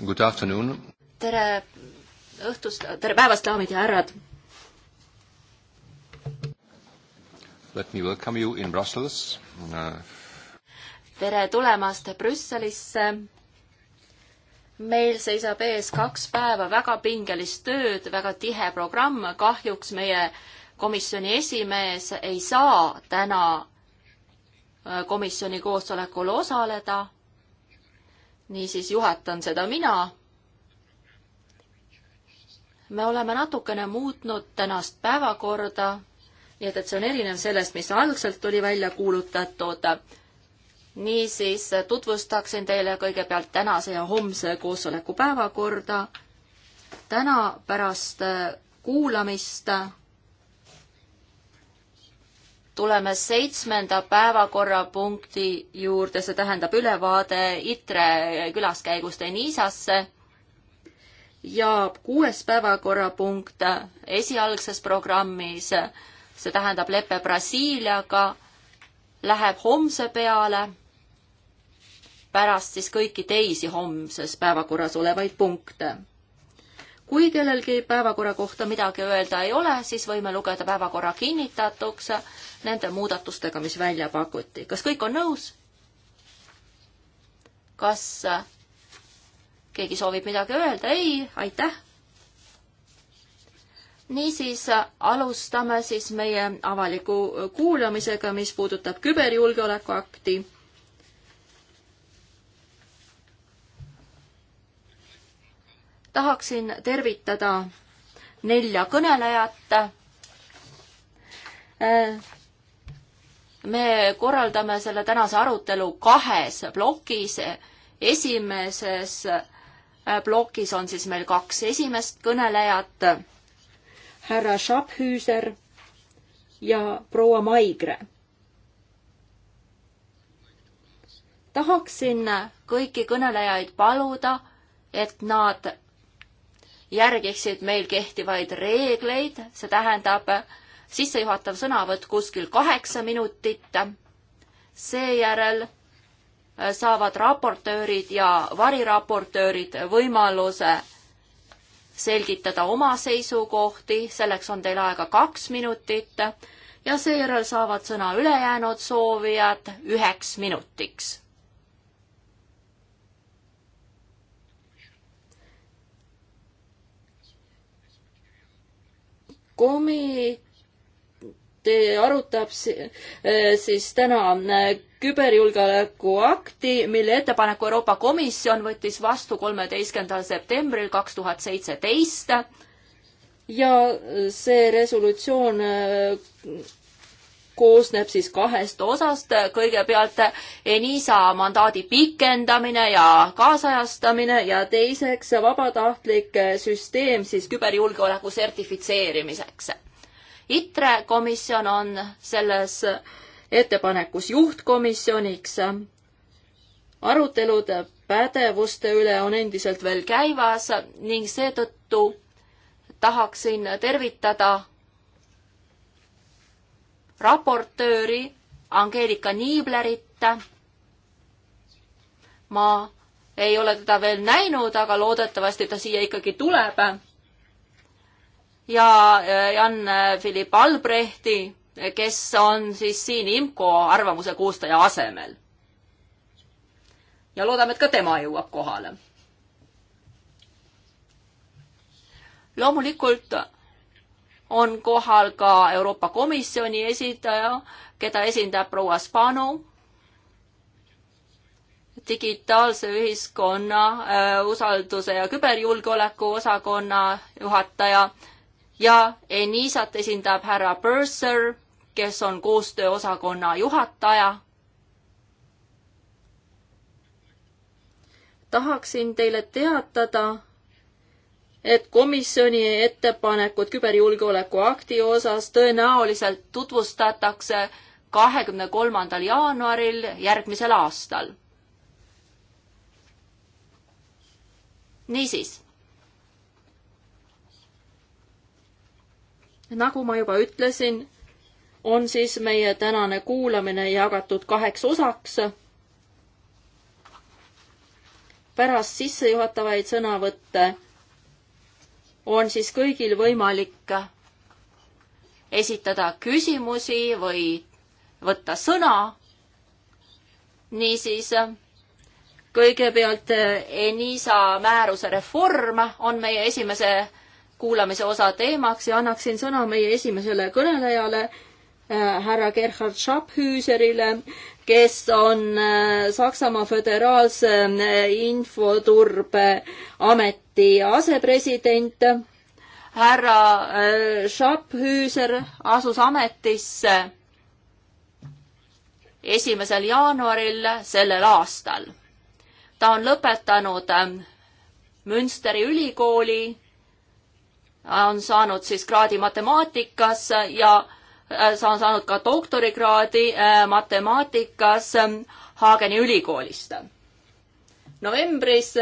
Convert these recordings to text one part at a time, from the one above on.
Good afternoon. tere õhtust, tere päevast, daamid ja härrad. Let me welcome you in Brussels uh.... tere tulemast Brüsselisse. meil seisab ees kaks päeva väga pingelist tööd, väga tihe programm. kahjuks meie komisjoni esimees ei saa täna äh, komisjoni koosolekul osaleda niisiis juhatan seda mina. me oleme natukene muutnud tänast päevakorda, nii et, et see on erinev sellest, mis algselt oli välja kuulutatud. niisiis tutvustaksin teile kõigepealt tänase ja homse koosoleku päevakorda. täna pärast kuulamist tuleme seitsmenda päevakorrapunkti juurde, see tähendab ülevaade ITRE külaskäigust Enisasse ja kuues päevakorrapunkt esialgses programmis, see tähendab lepe Brasiiliaga, läheb homse peale, pärast siis kõiki teisi homses päevakorras olevaid punkte kui kellelgi päevakorra kohta midagi öelda ei ole, siis võime lugeda päevakorra kinnitatuks nende muudatustega, mis välja pakuti. kas kõik on nõus? kas keegi soovib midagi öelda? ei, aitäh. niisiis alustame siis meie avaliku kuulamisega, mis puudutab küberjulgeolekuakti tahaksin tervitada nelja kõnelejat. me korraldame selle tänase arutelu kahes plokis. esimeses plokis on siis meil kaks esimest kõnelejat, härra Schaphüüser ja proua Maigre. tahaksin kõiki kõnelejaid paluda, et nad järgiksid meil kehtivaid reegleid, see tähendab sissejuhatav sõnavõtt kuskil kaheksa minutit, seejärel äh, saavad raportöörid ja variraportöörid võimaluse selgitada oma seisukohti, selleks on teil aega kaks minutit ja seejärel saavad sõna ülejäänud soovijad üheks minutiks. komitee arutab eh, siis täna eh, küberjulgeoleku akti, mille ettepaneku Euroopa Komisjon võttis vastu kolmeteistkümnendal septembril kaks tuhat seitseteist ja see resolutsioon eh, koosneb siis kahest osast, kõigepealt Enisa mandaadi pikendamine ja kaasajastamine ja teiseks vabatahtlik süsteem siis küberjulgeoleku sertifitseerimiseks. ITRE komisjon on selles ettepanekus juhtkomisjoniks. arutelud pädevuste üle on endiselt veel käivas ning seetõttu tahaksin tervitada raportööri Angeelika Niiblerit. ma ei ole teda veel näinud, aga loodetavasti ta siia ikkagi tuleb. ja äh, Jan-Philipp äh, Albrehti, kes on siis siin IMCO arvamuse koostaja asemel. ja loodame, et ka tema jõuab kohale. loomulikult on kohal ka Euroopa Komisjoni esindaja, keda esindab proua Spanu, digitaalse ühiskonna äh, usalduse ja küberjulgeoleku osakonna juhataja ja Enisat esindab härra Purser, kes on koostööosakonna juhataja. tahaksin teile teatada, et komisjoni ettepanekut küberjulgeoleku akti osas tõenäoliselt tutvustatakse kahekümne kolmandal jaanuaril järgmisel aastal. niisiis. nagu ma juba ütlesin, on siis meie tänane kuulamine jagatud kaheks osaks pärast sissejuhatavaid sõnavõtte on siis kõigil võimalik esitada küsimusi või võtta sõna. niisiis kõigepealt eh, Enisa määruse reform on meie esimese kuulamise osa teemaks ja annaksin sõna meie esimesele kõnelejale äh,, härra Gerhard Schaphüüserile, kes on äh, Saksamaa Föderaalse äh, Infoturbe Ameti Parlamendi asepresident härra äh, Schaphüüser asus ametisse esimesel jaanuaril sellel aastal. ta on lõpetanud ähm, Münsteri ülikooli, on saanud siis kraadi matemaatikas ja äh, sa on saanud ka doktorikraadi äh, matemaatikas ähm, Haageni ülikoolist. novembris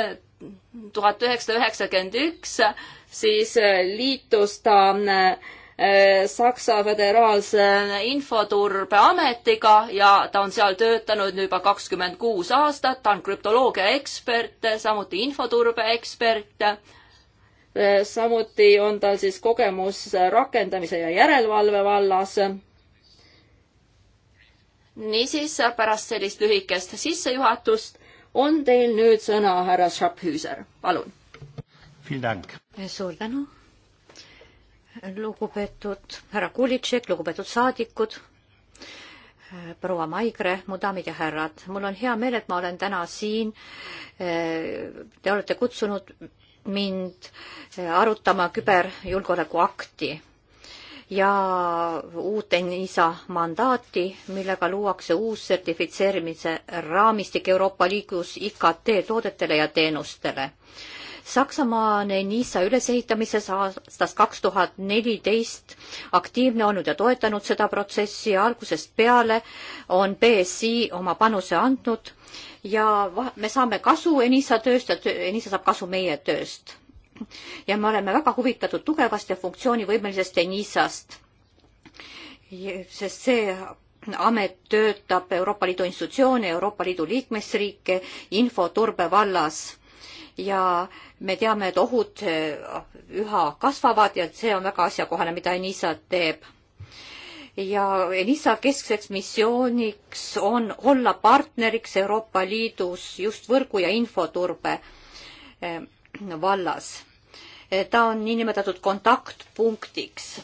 tuhat üheksasada üheksakümmend üks, siis äh, liitus ta äh, äh, Saksa Föderaalse Infoturbeametiga ja ta on seal töötanud nüüd juba kakskümmend kuus aastat, ta on krüptoloogia ekspert, samuti infoturbe ekspert. samuti on tal siis kogemus rakendamise ja järelevalve vallas. niisiis, pärast sellist lühikest sissejuhatust on teil nüüd sõna, härra Schrapphüüser, palun. suur tänu, lugupeetud härra Kulitšek, lugupeetud saadikud, proua Maigre, mu daamid ja härrad, mul on hea meel, et ma olen täna siin. Te olete kutsunud mind arutama küberjulgeoleku akti ja uut ENISA mandaati, millega luuakse uus sertifitseerimise raamistik Euroopa Liidus IKT toodetele ja teenustele. Saksamaa on ENISA ülesehitamises aastast kaks tuhat neliteist aktiivne olnud ja toetanud seda protsessi ja algusest peale on BSI oma panuse andnud ja me saame kasu ENISA tööst ja ENISA saab kasu meie tööst ja me oleme väga huvitatud tugevast ja funktsioonivõimelisest ENISA-st, sest see amet töötab Euroopa Liidu institutsioone, Euroopa Liidu liikmesriike infoturbe vallas ja me teame, et ohud eh, üha kasvavad ja see on väga asjakohane, mida ENISA teeb. ja ENISA keskseks missiooniks on olla partneriks Euroopa Liidus just võrgu ja infoturbe eh, vallas Eh, ta on niinimetatud kontaktpunktiks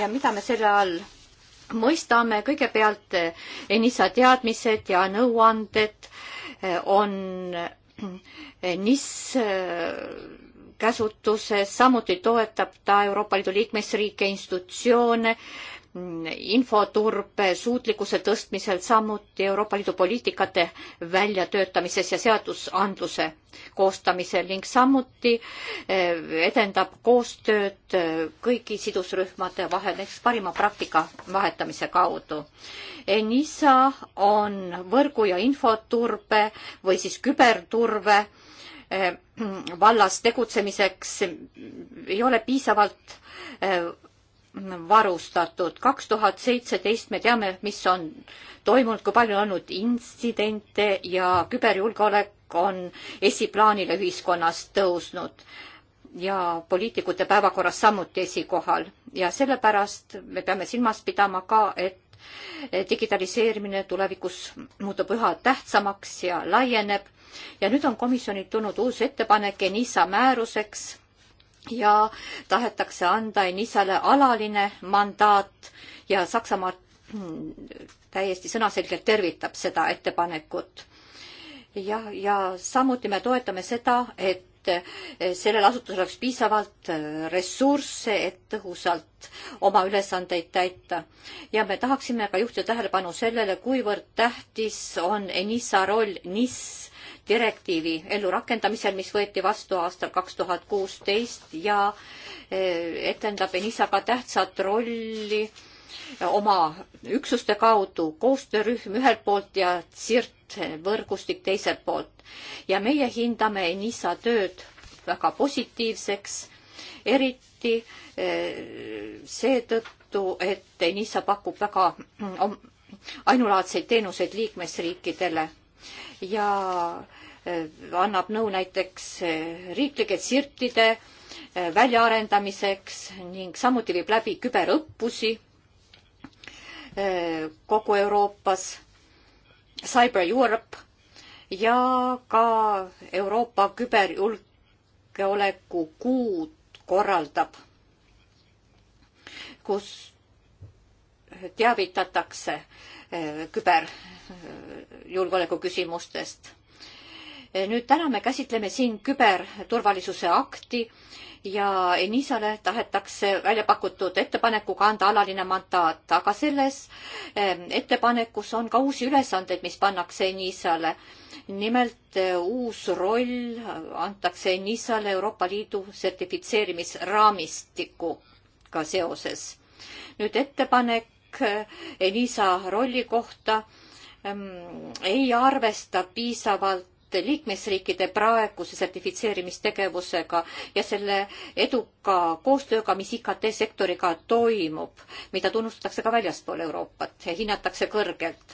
ja mida me selle all mõistame, kõigepealt eh, NISA teadmised ja nõuanded eh, on NIS käsutuses, samuti toetab ta Euroopa Liidu liikmesriike, institutsioone infoturbe suutlikkuse tõstmisel, samuti Euroopa Liidu poliitikate väljatöötamises ja seadusandluse koostamisel ning samuti eh, edendab koostööd eh, kõigi sidusrühmade vahel, näiteks parima praktika vahetamise kaudu. ENISA on võrgu- ja infoturbe või siis küberturve eh, vallas tegutsemiseks ei ole piisavalt varustatud. kaks tuhat seitseteist me teame, mis on toimunud, kui palju on olnud intsidente ja küberjulgeolek on esiplaanile ühiskonnas tõusnud ja poliitikute päevakorras samuti esikohal ja sellepärast me peame silmas pidama ka, et digitaliseerimine tulevikus muutub üha tähtsamaks ja laieneb ja nüüd on komisjonilt tulnud uus ettepanek ENISA määruseks ja tahetakse anda Enissale alaline mandaat ja Saksamaa hmm, täiesti sõnaselgelt tervitab seda ettepanekut. jah, ja samuti me toetame seda, et eh, sellel asutusel oleks piisavalt eh, ressursse, et tõhusalt oma ülesandeid täita. ja me tahaksime ka juhtida tähelepanu sellele, kuivõrd tähtis on Enissa roll NIS direktiivi ellurakendamisel, mis võeti vastu aastal kaks tuhat kuusteist ja eh, etendab Enisa ka tähtsat rolli oma üksuste kaudu, koostöörühm ühelt poolt ja CIRT võrgustik teiselt poolt. ja meie hindame Enisa tööd väga positiivseks, eriti eh, seetõttu, et Enisa pakub väga mm, ainulaadseid teenuseid liikmesriikidele ja Eh, annab nõu näiteks eh, riiklike tsirtide eh, väljaarendamiseks ning samuti viib läbi küberõppusi kogu Euroopas, Cyber Europe ja ka Euroopa küberjulgeoleku kuud korraldab, kus teavitatakse küberjulgeoleku küsimustest nüüd täna me käsitleme siin küberturvalisuse akti ja Enisale tahetakse välja pakutud ettepanekuga anda alaline mandaat, aga selles ehm, ettepanekus on ka uusi ülesandeid, mis pannakse Enisale. nimelt eh, uus roll antakse Enisale Euroopa Liidu sertifitseerimisraamistikuga seoses. nüüd ettepanek eh, Enisa rolli kohta ehm, ei arvesta piisavalt liikmesriikide praeguse sertifitseerimistegevusega ja selle eduka koostööga, mis IKT sektoriga toimub, mida tunnustatakse ka väljaspool Euroopat ja hinnatakse kõrgelt.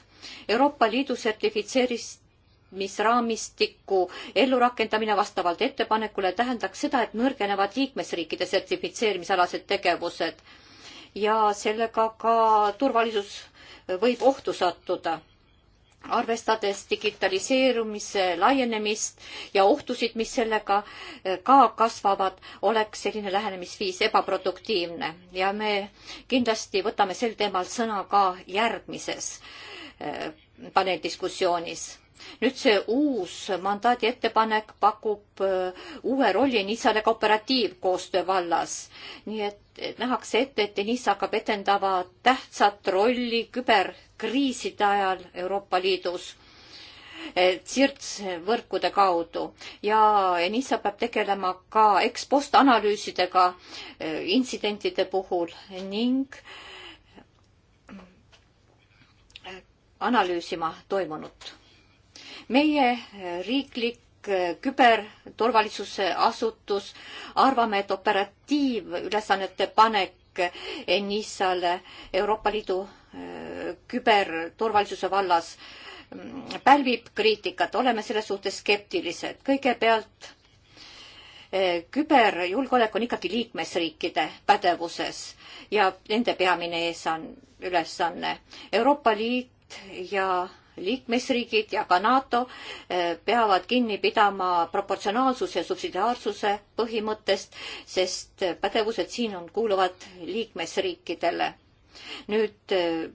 Euroopa Liidu sertifitseerimisraamistiku ellurakendamine vastavalt ettepanekule tähendaks seda, et nõrgenevad liikmesriikide sertifitseerimisalased tegevused ja sellega ka turvalisus võib ohtu sattuda arvestades digitaliseerumise laienemist ja ohtusid, mis sellega eh, ka kasvavad, oleks selline lähenemisviis ebaproduktiivne ja me kindlasti võtame sel teemal sõna ka järgmises eh, paneeldiskussioonis nüüd see uus mandaadi ettepanek pakub äh, uue rolli Niisale ka operatiivkoostöö vallas. nii et, et nähakse ette, et Niis hakkab etendama tähtsat rolli küberkriiside ajal Euroopa Liidus äh, tsirtsvõrkude kaudu ja Enissa peab tegelema ka ekspost analüüsidega äh, intsidentide puhul ning analüüsima toimunut meie eh, riiklik eh, küberturvalisuse asutus arvame, et operatiivülesannete panek eh, NISA-le Euroopa Liidu küberturvalisuse vallas mm, pälvib kriitikat, oleme selles suhtes skeptilised. kõigepealt küberjulgeolek on ikkagi liikmesriikide pädevuses ja nende peamine eesan-, ülesanne. Euroopa Liit ja liikmesriigid ja ka NATO eh, peavad kinni pidama proportsionaalsuse ja subsidiaarsuse põhimõttest, sest eh, pädevused siin on, kuuluvad liikmesriikidele. nüüd eh,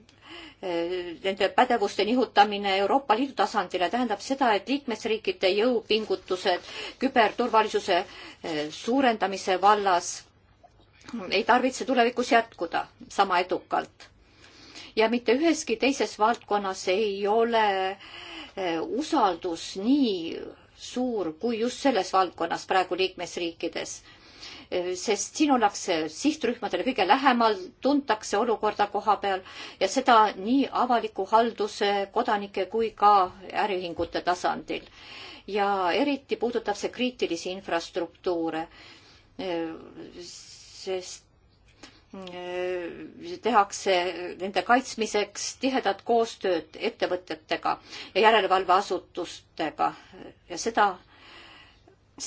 nende pädevuste nihutamine Euroopa Liidu tasandile tähendab seda, et liikmesriikide jõupingutused küberturvalisuse suurendamise vallas ei tarvitse tulevikus jätkuda sama edukalt ja mitte üheski teises valdkonnas ei ole eh, usaldus nii suur kui just selles valdkonnas praegu liikmesriikides. Eh, sest siin ollakse sihtrühmadele kõige lähemal, tuntakse olukorda koha peal ja seda nii avaliku halduse, kodanike kui ka äriühingute tasandil. ja eriti puudutab see kriitilisi infrastruktuure eh, sest Äh, tehakse nende kaitsmiseks tihedat koostööd ettevõtetega ja järelevalveasutustega ja seda,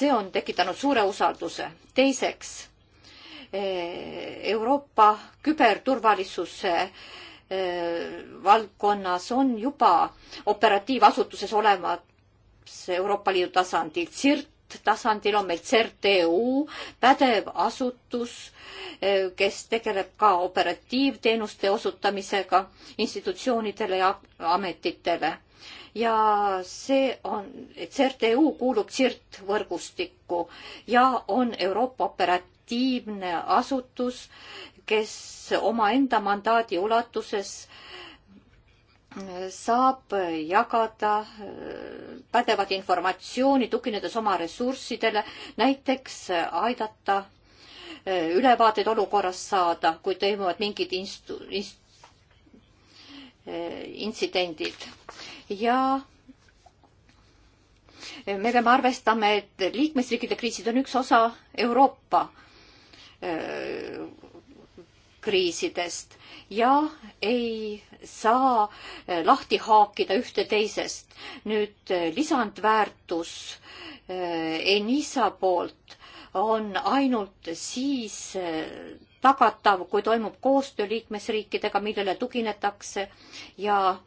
see on tekitanud suure usalduse. teiseks, äh, Euroopa küberturvalisuse äh, valdkonnas on juba operatiivasutuses olemas Euroopa Liidu tasandil CIRT, tasandil on meil CERT-EU pädev asutus, eh, kes tegeleb ka operatiivteenuste osutamisega institutsioonidele ja ametitele. ja see on, CERT-EU kuulub CIRT võrgustikku ja on Euroopa operatiivne asutus, kes omaenda mandaadi ulatuses äh, saab jagada äh, pädevat informatsiooni, tuginedes oma ressurssidele, näiteks äh, aidata äh, ülevaateid olukorrast saada, kui toimuvad mingid instu-, inst-, intsidendid. ja me peame arvestama, et liikmesriikide kriisid on üks osa Euroopa kriisidest ja ei saa eh, lahti haakida ühte teisest. nüüd eh, lisandväärtus eh, Enisa poolt on ainult siis tagatav, kui toimub koostöö liikmesriikidega, millele tuginetakse ja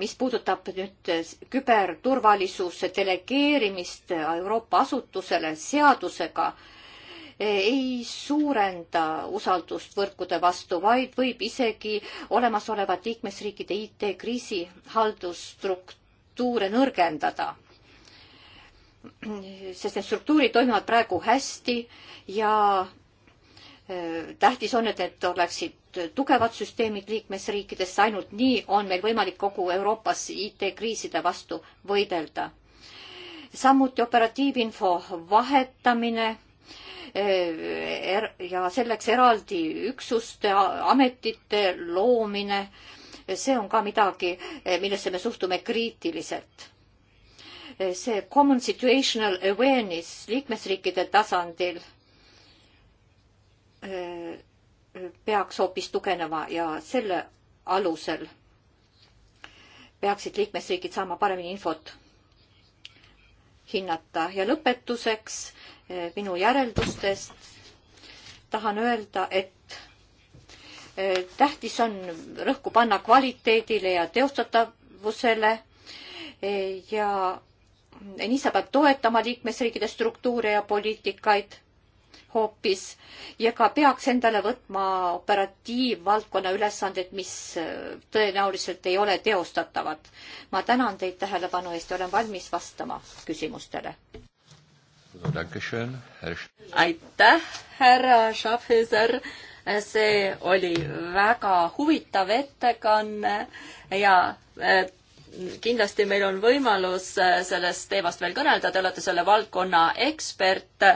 mis puudutab nüüd küberturvalisuse delegeerimist Euroopa asutusele seadusega, ei suurenda usaldust võrkude vastu, vaid võib isegi olemasolevat liikmesriikide IT-kriisi haldusstruktuure nõrgendada. sest need struktuurid toimivad praegu hästi ja äh, tähtis on, et need oleksid tugevad süsteemid liikmesriikides, ainult nii on meil võimalik kogu Euroopas IT-kriiside vastu võidelda. samuti operatiivinfo vahetamine Eh, er, ja selleks eraldi üksuste, ametite loomine, eh, see on ka midagi, eh, millesse me suhtume kriitiliselt see common situational awareness liikmesriikide tasandil peaks hoopis tugevnema ja selle alusel peaksid liikmesriigid saama paremini infot hinnata ja lõpetuseks Eh, minu järeldustest, tahan öelda, et eh, tähtis on rõhku panna kvaliteedile ja teostatavusele eh, ja nii sa pead toetama liikmesriikide struktuure ja poliitikaid hoopis ja ka peaks endale võtma operatiivvaldkonna ülesanded, mis tõenäoliselt ei ole teostatavad. ma tänan teid tähelepanu eest ja olen valmis vastama küsimustele aitäh, härra Schaffhäuser, see oli väga huvitav ettekanne ja äh, kindlasti meil on võimalus äh, sellest teemast veel kõnelda, te olete selle valdkonna ekspert,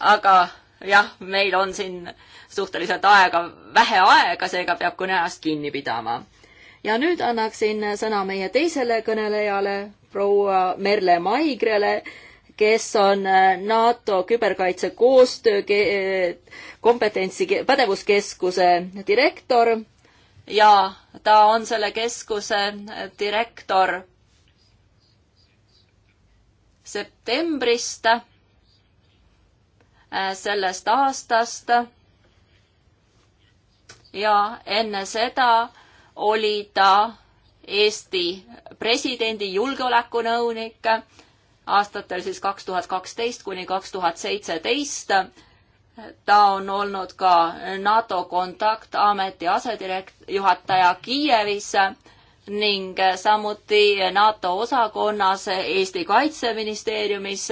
aga jah, meil on siin suhteliselt aega, vähe aega, seega peab kõneajast kinni pidama. ja nüüd annaksin sõna meie teisele kõnelejale, proua Merle Maigrele, kes on äh, NATO küberkaitse koostöö äh, kompetentsi, pädevuskeskuse direktor ja ta on selle keskuse äh, direktor septembrist sellest aastast. ja enne seda oli ta Eesti presidendi julgeolekunõunik aastatel siis kaks tuhat kaksteist kuni kaks tuhat seitseteist. ta on olnud ka NATO kontaktameti asedirekt-, juhataja Kiievis ning samuti NATO osakonnas Eesti Kaitseministeeriumis,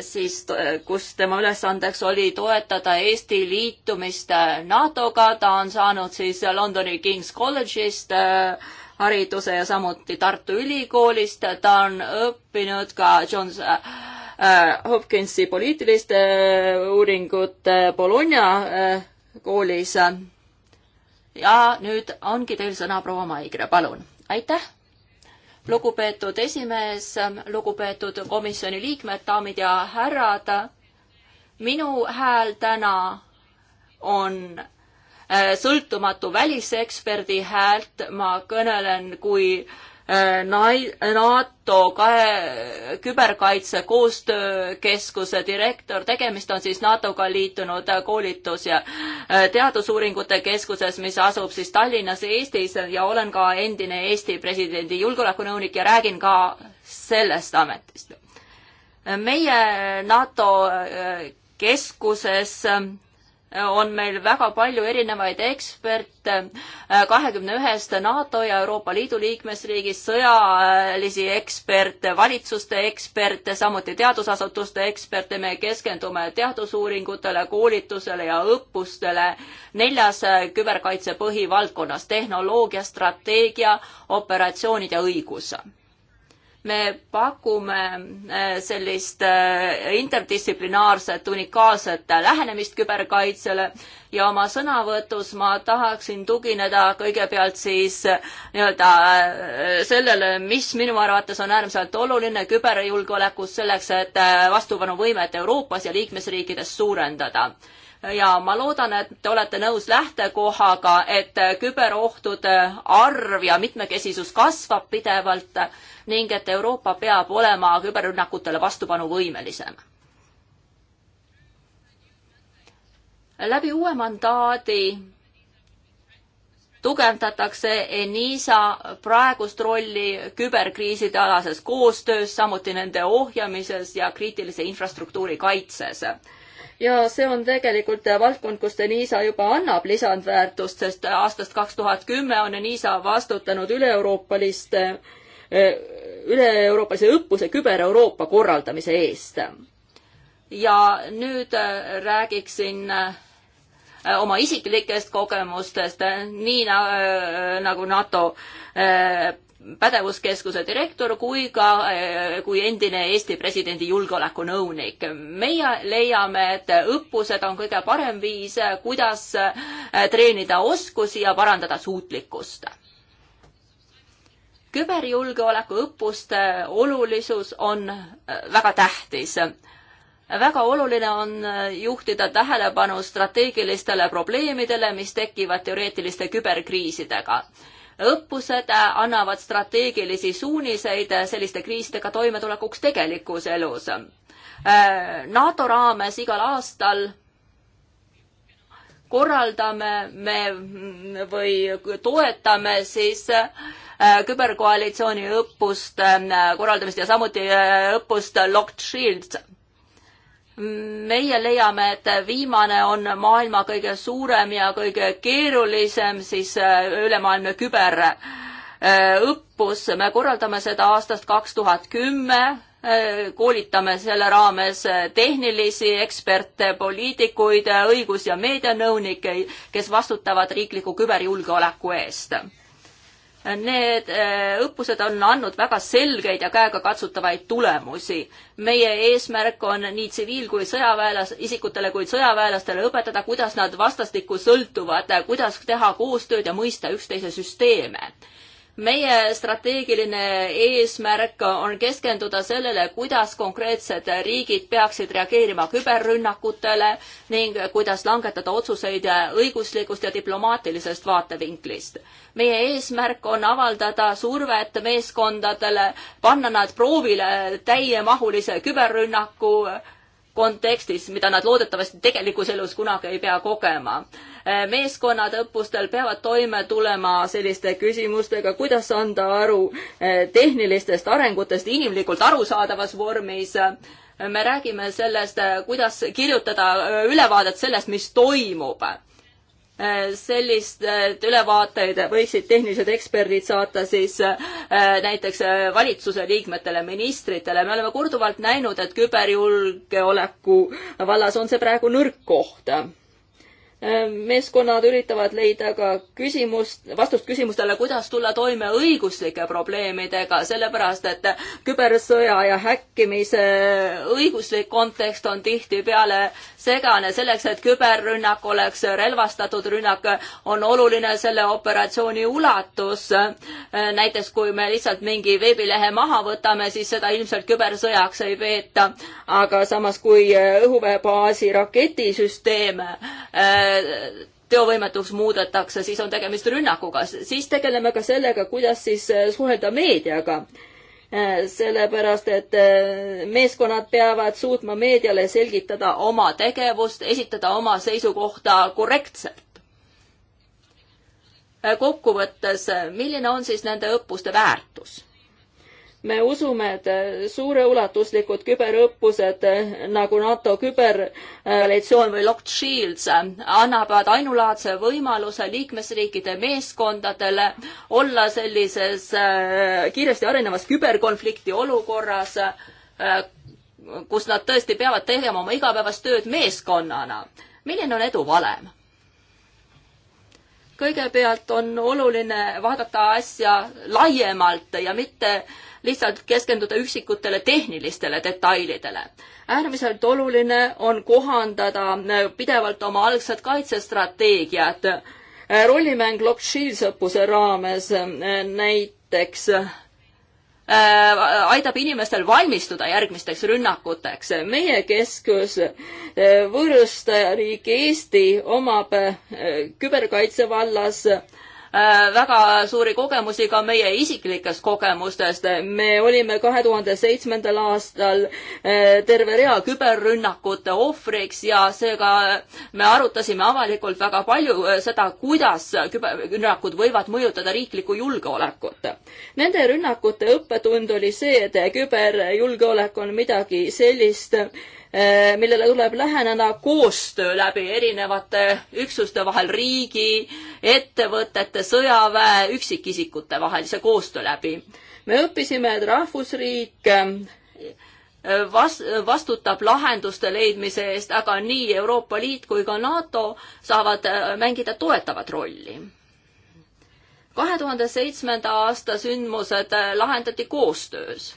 siis kus tema ülesandeks oli toetada Eesti liitumist NATO-ga, ta on saanud siis Londoni King's College'ist äh, hariduse ja samuti Tartu Ülikoolist. ta on õppinud ka Johns äh, äh, Hopkinsi poliitiliste äh, uuringute Bologna koolis. ja nüüd ongi teil sõna, proua Maigre, palun. aitäh lugupeetud esimees, lugupeetud komisjoni liikmed, daamid ja härrad. minu hääl täna on Äh, sõltumatu väliseksperdi häält, ma kõnelen kui äh, nai-, NATO kae-, küberkaitse koostöökeskuse direktor, tegemist on siis NATO-ga liitunud koolitus- ja äh, teadusuuringute keskuses, mis asub siis Tallinnas, Eestis ja olen ka endine Eesti presidendi julgeolekunõunik ja räägin ka sellest ametist. meie NATO keskuses on meil väga palju erinevaid eksperte äh, kahekümne ühest NATO ja Euroopa Liidu liikmesriigist, sõjalisi eksperte, valitsuste eksperte, samuti teadusasutuste eksperte, me keskendume teadusuuringutele, koolitusele ja õppustele. neljas äh, küberkaitse põhivaldkonnas tehnoloogia, strateegia, operatsioonid ja õigus me pakume äh, sellist äh, interdistsiplinaarset unikaalset lähenemist küberkaitsele ja oma sõnavõtus ma tahaksin tugineda kõigepealt siis äh, nii-öelda sellele, mis minu arvates on äärmiselt oluline küberjulgeolekus selleks, et vastupanuvõimet Euroopas ja liikmesriikides suurendada ja ma loodan, et te olete nõus lähtekohaga, et küberohtude arv ja mitmekesisus kasvab pidevalt ning et Euroopa peab olema küberrünnakutele vastupanuvõimelisem. läbi uue mandaadi tugevdatakse ENISA praegust rolli küberkriiside alases koostöös, samuti nende ohjamises ja kriitilise infrastruktuuri kaitses. ja see on tegelikult valdkond, kus ENISA juba annab lisandväärtust, sest aastast kaks tuhat kümme on ENISA vastutanud üle-euroopaliste Eh, üle-euroopalise õppuse Küber-Euroopa korraldamise eest. ja nüüd eh, räägiksin eh, oma isiklikest kogemustest, nii nagu NATO pädevuskeskuse direktor kui ka kui endine Eesti presidendi julgeolekunõunik. meie leiame, et õppused on kõige parem viis, kuidas treenida oskusi ja parandada suutlikkust küberjulgeoleku õppuste olulisus on äh, väga tähtis. väga oluline on äh, juhtida tähelepanu strateegilistele probleemidele, mis tekivad teoreetiliste küberkriisidega. õppused äh, annavad strateegilisi suuniseid selliste kriisidega toimetulekuks tegelikus elus. NATO raames igal aastal korraldame me või toetame siis äh, küberkoalitsiooni õppust äh, korraldamist ja samuti äh, õppust Locked Shields. meie leiame, et viimane on maailma kõige suurem ja kõige keerulisem siis ülemaailmne küberõppus. me korraldame seda aastast kaks tuhat kümme koolitame selle raames tehnilisi eksperte, poliitikuid, õigus- ja meedianõunikke, kes vastutavad riikliku küberjulgeoleku eest Need äh, õppused on andnud väga selgeid ja käegakatsutavaid tulemusi. meie eesmärk on nii tsiviil- kui sõjaväelas-, isikutele kui sõjaväelastele õpetada, kuidas nad vastastikku sõltuvad, kuidas teha koostööd ja mõista üksteise süsteeme meie strateegiline eesmärk on keskenduda sellele, kuidas konkreetsed riigid peaksid reageerima küberrünnakutele ning kuidas langetada otsuseid õiguslikust ja diplomaatilisest vaatevinklist. meie eesmärk on avaldada survet meeskondadele, panna nad proovile täiemahulise küberrünnaku kontekstis, mida nad loodetavasti tegelikus elus kunagi ei pea kogema. Äh, meeskonnad õppustel peavad toime tulema selliste küsimustega, kuidas anda aru äh, tehnilistest arengutest inimlikult arusaadavas vormis äh, me räägime sellest, kuidas kirjutada ülevaadet sellest, mis toimub Äh, sellist äh, ülevaateid võiksid tehnilised eksperdid saata siis äh, näiteks valitsuse liikmetele, ministritele. me oleme korduvalt näinud, et küberjulgeoleku vallas on see praegu nõrk koht Äh, meeskonnad üritavad leida ka küsimust, vastust küsimustele, kuidas tulla toime õiguslike probleemidega, sellepärast et kübersõja ja häkkimise õiguslik kontekst on tihtipeale segane. selleks, et küberrünnak oleks relvastatud rünnak, on oluline selle operatsiooni ulatus. Äh, näiteks kui me lihtsalt mingi veebilehe maha võtame, siis seda ilmselt kübersõjaks ei peeta. aga samas, kui õhuväebaasi raketisüsteem äh, teovõimetuks muudetakse, siis on tegemist rünnakuga. siis tegeleme ka sellega, kuidas siis äh, suhelda meediaga. Äh, sellepärast, et äh, meeskonnad peavad suutma meediale selgitada oma tegevust, esitada oma seisukohta korrektselt. kokkuvõttes, milline on siis nende õppuste väärtus? me usume, et äh, suureulatuslikud küberõppused äh, nagu NATO küberkoalitsioon või Locked Shields äh, annavad ainulaadse võimaluse liikmesriikide meeskondadele olla sellises kiiresti arenevas küberkonflikti olukorras, kus nad tõesti peavad tegema oma igapäevast tööd meeskonnana. milline on edu valem? kõigepealt on oluline vaadata asja laiemalt ja mitte äh, lihtsalt keskenduda üksikutele tehnilistele detailidele. äärmiselt oluline on kohandada äh, pidevalt oma algset kaitsestrateegiat. Äh, rollimäng Lock Shields õppuse raames äh, näiteks aitab inimestel valmistuda järgmisteks rünnakuteks. meie keskus võõrustajariik Eesti omab küberkaitse vallas äh, Äh, väga suuri kogemusi ka meie isiklikest kogemustest. me olime kahe tuhande seitsmendal aastal äh, terve rea küberrünnakute ohvriks ja seega me arutasime avalikult väga palju äh, seda, kuidas küberrünnakud võivad mõjutada riiklikku julgeolekut. Nende rünnakute õppetund oli see, et küberjulgeolek on midagi sellist, Eh, millele tuleb läheneda koostöö läbi erinevate üksuste vahel, riigi, ettevõtete, sõjaväe, üksikisikute vahelise koostöö läbi. me õppisime, et rahvusriik eh, vas-, vastutab lahenduste leidmise eest, aga nii Euroopa Liit kui ka NATO saavad eh, mängida toetavat rolli. kahe tuhande seitsmenda aasta sündmused lahendati koostöös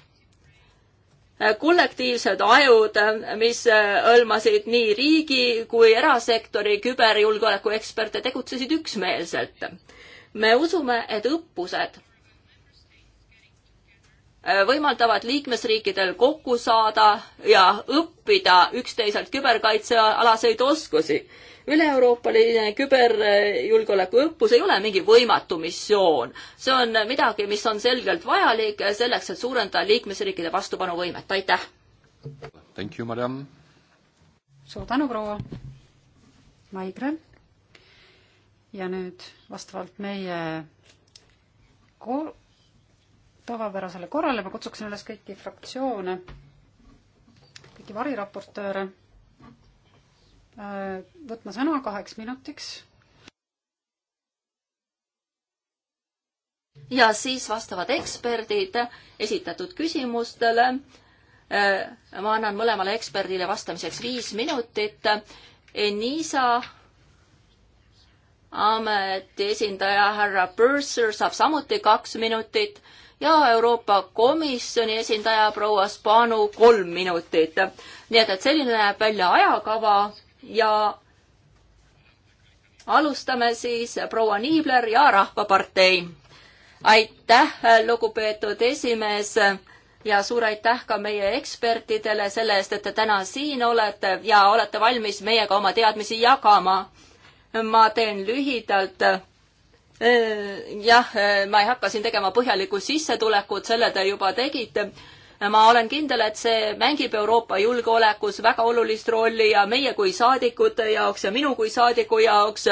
kollektiivsed ajud, mis hõlmasid nii riigi kui erasektori küberjulgeoleku eksperte, tegutsesid üksmeelselt. me usume, et õppused Äh, võimaldavad liikmesriikidel kokku saada ja õppida üksteiselt küberkaitsealaseid oskusi. üle-Euroopaline küberjulgeoleku õppus ei ole mingi võimatu missioon, see on midagi, mis on selgelt vajalik selleks, et suurendada liikmesriikide vastupanuvõimet, aitäh! Thank you, madam! suur tänu, proua Maigre! ja nüüd vastavalt meie ko-, tavapärasele korrale, ma kutsuksin üles kõiki fraktsioone, kõiki variraportööre äh, võtma sõna kaheks minutiks. ja siis vastavad eksperdid esitatud küsimustele. Äh, ma annan mõlemale eksperdile vastamiseks viis minutit. Enisa ameti esindaja härra Purser saab samuti kaks minutit ja Euroopa Komisjoni esindaja proua Spanu kolm minutit. nii et, et selline näeb välja ajakava ja alustame siis proua Niibler ja Rahvapartei. aitäh, lugupeetud esimees ja suur aitäh ka meie ekspertidele selle eest, et te täna siin olete ja olete valmis meiega oma teadmisi jagama. ma teen lühidalt Äh, jah, äh, ma ei hakka siin tegema põhjalikku sissetulekut, selle te juba tegite ma olen kindel, et see mängib Euroopa julgeolekus väga olulist rolli ja meie kui saadikute jaoks ja minu kui saadiku jaoks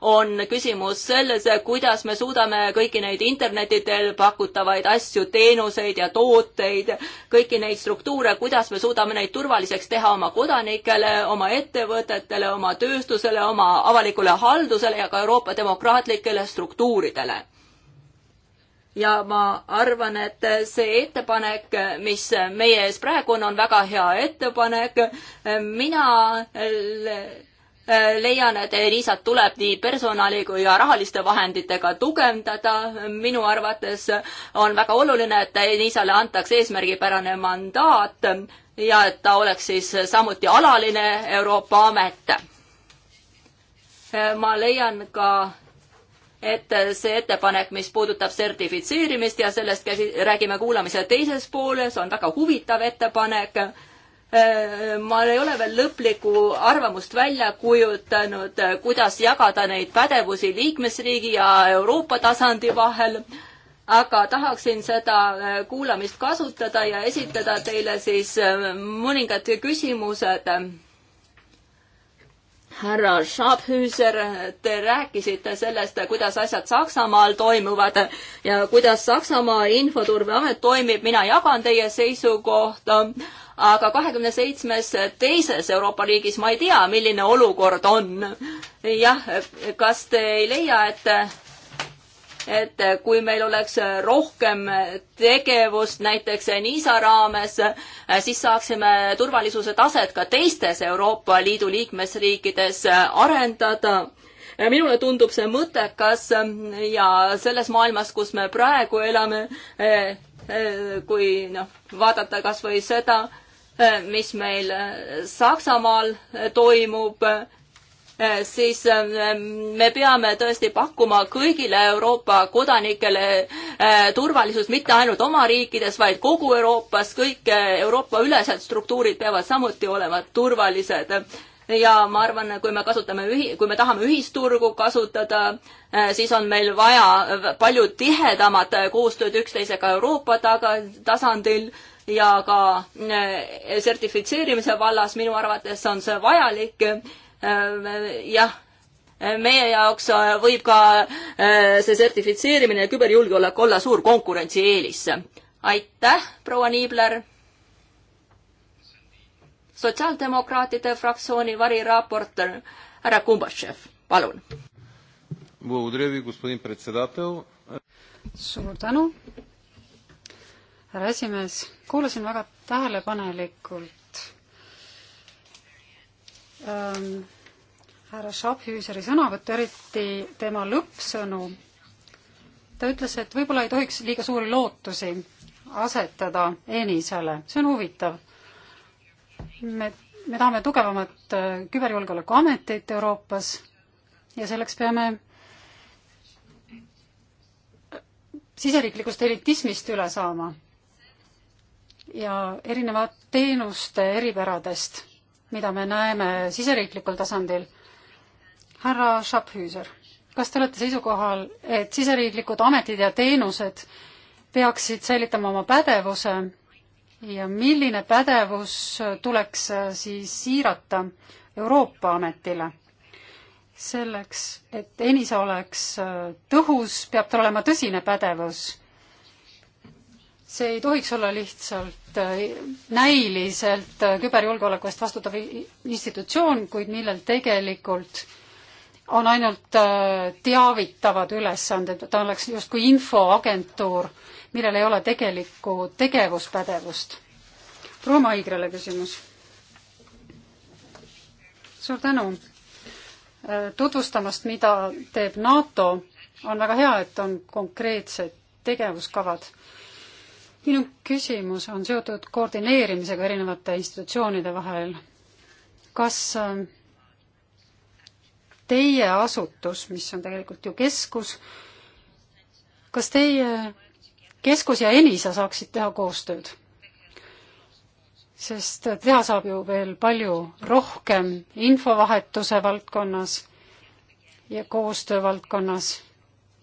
on küsimus selles, kuidas me suudame kõiki neid internetidel pakutavaid asju, teenuseid ja tooteid, kõiki neid struktuure, kuidas me suudame neid turvaliseks teha oma kodanikele, oma ettevõtetele, oma tööstusele, oma avalikule haldusele ja ka Euroopa demokraatlikele struktuuridele ja ma arvan, et see ettepanek, mis meie ees praegu on, on väga hea ettepanek. mina leian, et Elisat tuleb nii personali kui ja rahaliste vahenditega tugevdada. minu arvates on väga oluline, et Elisale antakse eesmärgipärane mandaat ja et ta oleks siis samuti alaline Euroopa amet. ma leian ka, et see ettepanek, mis puudutab sertifitseerimist ja sellest käsi, räägime kuulamise teises pooles, on väga huvitav ettepanek. Äh, ma ei ole veel lõplikku arvamust välja kujutanud, kuidas jagada neid pädevusi liikmesriigi ja Euroopa tasandi vahel aga tahaksin seda äh, kuulamist kasutada ja esitada teile siis äh, mõningad küsimused härra Schabhüser, te rääkisite sellest, kuidas asjad Saksamaal toimuvad ja kuidas Saksamaa infoturbeamet toimib, mina jagan teie seisukohta, aga kahekümne seitsmes teises Euroopa riigis ma ei tea, milline olukord on. jah, kas te ei leia, et et kui meil oleks rohkem tegevust näiteks NISA raames, siis saaksime turvalisuse taset ka teistes Euroopa Liidu liikmesriikides arendada. minule tundub see mõttekas ja selles maailmas, kus me praegu elame, kui noh, vaadata kas või seda, mis meil Saksamaal toimub, Äh, siis ähm, me peame tõesti pakkuma kõigile Euroopa kodanikele äh, turvalisust mitte ainult oma riikides, vaid kogu Euroopas, kõik äh, Euroopa ülesed struktuurid peavad samuti olema turvalised ja ma arvan, kui me kasutame ühi-, kui me tahame ühisturgu kasutada, siis on meil vaja palju tihedamat koostööd üksteisega Euroopa taga, tasandil ja ka sertifitseerimise vallas minu arvates on see vajalik Äh, jah, meie jaoks äh, võib ka äh, see sertifitseerimine ja küberjulgeolek olla suur konkurentsieelis. aitäh, proua Niibler. sotsiaaldemokraatide fraktsiooni variraportor härra Kumbašev, palun. suur tänu, härra esimees, kuulasin väga tähelepanelikult ähm, härra Schaffhüseri sõnavõtt, eriti tema lõppsõnu. ta ütles, et võib-olla ei tohiks liiga suuri lootusi asetada Enisele, see on huvitav. me, me tahame tugevamat äh, küberjulgeolekuametit Euroopas ja selleks peame äh, siseriiklikust elitismist üle saama ja erinevad teenuste eripäradest, mida me näeme siseriiklikul tasandil härra Schaphüüser, kas te olete seisukohal, et siseriiklikud ametid ja teenused peaksid säilitama oma pädevuse ja milline pädevus tuleks äh, siis siirata Euroopa Ametile? selleks, et ENISA oleks äh, tõhus, peab tal olema tõsine pädevus. see ei tohiks olla lihtsalt äh, näiliselt küberjulgeoleku eest vastutav institutsioon, kuid millel tegelikult äh, on ainult äh, teavitavad ülesanded, ta oleks justkui infoagentuur, millel ei ole tegelikku tegevuspädevust. proua Maigrale küsimus. suur tänu äh, tutvustamast, mida teeb NATO. on väga hea, et on konkreetsed tegevuskavad. minu küsimus on seotud koordineerimisega erinevate institutsioonide vahel. kas äh, teie asutus, mis on tegelikult ju keskus, kas teie keskus ja Enisa saaksid teha koostööd? sest teha saab ju veel palju rohkem infovahetuse valdkonnas ja koostöö valdkonnas.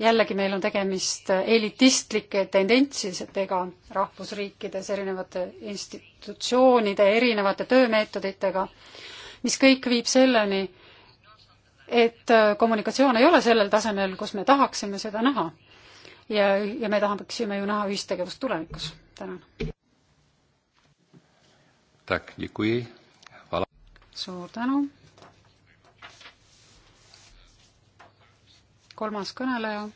jällegi meil on tegemist elitistlike tendentsidega rahvusriikides, erinevate institutsioonide, erinevate töömeetoditega, mis kõik viib selleni, et äh, kommunikatsioon ei ole sellel tasemel, kus me tahaksime seda näha. ja, ja me tahaksime ju näha ühistegevust tulevikus. tänan. suur tänu. kolmas kõneleja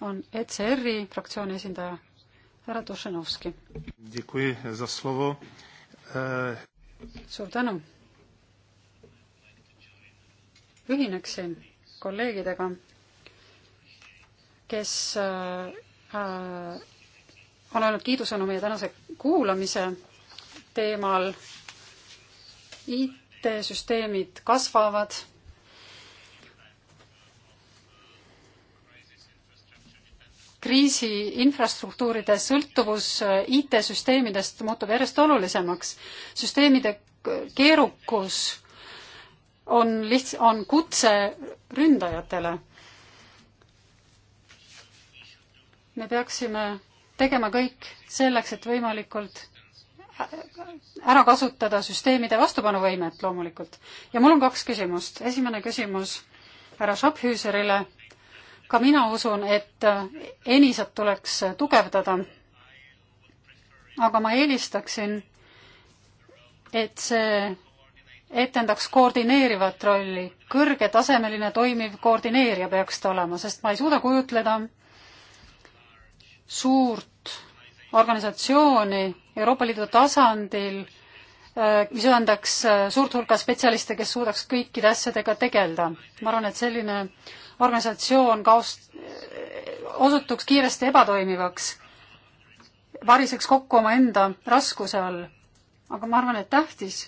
on ECR-i fraktsiooni esindaja härra Tošenovski. E suur tänu ühineksin kolleegidega, kes äh, äh, on olnud kiidusõnu meie tänase kuulamise teemal. IT-süsteemid kasvavad. kriisi infrastruktuuride sõltuvus IT-süsteemidest muutub järjest olulisemaks. süsteemide keerukus on lihtsalt, on kutse ründajatele. me peaksime tegema kõik selleks, et võimalikult ära kasutada süsteemide vastupanuvõimet loomulikult. ja mul on kaks küsimust. esimene küsimus härra Schaphüüserile. ka mina usun, et ENISA-t tuleks tugevdada. aga ma eelistaksin, et see etendaks koordineerivat rolli, kõrgetasemeline toimiv koordineerija peaks ta olema, sest ma ei suuda kujutleda suurt organisatsiooni Euroopa Liidu tasandil, äh, mis ühendaks äh, suurt hulka spetsialiste, kes suudaks kõikide asjadega tegeleda. ma arvan, et selline organisatsioon kaost-, äh, osutuks kiiresti ebatoimivaks, variseks kokku omaenda raskuse all. aga ma arvan, et tähtis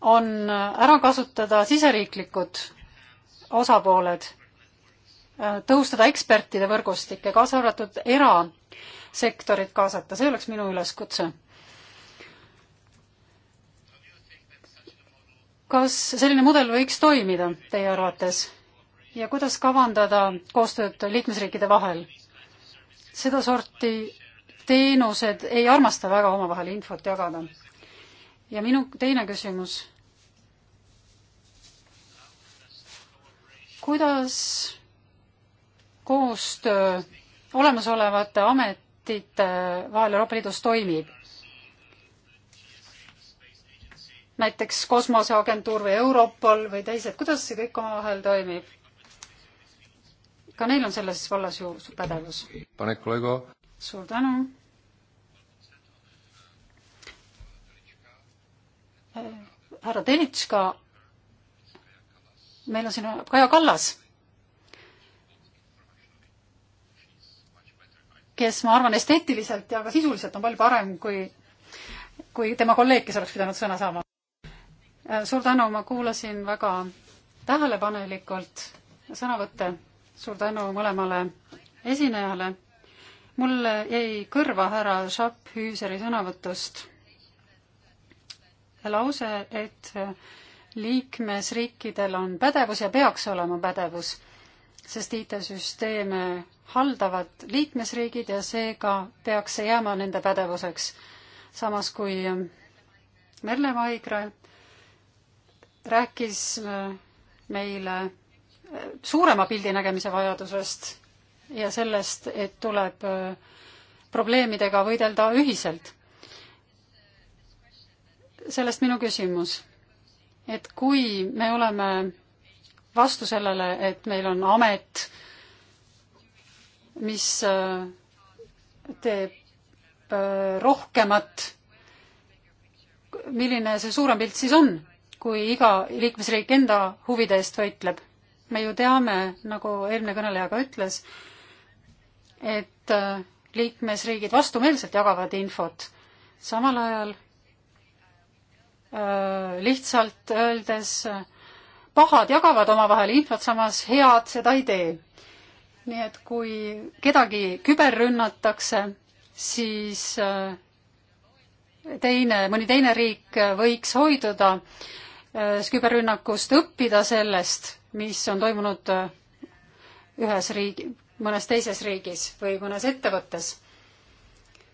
on ära kasutada siseriiklikud osapooled, äh, tõhustada ekspertide võrgustikke, kaasa arvatud erasektorit kaasata, see oleks minu üleskutse. kas selline mudel võiks toimida teie arvates ja kuidas kavandada koostööd liikmesriikide vahel? sedasorti teenused ei armasta väga omavahel infot jagada ja minu teine küsimus. kuidas koostöö olemasolevate ametite vahel Euroopa Liidus toimib? näiteks Kosmoseagentuur või Europol või teised, kuidas see kõik omavahel toimib? ka neil on selles vallas ju pädevus. pane kolleeg. suur tänu härra Denitška, meil on siin Kaja Kallas, kes, ma arvan, esteetiliselt ja ka sisuliselt on palju parem kui, kui tema kolleeg, kes oleks pidanud sõna saama. suur tänu, ma kuulasin väga tähelepanelikult sõnavõtte, suur tänu mõlemale esinejale mul jäi kõrva härra Schapp-Hüüseri sõnavõtust lause, et liikmesriikidel on pädevus ja peaks olema pädevus, sest IT-süsteeme haldavad liikmesriigid ja seega peaks see jääma nende pädevuseks. samas kui Merle Maigre rääkis meile suurema pildi nägemise vajadusest ja sellest, et tuleb probleemidega võidelda ühiselt sellest minu küsimus, et kui me oleme vastu sellele, et meil on amet, mis äh, teeb äh, rohkemat, milline see suurem pilt siis on, kui iga liikmesriik enda huvide eest võitleb? me ju teame, nagu eelmine kõneleja ka ütles, et äh, liikmesriigid vastumeelselt jagavad infot, samal ajal Äh, lihtsalt öeldes pahad jagavad omavahel infot, samas head seda ei tee. nii et kui kedagi küberrünnatakse, siis äh, teine, mõni teine riik võiks hoiduda äh, küberrünnakust, õppida sellest, mis on toimunud ühes riigi, mõnes teises riigis või mõnes ettevõttes,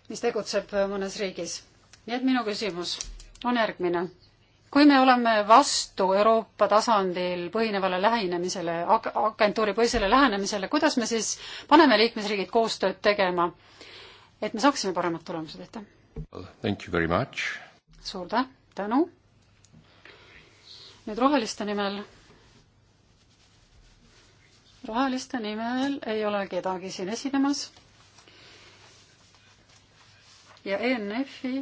mis tegutseb mõnes riigis. nii et minu küsimus on järgmine. kui me oleme vastu Euroopa tasandil põhinevale lähenemisele, agentuuripõhisele lähenemisele, kuidas me siis paneme liikmesriigid koostööd tegema, et me saaksime paremad tulemused, aitäh! Thank you very much! suur tä-, tänu! nüüd roheliste nimel roheliste nimel ei ole kedagi siin esinemas. ja ENF-i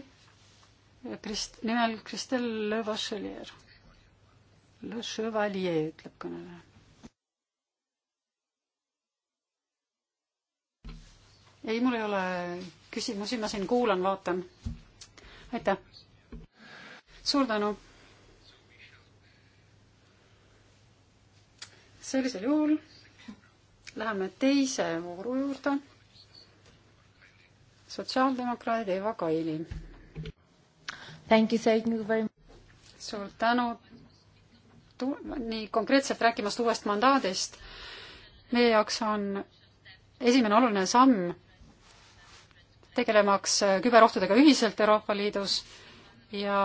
Krist-, nimel Kristel Le Vachelier. Le Chevalier ütleb kõneleja. ei, mul ei ole küsimusi, ma siin kuulan, vaatan. aitäh. suur tänu. sellisel juhul läheme teise vooru juurde. sotsiaaldemokraadid Eva Kaili. Thank you, thank you very much. suur tänu nii konkreetselt rääkimast uuest mandaadist. meie jaoks on esimene oluline samm tegelemaks küberohtudega ühiselt Euroopa Liidus ja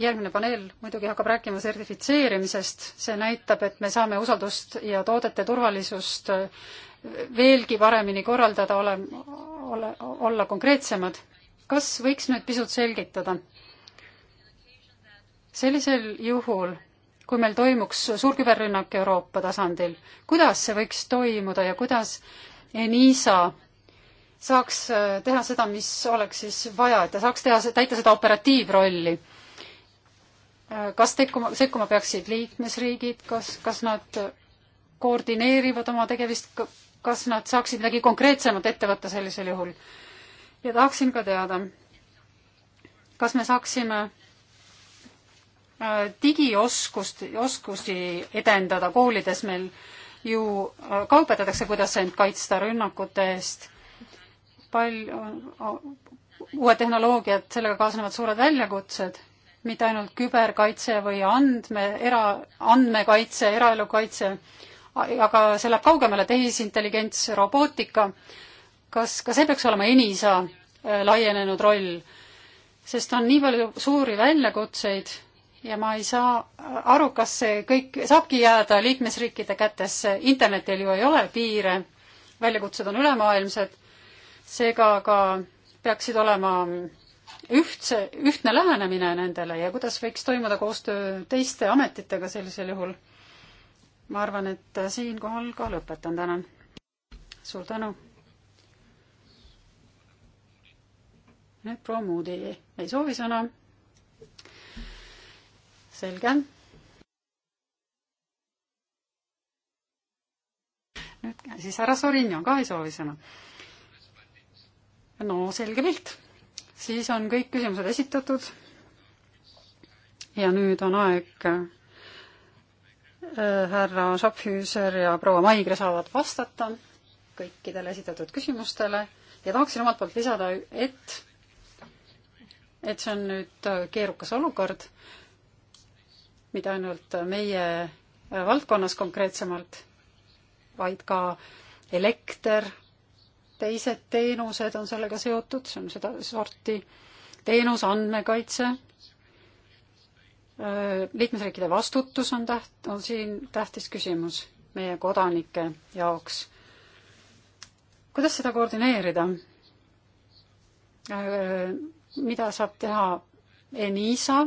järgmine paneel muidugi hakkab rääkima sertifitseerimisest, see näitab, et me saame usaldust ja toodete turvalisust veelgi paremini korraldada, ole, ole, olla konkreetsemad. kas võiks nüüd pisut selgitada, sellisel juhul, kui meil toimuks suur küberrünnak Euroopa tasandil, kuidas see võiks toimuda ja kuidas ENISA saaks äh, teha seda, mis oleks siis vaja, et ta saaks teha, täita seda operatiivrolli? Äh, kas tekkuma, sekkuma peaksid liikmesriigid, kas, kas nad koordineerivad oma tegevist, kas nad saaksid midagi konkreetsemat ette võtta sellisel juhul? ja tahaksin ka teada, kas me saaksime Äh, digioskust, oskusi edendada koolides meil ju äh, ka õpetatakse, kuidas end kaitsta rünnakute eest. palju, äh, uued tehnoloogiad, sellega kaasnevad suured väljakutsed, mitte ainult küberkaitse või andme, era, andmekaitse, eraelu kaitse, aga see läheb kaugemale, tehisintelligents, robootika. kas, ka see peaks olema ENISA laienenud roll? sest on nii palju suuri väljakutseid ja ma ei saa aru, kas see kõik saabki jääda liikmesriikide kätesse, internetil ju ei ole piire, väljakutsed on ülemaailmsed, seega ka peaksid olema ühtse, ühtne lähenemine nendele ja kuidas võiks toimuda koostöö teiste ametitega sellisel juhul. ma arvan, et siinkohal ka lõpetan, tänan. suur tänu. nüüd proua Moody ei soovi sõna selge. nüüd siis härra Sorinio ka ei soovi sõna. no selge pilt. siis on kõik küsimused esitatud. ja nüüd on aeg äh, härra Schaffhüser ja proua Maigre saavad vastata kõikidele esitatud küsimustele ja tahaksin omalt poolt lisada, et et see on nüüd äh, keerukas olukord mitte ainult meie valdkonnas konkreetsemalt, vaid ka elekter, teised teenused on sellega seotud, see on seda sorti teenus, andmekaitse, liikmesriikide vastutus on täht-, on siin tähtis küsimus meie kodanike jaoks. kuidas seda koordineerida? mida saab teha ENISA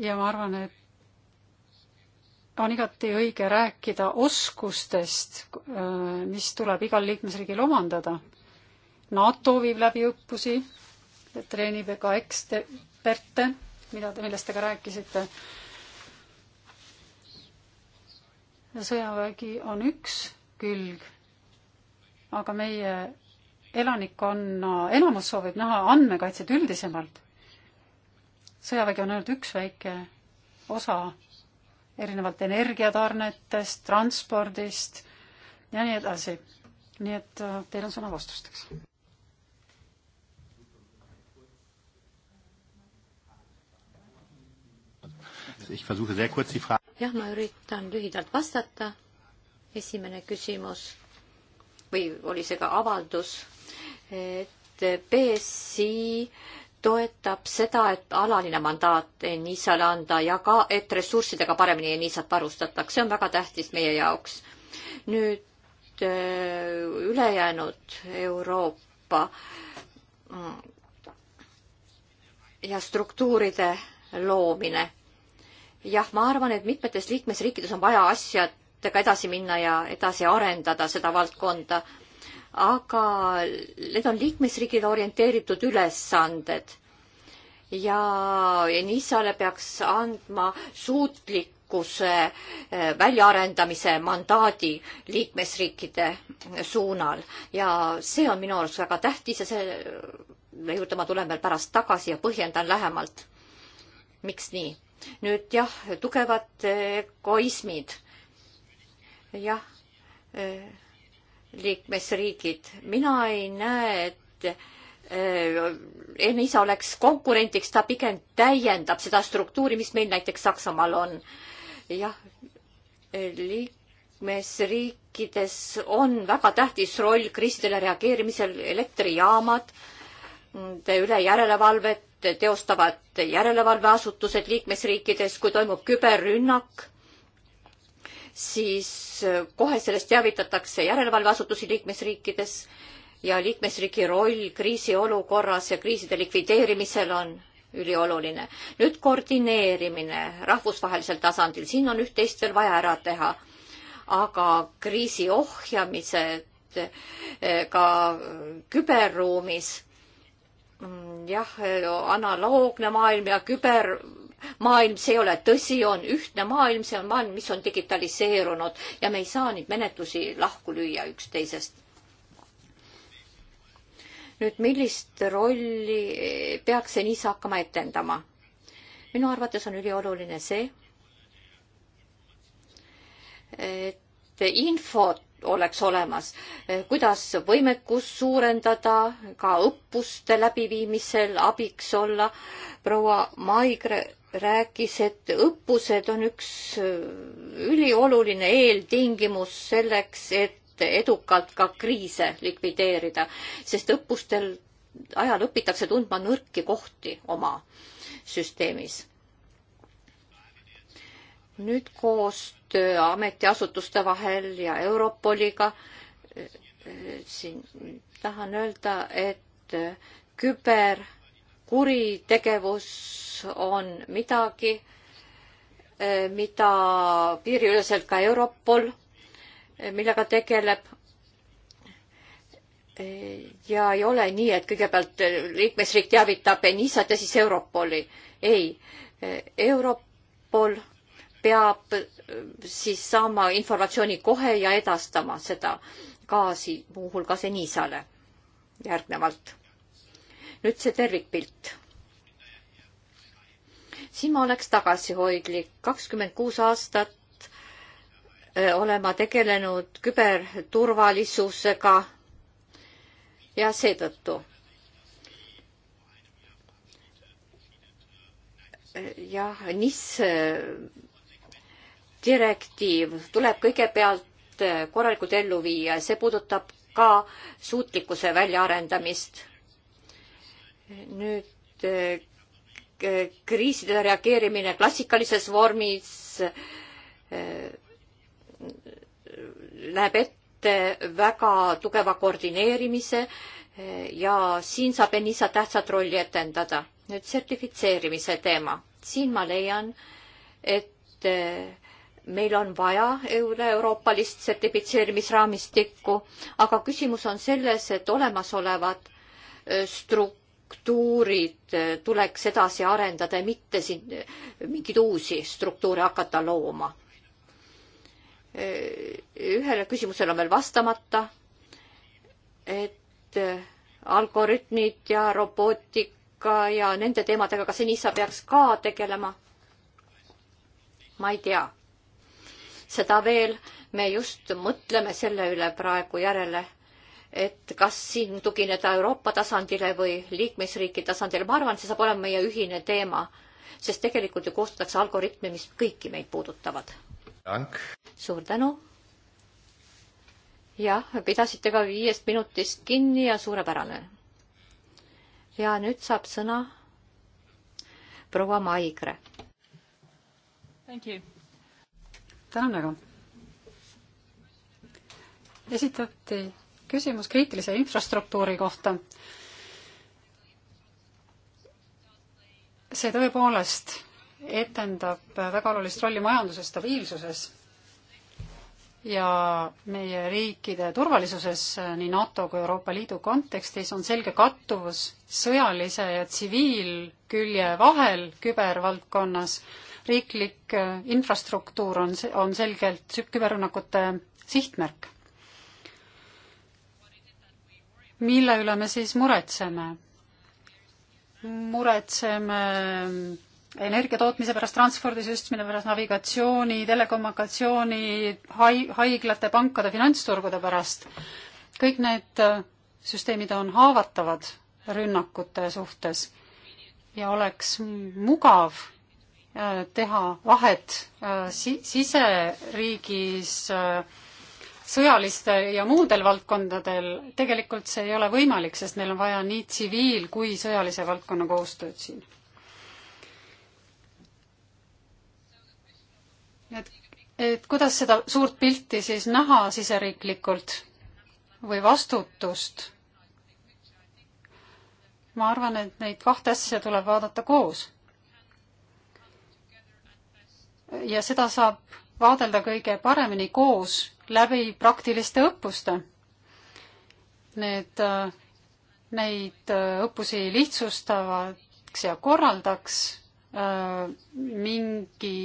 ja ma arvan, et on igati õige rääkida oskustest, äh, mis tuleb igal liikmesriigil omandada. NATO viib läbi õppusi, treenib ka eksperte, mida te, millest te ka rääkisite. sõjavägi on üks külg, aga meie elanikkonna enamus soovib näha andmekaitset üldisemalt sõjavägi on ainult üks väike osa erinevalt energiatarnetest, transpordist ja nii edasi. nii et äh, teil on sõna vastusteks. jah, ma üritan lühidalt vastata. esimene küsimus või oli see ka avaldus, et BSI äh, toetab seda, et alaline mandaat ENISA-le anda ja ka, et ressurssidega paremini ENISA-t varustatakse, see on väga tähtis meie jaoks. nüüd äh, ülejäänud Euroopa mm, ja struktuuride loomine. jah, ma arvan, et mitmetes liikmesriikides on vaja asjadega edasi minna ja edasi arendada seda valdkonda aga need on liikmesriigile orienteeritud ülesanded ja Enissale peaks andma suutlikkuse eh, väljaarendamise mandaadi liikmesriikide suunal ja see on minu arust väga tähtis ja selle juurde ma tulen veel pärast tagasi ja põhjendan lähemalt, miks nii. nüüd jah, tugevad eh, egoismid. jah eh, liikmesriigid. mina ei näe, eh, et ENISA oleks konkurentiks, ta pigem täiendab seda struktuuri, mis meil näiteks Saksamaal on. jah, liikmesriikides on väga tähtis roll kriisidele reageerimisel, elektrijaamad, üle järelevalvet teostavad järelevalveasutused liikmesriikides, kui toimub küberrünnak siis äh, kohe sellest teavitatakse järelevalveasutusi liikmesriikides ja liikmesriigi roll kriisiolukorras ja kriiside likvideerimisel on ülioluline. nüüd koordineerimine rahvusvahelisel tasandil, siin on üht-teist veel vaja ära teha. aga kriisi ohjamised äh, ka küberruumis, mm, jah, analoogne maailm ja küber maailm, see ei ole tõsi, on ühtne maailm, see on maailm, mis on digitaliseerunud ja me ei saa neid menetlusi lahku lüüa üksteisest. nüüd, millist rolli peaks ENISA hakkama etendama? minu arvates on ülioluline see, et infot oleks olemas, kuidas võimekust suurendada, ka õppuste läbiviimisel abiks olla. proua Maigre rääkis, et õppused on üks äh, ülioluline eeltingimus selleks, et edukalt ka kriise likvideerida, sest õppustel ajal õpitakse tundma nõrki kohti oma süsteemis. nüüd koostöö ametiasutuste vahel ja Europoliga äh, äh, siin tahan öelda, et küber kuritegevus on midagi, eh, mida piiriüleselt ka Europol, eh, millega tegeleb eh, ja ei ole nii, et kõigepealt liikmesriik teavitab Enisat ja siis Europoli. ei, Europol peab siis saama informatsiooni kohe ja edastama seda gaasi muuhulgas Enisale järgnevalt nüüd see tervikpilt. siin ma oleks tagasihoidlik, kakskümmend kuus aastat äh, olen ma tegelenud küberturvalisusega ja seetõttu. jah, NIS äh, direktiiv tuleb kõigepealt äh, korralikult ellu viia, see puudutab ka suutlikkuse väljaarendamist nüüd eh, eh, kriisidele reageerimine klassikalises vormis läheb eh, ette väga tugeva koordineerimise ja siin saab ENISA tähtsat rolli etendada. nüüd sertifitseerimise teema. siin ma leian, et meil on vaja üle-euroopalist sertifitseerimisraamistikku, aga küsimus on selles, et olemasolevad struk-, struktuurid eh, tuleks edasi arendada ja mitte siin eh, mingeid uusi struktuure hakata looma. Eh, ühele küsimusele on veel vastamata, et algoritmid ja robootika ja nende teemadega, kas Enisa peaks ka tegelema? ma ei tea. seda veel, me just mõtleme selle üle praegu järele et kas siin tugineda Euroopa tasandile või liikmesriigi tasandile, ma arvan, see saab olema meie ühine teema, sest tegelikult ju koostatakse algoritme, mis kõiki meid puudutavad. suur tänu. jah, pidasite ka viiest minutist kinni ja suurepärane. ja nüüd saab sõna proua Maigre. tänan väga. esitati küsimus kriitilise infrastruktuuri kohta. see tõepoolest etendab väga olulist rolli majanduse stabiilsuses ja meie riikide turvalisuses nii NATO kui Euroopa Liidu kontekstis on selge kattuvus sõjalise ja tsiviilkülje vahel kübervaldkonnas. riiklik infrastruktuur on, on selgelt küberrünnakute sihtmärk mille üle me siis muretseme? muretseme energia tootmise pärast, transpordisüstmine pärast, navigatsiooni, telekommunikatsiooni, hai-, haiglate, pankade, finantsturgude pärast. kõik need äh, süsteemid on haavatavad rünnakute suhtes ja oleks mugav äh, teha vahet äh, si-, siseriigis äh, sõjaliste ja muudel valdkondadel, tegelikult see ei ole võimalik, sest meil on vaja nii tsiviil kui sõjalise valdkonna koostööd siin. et, et kuidas seda suurt pilti siis näha siseriiklikult või vastutust? ma arvan, et neid kahte asja tuleb vaadata koos. ja seda saab vaadelda kõige paremini koos läbi praktiliste õppuste. Need, äh, neid äh, õppusi lihtsustavaks ja korraldaks äh, mingi,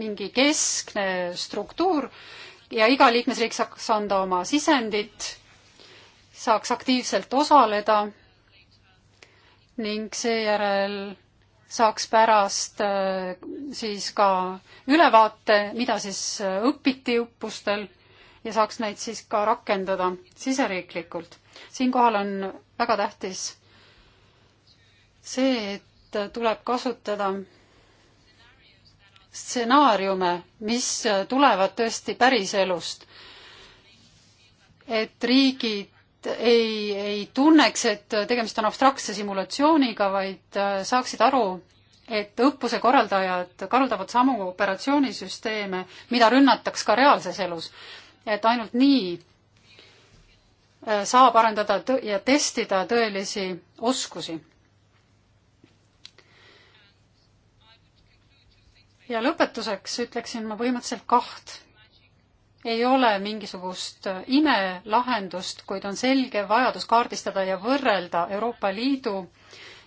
mingi keskne struktuur ja iga liikmesriik saaks anda oma sisendit, saaks aktiivselt osaleda ning seejärel saaks pärast äh, siis ka ülevaate, mida siis äh, õpiti õppustel ja saaks neid siis ka rakendada siseriiklikult. siinkohal on väga tähtis see, et tuleb kasutada stsenaariume, mis tulevad tõesti päriselust. et riigid ei, ei tunneks, et tegemist on abstraktse simulatsiooniga, vaid äh, saaksid aru, et õppuse korraldajad kardavad samu operatsioonisüsteeme, mida rünnataks ka reaalses elus. et ainult nii äh, saab arendada ja testida tõelisi oskusi. ja lõpetuseks ütleksin ma põhimõtteliselt kaht ei ole mingisugust imelahendust, kuid on selge vajadus kaardistada ja võrrelda Euroopa Liidu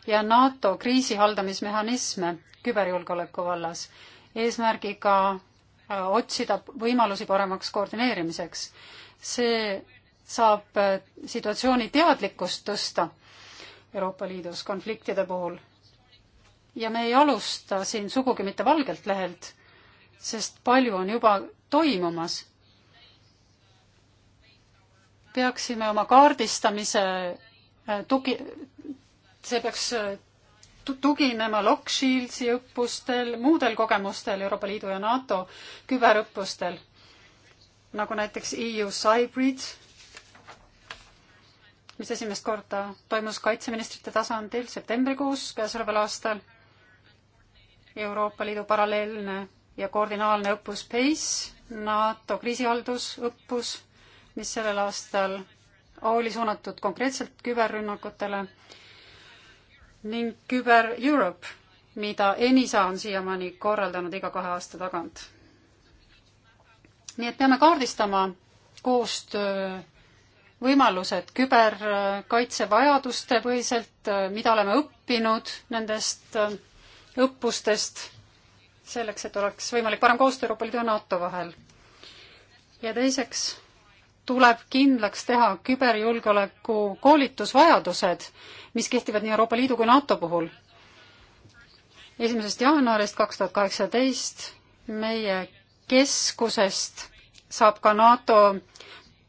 ja NATO kriisihaldamismehhanisme küberjulgeoleku vallas, eesmärgiga äh, otsida võimalusi paremaks koordineerimiseks. see saab äh, situatsiooni teadlikkust tõsta Euroopa Liidus konfliktide puhul. ja me ei alusta siin sugugi mitte valgelt lehelt, sest palju on juba toimumas peaksime oma kaardistamise äh, tugi, see peaks äh, tuginema Lock Shields'i õppustel, muudel kogemustel Euroopa Liidu ja NATO küberõppustel, nagu näiteks EU Cybrid, mis esimest korda toimus kaitseministrite tasandil septembrikuus käesoleval aastal. Euroopa Liidu paralleelne ja koordinaalne õppus PACE, NATO kriisihaldusõppus mis sellel aastal oli suunatud konkreetselt küberrünnakutele ning Küber Europe, mida ENISA on siiamaani korraldanud iga kahe aasta tagant. nii et peame kaardistama koostöö võimalused küberkaitsevajaduste põhiselt, mida oleme õppinud nendest äh, õppustest, selleks, et oleks võimalik parem koostöö Euroopa Liidu ja NATO vahel. ja teiseks tuleb kindlaks teha küberjulgeoleku koolitusvajadused, mis kehtivad nii Euroopa Liidu kui NATO puhul. esimesest jaanuarist kaks tuhat kaheksateist meie keskusest saab ka NATO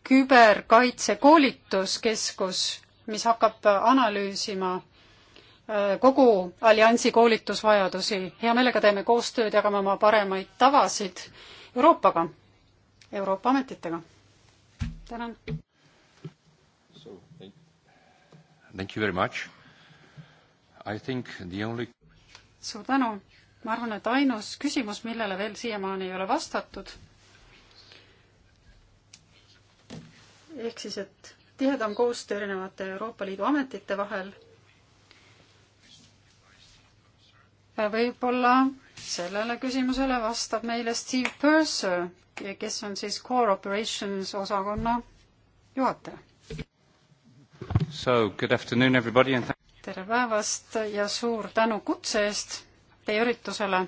küberkaitsekoolituskeskus, mis hakkab analüüsima äh, kogu alliansi koolitusvajadusi. hea meelega teeme koostööd, jagame oma paremaid tavasid Euroopaga, Euroopa ametitega tänan. Thank you very much. I think the only suur tänu. ma arvan, et ainus küsimus, millele veel siiamaani ei ole vastatud, ehk siis, et tihedam koostöö erinevate Euroopa Liidu ametite vahel võib-olla sellele küsimusele vastab meile Steve Purser, kes on siis Core Operations osakonna juhataja. So good afternoon everybody and tere päevast ja suur tänu kutse eest teie üritusele.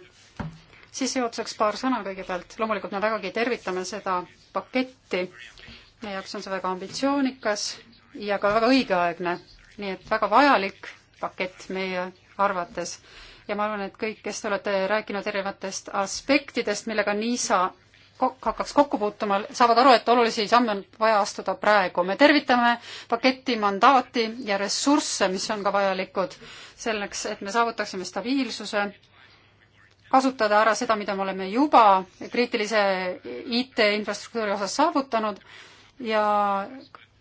sissejuhatuseks paar sõna kõigepealt. loomulikult me vägagi tervitame seda paketti. meie jaoks on see väga ambitsioonikas ja ka väga õigeaegne, nii et väga vajalik pakett meie arvates ja ma arvan, et kõik, kes te olete rääkinud erinevatest aspektidest, millega Niisa hakkaks kokku puutuma, saavad aru, et olulisi samme on vaja astuda praegu. me tervitame paketi mandaati ja ressursse, mis on ka vajalikud selleks, et me saavutaksime stabiilsuse, kasutada ära seda, mida me oleme juba kriitilise IT-infrastruktuuri osas saavutanud ja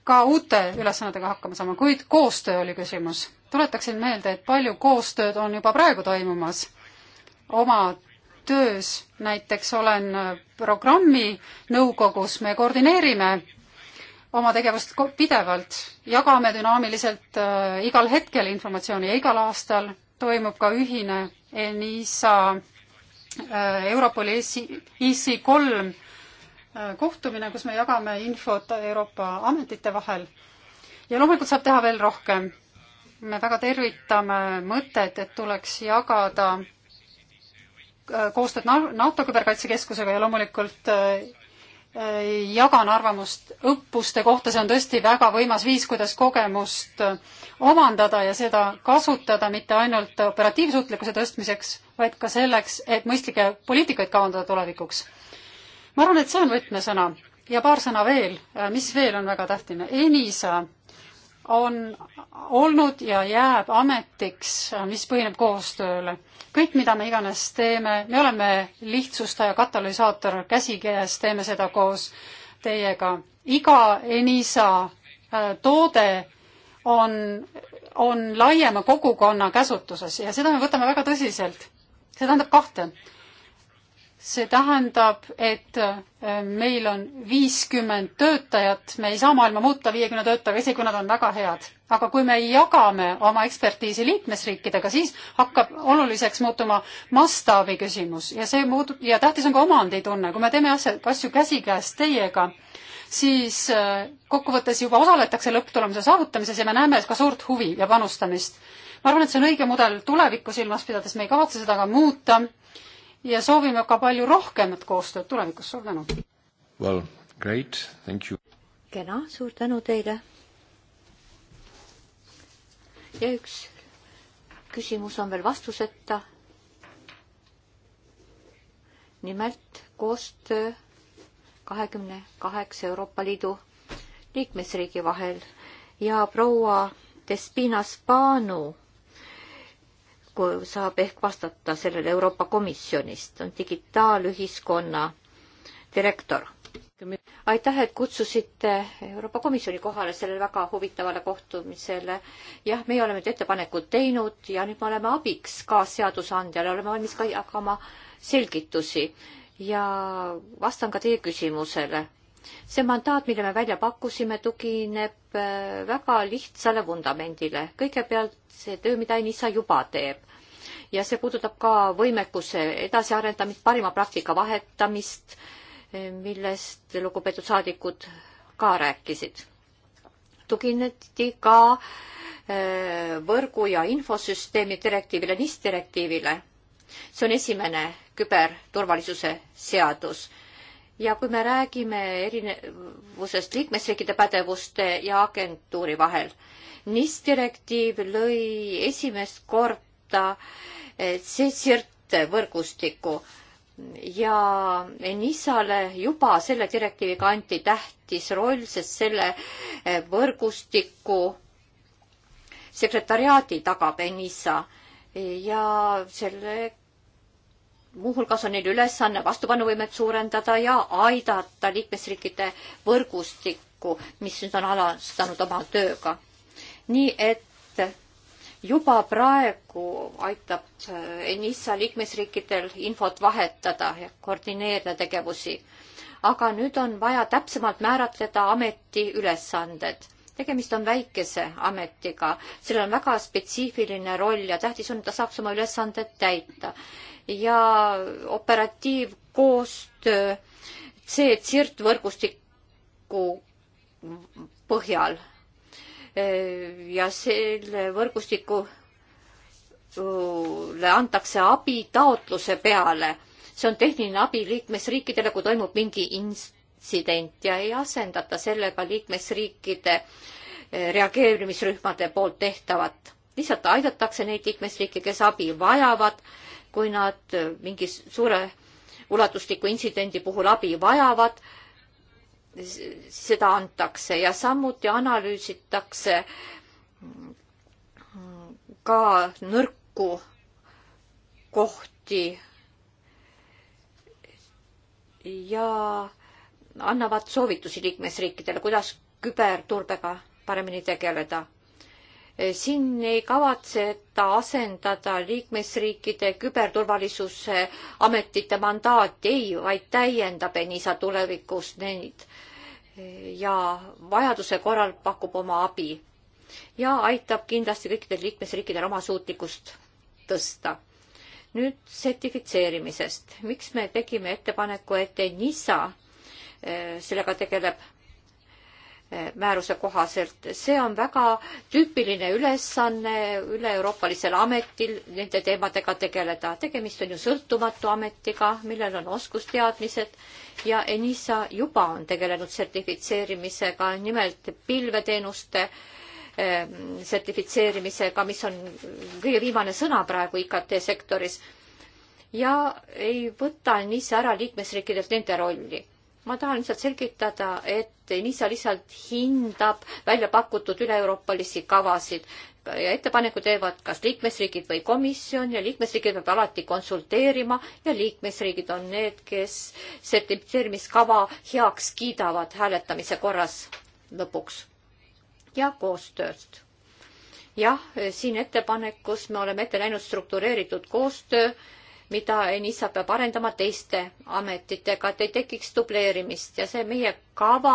ka uute ülesannetega hakkama saama, kuid koostöö oli küsimus tuletaksin meelde, et palju koostööd on juba praegu toimumas oma töös, näiteks olen programmi nõukogus, me koordineerime oma tegevust pidevalt, jagame dünaamiliselt äh, igal hetkel informatsiooni ja igal aastal toimub ka ühine ENISA äh, Europoli EC kolm äh, kohtumine, kus me jagame infot Euroopa ametite vahel. ja loomulikult saab teha veel rohkem me väga tervitame mõtet, et tuleks jagada äh, koostööd NATO küberkaitsekeskusega ja loomulikult äh, jagan arvamust õppuste kohta, see on tõesti väga võimas viis, kuidas kogemust äh, omandada ja seda kasutada mitte ainult operatiivsuutlikkuse tõstmiseks, vaid ka selleks, et mõistlikke poliitikaid kavandada tulevikuks. ma arvan, et see on võtmesõna ja paar sõna veel, mis veel on väga tähtine. ENISA on olnud ja jääb ametiks, mis põhineb koostööle. kõik, mida me iganes teeme, me oleme lihtsustaja, katalüsaator käsikäes, teeme seda koos teiega. iga Enisa äh, toode on, on laiema kogukonna käsutuses ja seda me võtame väga tõsiselt. see tähendab kahte see tähendab, et äh, meil on viiskümmend töötajat, me ei saa maailma muuta viiekümne töötajaga, isegi kui nad on väga head. aga kui me jagame oma ekspertiisi liikmesriikidega, siis hakkab oluliseks muutuma mastaabi küsimus ja see muutub ja tähtis on ka omanditunne, kui me teeme asja, asju käsikäes teiega, siis äh, kokkuvõttes juba osaletakse lõpptulemuse saavutamises ja me näeme ka suurt huvi ja panustamist. ma arvan, et see on õige mudel tulevikku silmas pidades, me ei kavatse seda ka muuta ja soovime ka palju rohkemat koostööd tulevikus, suur tänu! Well, great, thank you! kena, suur tänu teile! ja üks küsimus on veel vastuseta. nimelt koostöö kahekümne kaheksa Euroopa Liidu liikmesriigi vahel ja proua Despinas Panu kui saab ehk vastata sellele Euroopa Komisjonist, on digitaalühiskonna direktor. aitäh, et kutsusite Euroopa Komisjoni kohale sellele väga huvitavale kohtumisele. jah, meie oleme nüüd ettepanekud teinud ja nüüd me oleme abiks kaasseadusandjale, oleme valmis ka jagama selgitusi ja vastan ka teie küsimusele see mandaat, mille me välja pakkusime, tugineb äh, väga lihtsale vundamendile. kõigepealt see töö, mida Enisa juba teeb ja see puudutab ka võimekuse edasiarendamist, parima praktika vahetamist, äh, millest lugupeetud saadikud ka rääkisid. tugineti ka äh, võrgu ja infosüsteemi direktiivile, NIS direktiivile. see on esimene küberturvalisuse seadus ja kui me räägime erinevusest liikmesriikide pädevuste ja agentuuri vahel, NIS direktiiv lõi esimest korda eh, CECIRT võrgustiku ja NISale juba selle direktiiviga anti tähtis roll, sest selle eh, võrgustiku sekretariaadi tagab NISA ja selle muuhulgas on neil ülesanne vastupanuvõimet suurendada ja aidata liikmesriikide võrgustikku, mis nüüd on alastanud oma tööga. nii et juba praegu aitab äh, ENISA liikmesriikidel infot vahetada ja koordineerida tegevusi. aga nüüd on vaja täpsemalt määratleda ameti ülesanded. tegemist on väikese ametiga, sellel on väga spetsiifiline roll ja tähtis on, et ta saaks oma ülesanded täita ja operatiivkoostöö C-CIRT võrgustiku põhjal. ja selle võrgustiku antakse abi taotluse peale. see on tehniline abi liikmesriikidele, kui toimub mingi intsident ja ei asendata sellega liikmesriikide reageerimisrühmade poolt tehtavat. lihtsalt aidatakse neid liikmesriike, kes abi vajavad kui nad mingi suure ulatusliku intsidendi puhul abi vajavad, seda antakse ja samuti analüüsitakse ka nõrku kohti ja annavad soovitusi liikmesriikidele, kuidas küberturbega paremini tegeleda siin ei kavatseta asendada liikmesriikide küberturvalisuse ametite mandaati, ei, vaid täiendab ENISA tulevikus neid ja vajaduse korral pakub oma abi ja aitab kindlasti kõikidel liikmesriikidel oma suutlikkust tõsta. nüüd sertifitseerimisest. miks me tegime ettepaneku, et ENISA eh, sellega tegeleb? määruse kohaselt. see on väga tüüpiline ülesanne üle-euroopalisel ametil nende teemadega tegeleda. tegemist on ju sõltumatu ametiga, millel on oskusteadmised ja Enisa juba on tegelenud sertifitseerimisega, nimelt pilveteenuste ähm, sertifitseerimisega, mis on kõige viimane sõna praegu IKT sektoris ja ei võta Enisa ära liikmesriikidelt nende rolli ma tahan lihtsalt selgitada, et Enisa lihtsalt hindab välja pakutud üle-euroopalisi kavasid ja ettepaneku teevad kas liikmesriigid või komisjon ja liikmesriigid peab alati konsulteerima ja liikmesriigid on need, kes sertifitseerimiskava heaks kiidavad hääletamise korras lõpuks ja koostööst. jah, siin ettepanekus me oleme ette näinud struktureeritud koostöö mida ENISA peab arendama teiste ametitega, et ei tekiks dubleerimist ja see meie kava,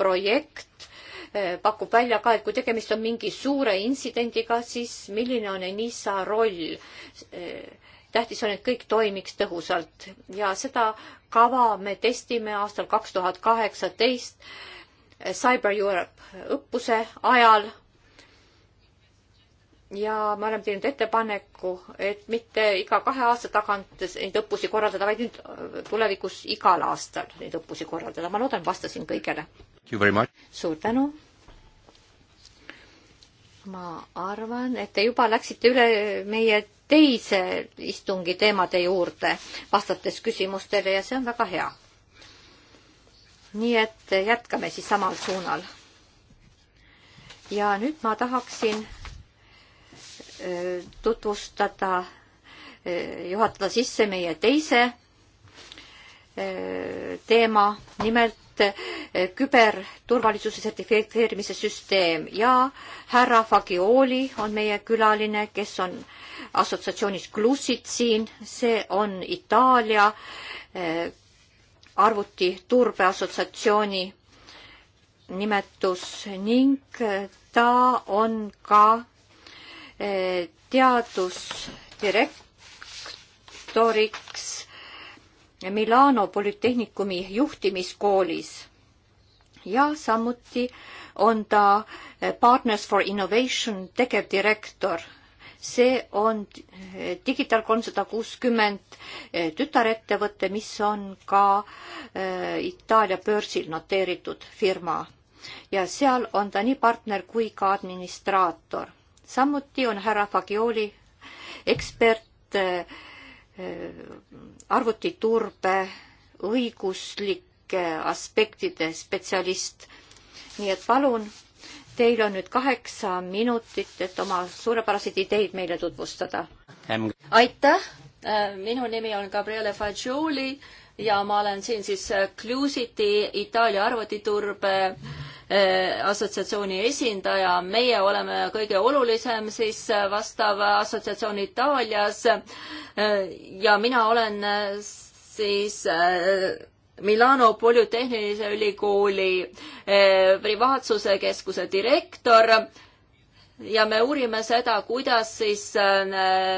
projekt eh, pakub välja ka, et kui tegemist on mingi suure intsidendiga, siis milline on ENISA roll. Eh, tähtis on, et kõik toimiks tõhusalt ja seda kava me testime aastal kaks tuhat kaheksateist eh, Cyber Europe õppuse ajal ja me oleme teinud ettepaneku, et mitte iga kahe aasta tagant neid õppusi korraldada, vaid nüüd äh, tulevikus igal aastal neid õppusi korraldada. ma loodan, vastasin kõigele. suur tänu. ma arvan, et te juba läksite üle meie teise istungi teemade juurde, vastates küsimustele ja see on väga hea. nii et jätkame siis samal suunal. ja nüüd ma tahaksin tutvustada, juhatada sisse meie teise teema, nimelt küberturvalisuse sertifitseerimise süsteem ja härra Fagioli on meie külaline, kes on assotsiatsioonis Glusid siin, see on Itaalia arvutiturbe assotsiatsiooni nimetus ning ta on ka teadusdirektoriks Milano Polütehnikumi juhtimiskoolis ja samuti on ta Partners for Innovation tegevdirektor. see on Digital kolmsada kuuskümmend tütarettevõte, mis on ka äh, Itaalia börsil noteeritud firma ja seal on ta nii partner kui ka administraator samuti on härra Fagioli ekspert äh, äh, arvutiturbe õiguslike äh, aspektide spetsialist. nii et palun, teil on nüüd kaheksa minutit, et oma suurepäraseid ideid meile tutvustada. aitäh, minu nimi on Gabriele Fagioli ja ma olen siin siis Clusiti Itaalia arvutiturbe äh, Äh, assotsiatsiooni esindaja, meie oleme kõige olulisem siis äh, vastav assotsiatsioon Itaalias äh, ja mina olen siis Milano Polütehnilise Ülikooli privaatsuse keskuse direktor ja me uurime seda, kuidas siis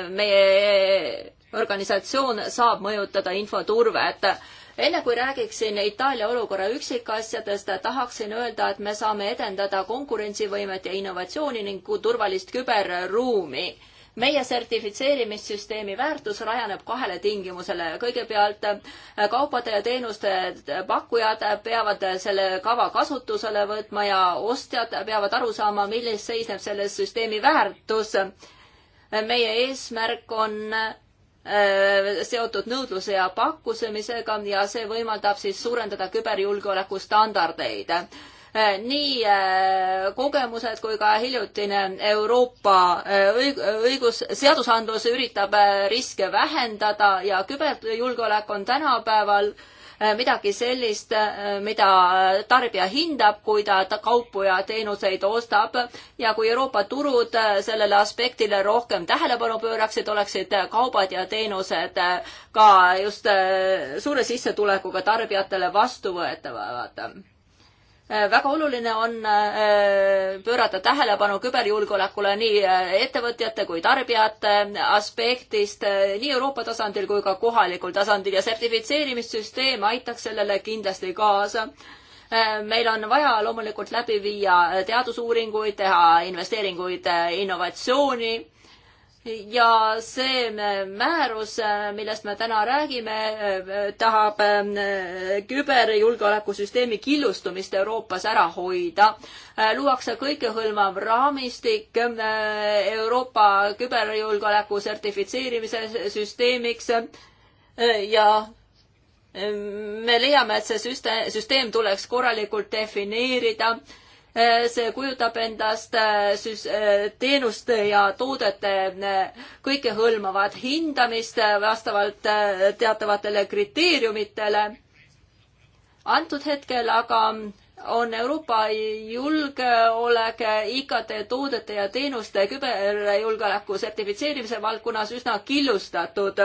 meie organisatsioon saab mõjutada infoturvet enne kui räägiksin Itaalia olukorra üksikasjadest, tahaksin öelda, et me saame edendada konkurentsivõimet ja innovatsiooni ning turvalist küberruumi meie sertifitseerimissüsteemi väärtus rajaneb kahele tingimusele. kõigepealt eh, kaupade ja teenuste eh, pakkujad peavad selle kava kasutusele võtma ja ostjad peavad aru saama, milles seisneb selle süsteemi väärtus. meie eesmärk on Äh, seotud nõudluse ja pakkusemisega ja see võimaldab siis suurendada küberjulgeoleku standardeid. Äh, nii äh, kogemused kui ka hiljutine Euroopa õigus, seadusandlus üritab riske vähendada ja küberjulgeolek on tänapäeval äh, Äh, midagi sellist, äh, mida tarbija hindab, kui ta kaupu ja teenuseid ostab ja kui Euroopa turud äh, sellele aspektile rohkem tähelepanu pööraksid, oleksid kaubad ja teenused ka just suure sissetulekuga tarbijatele vastuvõetavad Äh, väga oluline on äh, pöörata tähelepanu küberjulgeolekule nii äh, ettevõtjate kui tarbijate aspektist nii Euroopa tasandil kui ka kohalikul tasandil ja sertifitseerimissüsteem aitaks sellele kindlasti kaasa meil on vaja loomulikult läbi viia teadusuuringuid, teha investeeringuid innovatsiooni ja see määrus, millest me täna räägime, tahab ähm, küberjulgeolekusüsteemi killustumist Euroopas ära hoida. luuakse kõikehõlmav raamistik äh, Euroopa küberjulgeoleku sertifitseerimise süsteemiks ja äh, me leiame, et see süste-, süsteem tuleks korralikult defineerida see kujutab endast äh, siis äh, teenuste ja toodete äh, kõikehõlmavat hindamist vastavalt teatavatele kriteeriumitele. antud hetkel aga on Euroopa julgeolek IKT toodete ja teenuste küberjulgeoleku sertifitseerimise valdkonnas üsna killustatud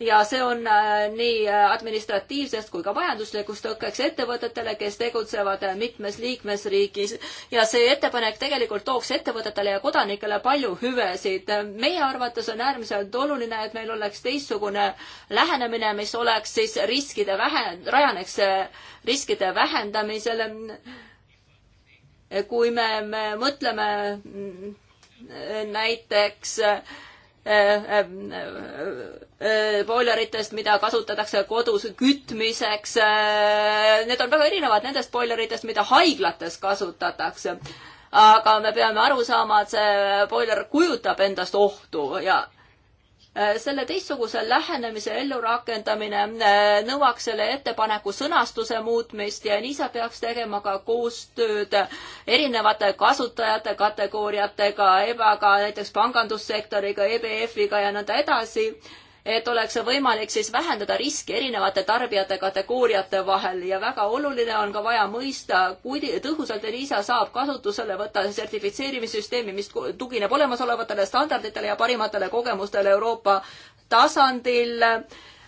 ja see on äh, nii äh, administratiivsest kui ka majanduslikust tõkkeks ettevõtetele, kes tegutsevad äh, mitmes liikmesriigis ja see ettepanek tegelikult tooks ettevõtetele ja kodanikele palju hüvesid. meie arvates on äärmiselt oluline, et meil oleks teistsugune lähenemine, mis oleks siis riskide vähe, rajaneks riskide vähendamisele kui me, me mõtleme mm, näiteks Äh, äh, äh, boileritest, mida kasutatakse kodus kütmiseks. Need on väga erinevad nendest boileritest, mida haiglates kasutatakse. aga me peame aru saama, et see boiler kujutab endast ohtu ja Äh, selle teistsuguse lähenemise ellurakendamine äh, nõuaks selle ettepaneku sõnastuse muutmist ja nii sa peaks tegema ka koostööd erinevate kasutajate kategooriatega, EBA-ga, näiteks pangandussektoriga, EBF-iga ja nõnda edasi et oleks võimalik siis vähendada riski erinevate tarbijate kategooriate vahel ja väga oluline on ka vaja mõista, kui tõhusalt Elisa saab kasutusele võtta sertifitseerimissüsteemi, mis tugineb olemasolevatele standarditele ja parimatele kogemustele Euroopa tasandil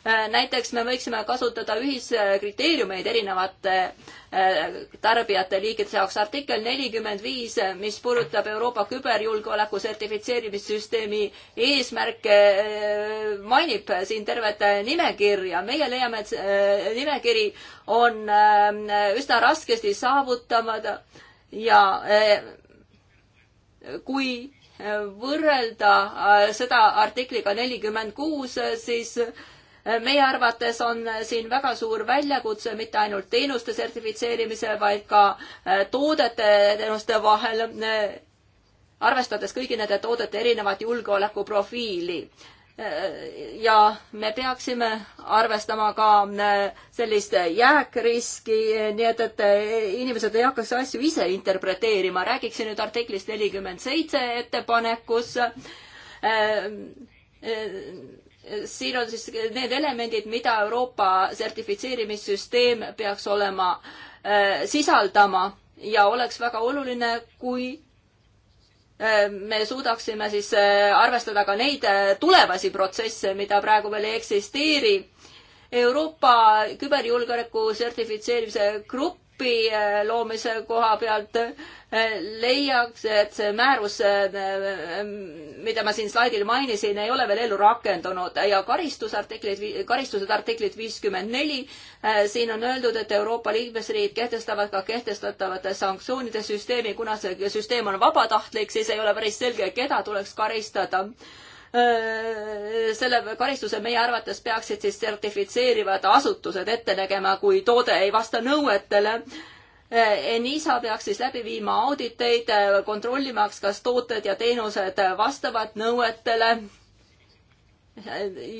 Äh, näiteks me võiksime kasutada ühiskriteeriumeid erinevate äh, tarbijate liikide jaoks. artikkel nelikümmend viis, mis puudutab Euroopa küberjulgeoleku sertifitseerimissüsteemi eesmärke, äh, mainib siin tervet nimekirja. meie leiame, et see nimekiri on üsna raskesti saavutamata ja kui võrrelda seda artikliga nelikümmend kuus, siis meie arvates on siin väga suur väljakutse mitte ainult teenuste sertifitseerimise, vaid ka äh, toodete teenuste vahel, äh, arvestades kõigi nende toodete erinevat julgeolekuprofiili. Äh, ja me peaksime arvestama ka sellist jääkriski, nii et, et inimesed ei hakkaks asju ise interpreteerima. räägiksin nüüd artiklist nelikümmend seitse ettepanekus siin on siis need elemendid, mida Euroopa sertifitseerimissüsteem peaks olema, äh, sisaldama ja oleks väga oluline, kui äh, me suudaksime siis äh, arvestada ka neid tulevasi protsesse, mida praegu veel ei eksisteeri. Euroopa küberjulgeoleku sertifitseerimise grupp API äh, loomise koha pealt äh, leiaks, et see määrus, äh, mida ma siin slaidil mainisin, ei ole veel ellu rakendunud ja karistusartiklid, karistused artiklid viiskümmend neli, siin on öeldud, et Euroopa liikmesriigid kehtestavad ka kehtestatavate sanktsioonide süsteemi, kuna see süsteem on vabatahtlik, siis ei ole päris selge, keda tuleks karistada selle karistuse meie arvates peaksid siis sertifitseerivad asutused ette nägema, kui toode ei vasta nõuetele. NISA peaks siis läbi viima auditeid, kontrollimaks, kas tooted ja teenused vastavad nõuetele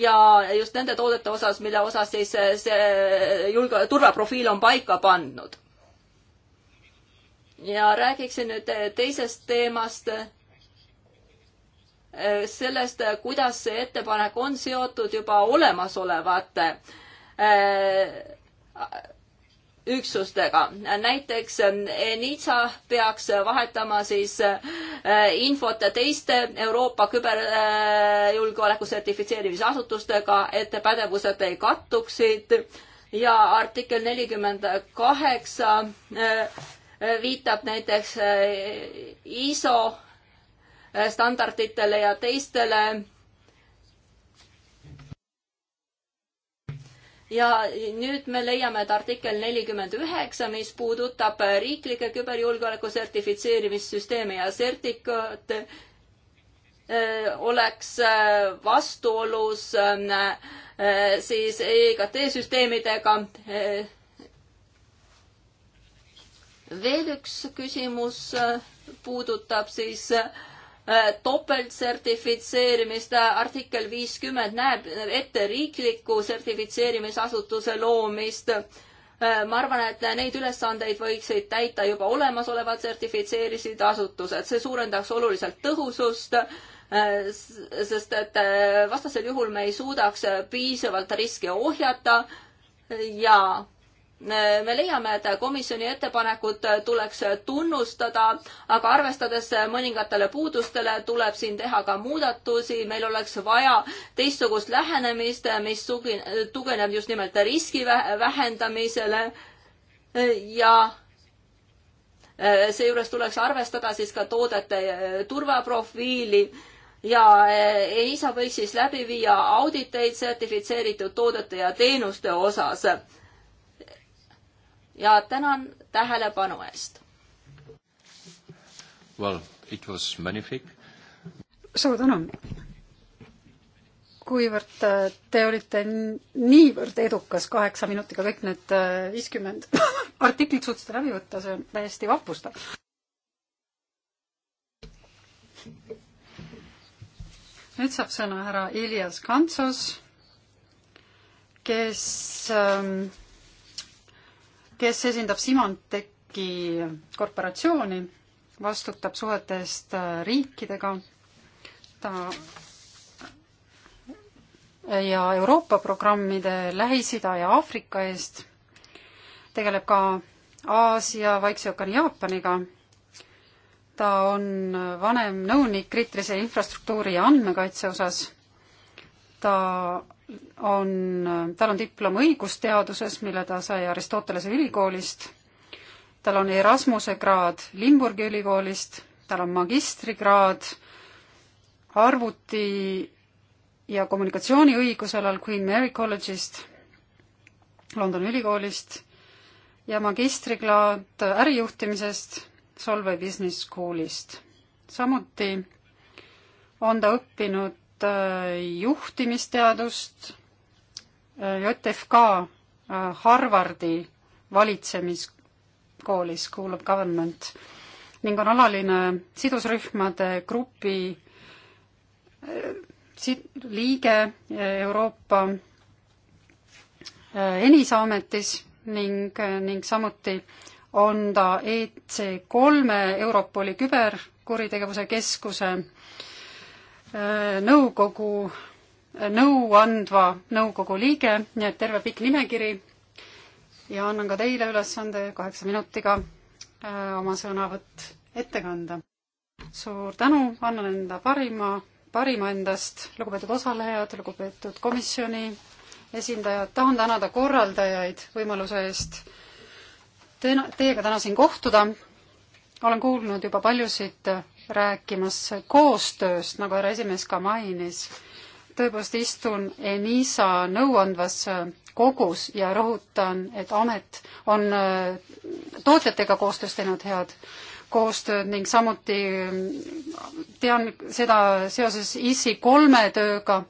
ja just nende toodete osas, mille osas siis see julge-, turvaprofiil on paika pandud. ja räägiksin nüüd teisest teemast. Äh, sellest, kuidas see ettepanek on seotud juba olemasolevate äh, üksustega. näiteks äh, NITSA peaks vahetama siis infot teiste Euroopa küberjulgeoleku sertifitseerimise asutustega, et pädevused ei kattuksid ja artikkel nelikümmend kaheksa viitab näiteks ISO Äh, standarditele ja teistele. ja nüüd me leiame, et artikkel nelikümmend üheksa, mis puudutab riiklike küberjulgeoleku sertifitseerimissüsteeme ja sertikaate, äh, oleks äh, vastuolus siis EKT süsteemidega. veel üks küsimus puudutab siis äh, Äh, topeltsertifitseerimist artikkel viiskümmend näeb ette riikliku sertifitseerimisasutuse loomist. Äh, ma arvan, et neid ülesandeid võiksid täita juba olemasolevad sertifitseerisid asutused, see suurendaks oluliselt tõhusust, äh, sest et vastasel juhul me ei suudaks piisavalt riske ohjata ja me leiame, et komisjoni ettepanekut tuleks tunnustada, aga arvestades mõningatele puudustele, tuleb siin teha ka muudatusi, meil oleks vaja teistsugust lähenemist, mis tugineb just nimelt riski vähendamisele ja seejuures tuleks arvestada siis ka toodete eh, turvaprofiili ja eh, EISA võiks siis läbi viia auditeid sertifitseeritud toodete ja teenuste osas ja tänan tähelepanu eest. Well, it was magnific. suur tänu. kuivõrd äh, te olite niivõrd edukas kaheksa minutiga kõik need äh, viiskümmend artiklit suutsite läbi võtta, see on täiesti vapustav. nüüd saab sõna härra Ilias Kantsos, kes ähm, kes esindab Symanteki korporatsiooni, vastutab suhete eest äh, riikidega, ta ja Euroopa programmide Lähis-Ida ja Aafrika eest, tegeleb ka Aasia, Vaikse ookeani Jaapaniga, ta on vanem nõunik kriitilise infrastruktuuri ja andmekaitse osas, ta on, tal on diplom õigusteaduses, mille ta sai Aristotelese ülikoolist, tal on Erasmuse kraad Limburgi ülikoolist, tal on magistrikraad arvuti ja kommunikatsiooniõiguse alal Queen Mary College'ist, Londoni ülikoolist ja magistrikraad ärijuhtimisest Solvay Business School'ist. samuti on ta õppinud Äh, juhtimisteadust, äh, JFK äh, Harvardi valitsemiskoolis kuulub government ning on alaline sidusrühmade grupi liige Euroopa Enisa ametis ning, ning samuti on ta EC kolme Europoli küberkuritegevuse keskuse äh, Äh, nõukogu, äh, nõuandva nõukogu liige, nii et terve pikk nimekiri ja annan ka teile ülesande kaheksa minutiga äh, oma sõnavõtt ette kanda. suur tänu, annan enda parima, parima endast, lugupeetud osalejad, lugupeetud komisjoni esindajad, tahan tänada korraldajaid võimaluse eest teiega täna siin kohtuda. olen kuulnud juba paljusid rääkimas koostööst, nagu härra esimees ka mainis. tõepoolest istun ENISA nõuandvas kogus ja rõhutan, et amet on äh, tootjatega koostöös teinud head koostööd ning samuti mm, tean seda seoses ISI kolme tööga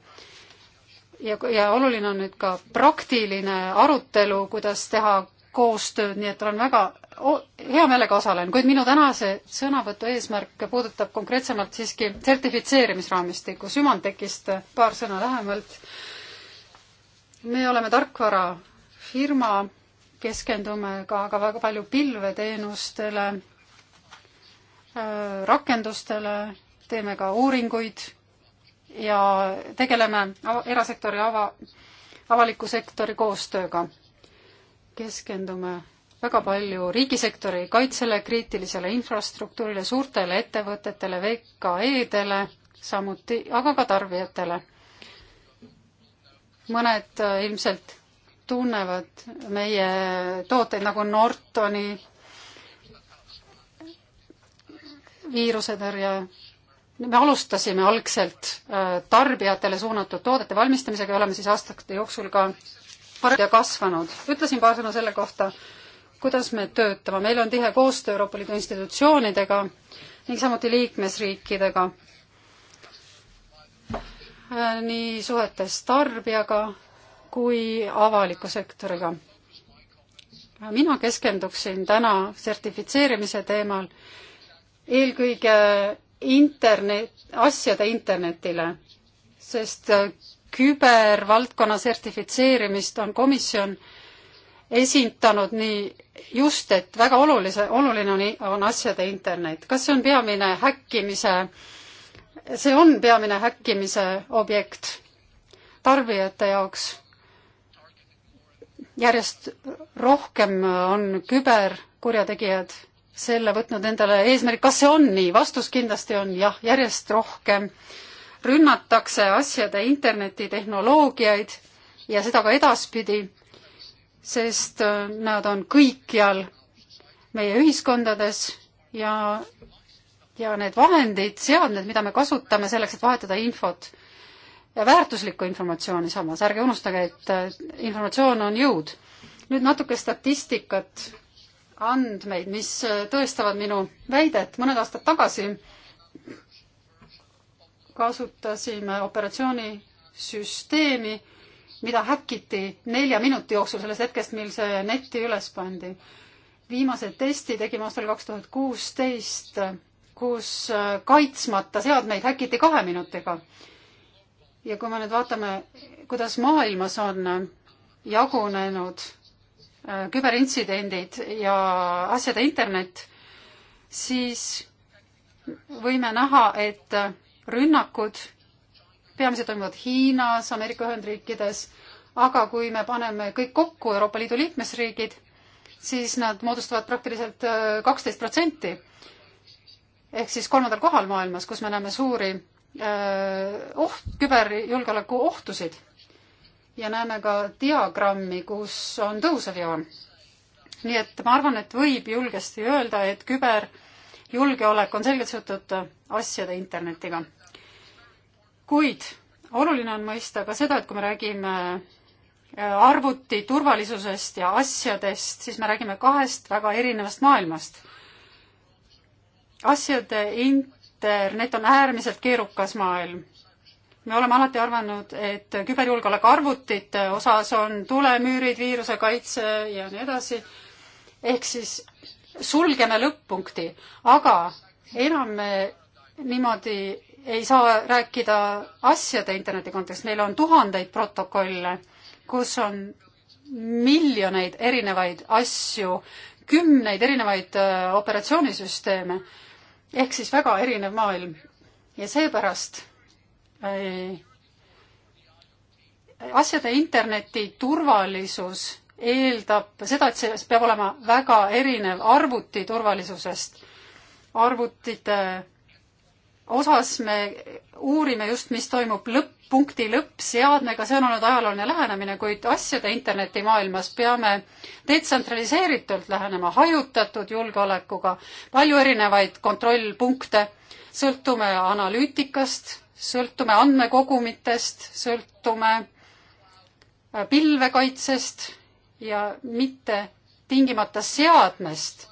ja, ja oluline on nüüd ka praktiline arutelu, kuidas teha koostööd, nii et olen väga hea meelega osalen, kuid minu tänase sõnavõtu eesmärk puudutab konkreetsemalt siiski sertifitseerimisraamistikku. Symantecist paar sõna lähemalt. me oleme tarkvarafirma, keskendume ka, ka väga palju pilveteenustele, äh, rakendustele, teeme ka uuringuid ja tegeleme erasektori ava, avaliku sektori koostööga. keskendume väga palju riigisektori kaitsele, kriitilisele infrastruktuurile, suurtele ettevõtetele, VKE-dele samuti, aga ka tarbijatele. mõned äh, ilmselt tunnevad meie tooteid nagu Nortoni viirusetõrje. me alustasime algselt äh, tarbijatele suunatud toodete valmistamisega ja oleme siis aastate jooksul ka kasvanud. ütlesin paar sõna selle kohta, kuidas me töötame, meil on tihe koostöö Euroopa Liidu institutsioonidega ning samuti liikmesriikidega. Äh, nii suhetes tarbijaga kui avaliku sektoriga. Äh, mina keskenduksin täna sertifitseerimise teemal eelkõige internet, asjade internetile, sest äh, kübervaldkonna sertifitseerimist on komisjon esindanud nii just, et väga olulise, oluline on, on asjade internet. kas see on peamine häkkimise, see on peamine häkkimise objekt tarbijate jaoks? järjest rohkem on küberkurjategijad selle võtnud endale eesmärgi, kas see on nii? vastus kindlasti on jah, järjest rohkem rünnatakse asjade internetitehnoloogiaid ja seda ka edaspidi sest äh, nad on kõikjal meie ühiskondades ja, ja need vahendid, seadmed, mida me kasutame selleks, et vahetada infot ja väärtuslikku informatsiooni samas, ärge unustage, et äh, informatsioon on jõud. nüüd natuke statistikat, andmeid, mis äh, tõestavad minu väidet, mõned aastad tagasi kasutasime operatsioonisüsteemi mida häkkiti nelja minuti jooksul sellest hetkest, mil see netti üles pandi. viimase testi tegime aastal kaks tuhat kuusteist, kus äh, kaitsmata seadmeid häkiti kahe minutiga. ja kui me nüüd vaatame, kuidas maailmas on äh, jagunenud äh, küberintsidendid ja asjade internet, siis võime näha, et rünnakud peamiselt toimuvad Hiinas, Ameerika Ühendriikides, aga kui me paneme kõik kokku, Euroopa Liidu liikmesriigid, siis nad moodustavad praktiliselt äh, kaksteist protsenti. ehk siis kolmandal kohal maailmas, kus me näeme suuri öö, äh, oht, küberjulgeoleku ohtusid. ja näeme ka diagrammi, kus on tõusev joon. nii et ma arvan, et võib julgesti öelda, et küberjulgeolek on selgelt seotud asjade internetiga kuid oluline on mõista ka seda, et kui me räägime äh, arvuti turvalisusest ja asjadest, siis me räägime kahest väga erinevast maailmast. asjade internet on äärmiselt keerukas maailm. me oleme alati arvanud, et küberjulgeoleku arvutite osas on tulemüürid, viiruse kaitse ja nii edasi. ehk siis sulgeme lõpp-punkti, aga enam me niimoodi ei saa rääkida asjade interneti kontekstis, meil on tuhandeid protokolle, kus on miljoneid erinevaid asju, kümneid erinevaid äh, operatsioonisüsteeme, ehk siis väga erinev maailm. ja seepärast ei, äh, asjade interneti turvalisus eeldab seda, et see peab olema väga erinev arvuti turvalisusest, arvutite osas me uurime just, mis toimub lõpp, punkti lõppseadmega, see on olnud ajalooline lähenemine, kuid asjade internetimaailmas peame detsentraliseeritult lähenema, hajutatud julgeolekuga, palju erinevaid kontrollpunkte, sõltume analüütikast, sõltume andmekogumitest, sõltume äh, pilvekaitsest ja mitte tingimata seadmest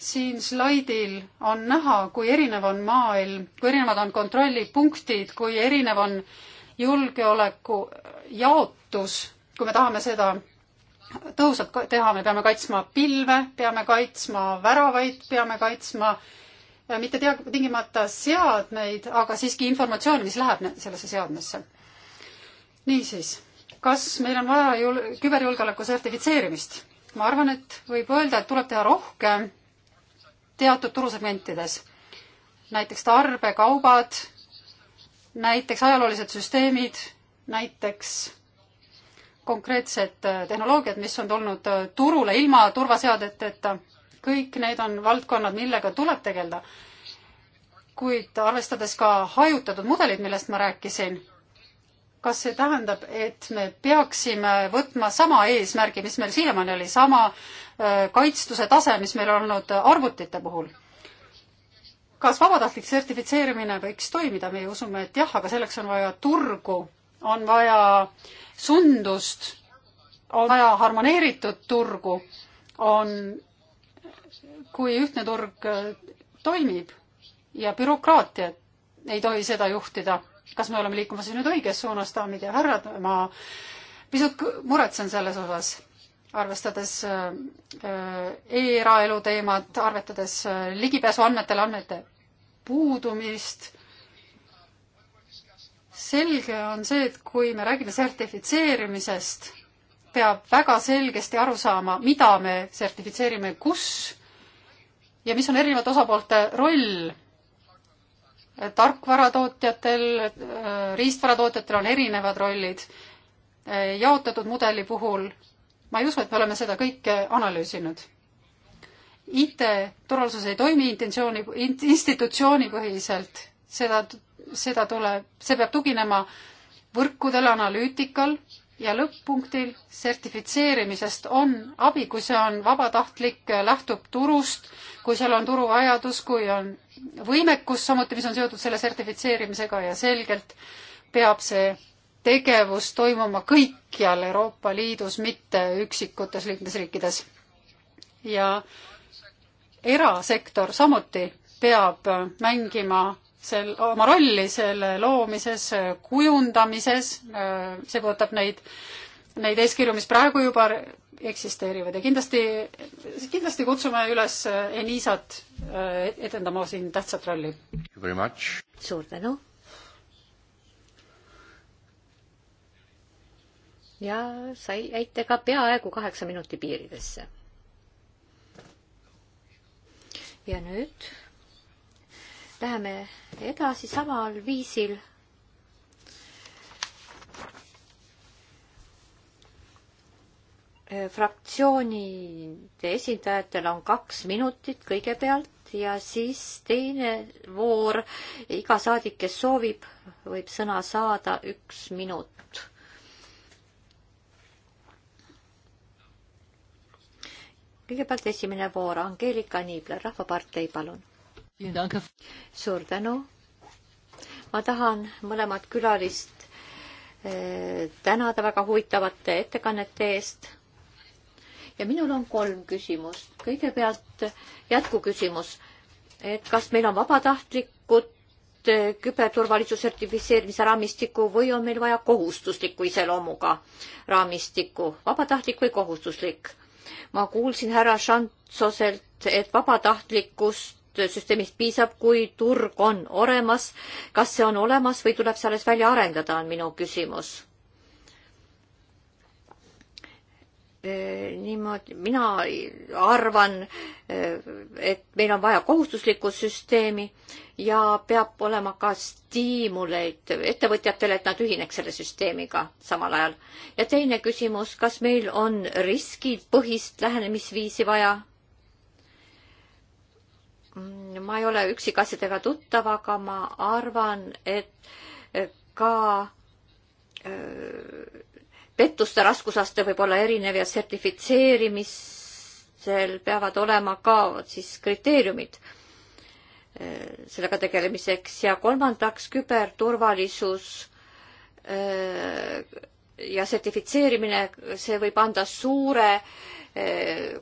siin slaidil on näha, kui erinev on maailm, kui erinevad on kontrollipunktid, kui erinev on julgeoleku jaotus, kui me tahame seda tõhusalt teha, me peame kaitsma pilve, peame kaitsma väravaid, peame kaitsma äh, mitte tea-, tingimata seadmeid, aga siiski informatsiooni, mis läheb sellesse seadmesse. niisiis, kas meil on vaja jul-, küberjulgeoleku sertifitseerimist? ma arvan, et võib öelda, et tuleb teha rohkem teatud turusegmentides, näiteks tarbekaubad, näiteks ajaloolised süsteemid, näiteks konkreetsed äh, tehnoloogiad, mis on tulnud äh, turule ilma turvaseadeteta, kõik need on valdkonnad, millega tuleb tegeleda. kuid arvestades ka hajutatud mudelid, millest ma rääkisin, kas see tähendab, et me peaksime võtma sama eesmärgi, mis meil siiamaani oli, sama kaitstuse tase, mis meil on olnud arvutite puhul. kas vabatahtlik sertifitseerimine võiks toimida, meie usume, et jah, aga selleks on vaja turgu, on vaja sundust, on vaja harmoneeritud turgu, on, kui ühtne turg äh, toimib ja bürokraatia ei tohi seda juhtida. kas me oleme liikumas nüüd õiges suunas, daamid ja härrad, ma pisut muretsen selles osas arvestades äh, äh, eraelu teemat, arvestades äh, ligipääsu andmetele, andmete puudumist. selge on see, et kui me räägime sertifitseerimisest, peab väga selgesti aru saama, mida me sertifitseerime, kus ja mis on erinevate osapoolte roll. tarkvaratootjatel, riistvaratootjatel on erinevad rollid. jaotatud mudeli puhul ma ei usu, et me oleme seda kõike analüüsinud. IT-turvalisus ei toimi intentsiooni, institutsioonipõhiselt, seda, seda tuleb, see peab tuginema võrkudel, analüütikal ja lõpp-punktil sertifitseerimisest on abi, kui see on vabatahtlik, lähtub turust, kui seal on turuvajadus, kui on võimekus samuti, mis on seotud selle sertifitseerimisega ja selgelt peab see tegevus toimuma kõikjal Euroopa Liidus, mitte üksikutes liikmesriikides. ja erasektor samuti peab mängima sel, oma rolli selle loomises, kujundamises, see puudutab neid, neid eeskirju, mis praegu juba eksisteerivad ja kindlasti, kindlasti kutsume üles Enisat eh, etendama siin tähtsat rolli. suur tänu ja sai, jäite ka peaaegu kaheksa minuti piiridesse. ja nüüd läheme edasi samal viisil. Äh, fraktsioonide esindajatel on kaks minutit kõigepealt ja siis teine voor, iga saadik, kes soovib, võib sõna saada üks minut kõigepealt esimene voor, Angeelika Niibler, Rahvapartei, palun. suur tänu. ma tahan mõlemat külalist eh, tänada väga huvitavate ettekannete eest. ja minul on kolm küsimust. kõigepealt jätkuküsimus, et kas meil on vabatahtlikud eh, küberturvalisuse sertifitseerimise raamistikku või on meil vaja kohustusliku iseloomuga raamistikku, vabatahtlik või kohustuslik? ma kuulsin härra Šantsoselt, et vabatahtlikkust süsteemist piisab, kui turg on olemas. kas see on olemas või tuleb see alles välja arendada, on minu küsimus Äh, niimoodi, mina arvan, äh, et meil on vaja kohustuslikku süsteemi ja peab olema ka stiimuleid ettevõtjatele, et nad ühineks selle süsteemiga samal ajal. ja teine küsimus, kas meil on riskipõhist lähenemisviisi vaja? Mm, ma ei ole üksikasjadega tuttav, aga ma arvan, et ka öö, äh, pettuste raskusaste võib olla erinev ja sertifitseerimisel peavad olema ka siis kriteeriumid eh, sellega tegelemiseks ja kolmandaks küberturvalisus eh, ja sertifitseerimine, see võib anda suure eh,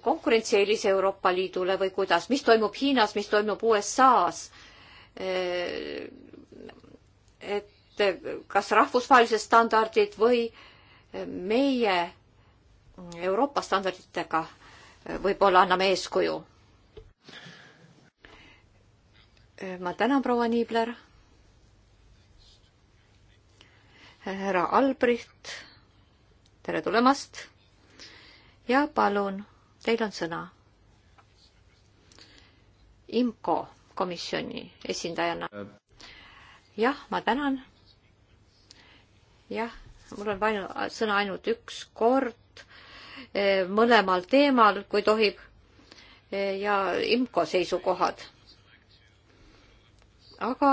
konkurentsieelise Euroopa Liidule või kuidas, mis toimub Hiinas, mis toimub USA-s. et kas rahvusvahelised standardid või äh, meie Euroopa standarditega võib-olla anname eeskuju. ma tänan, proua Niibler. härra Albrecht, tere tulemast. ja palun, teil on sõna. IMCO komisjoni esindajana. Äh. jah, ma tänan. jah mul on ainu, sõna ainult üks kord e, mõlemal teemal, kui tohib, e, ja IMCO seisukohad. aga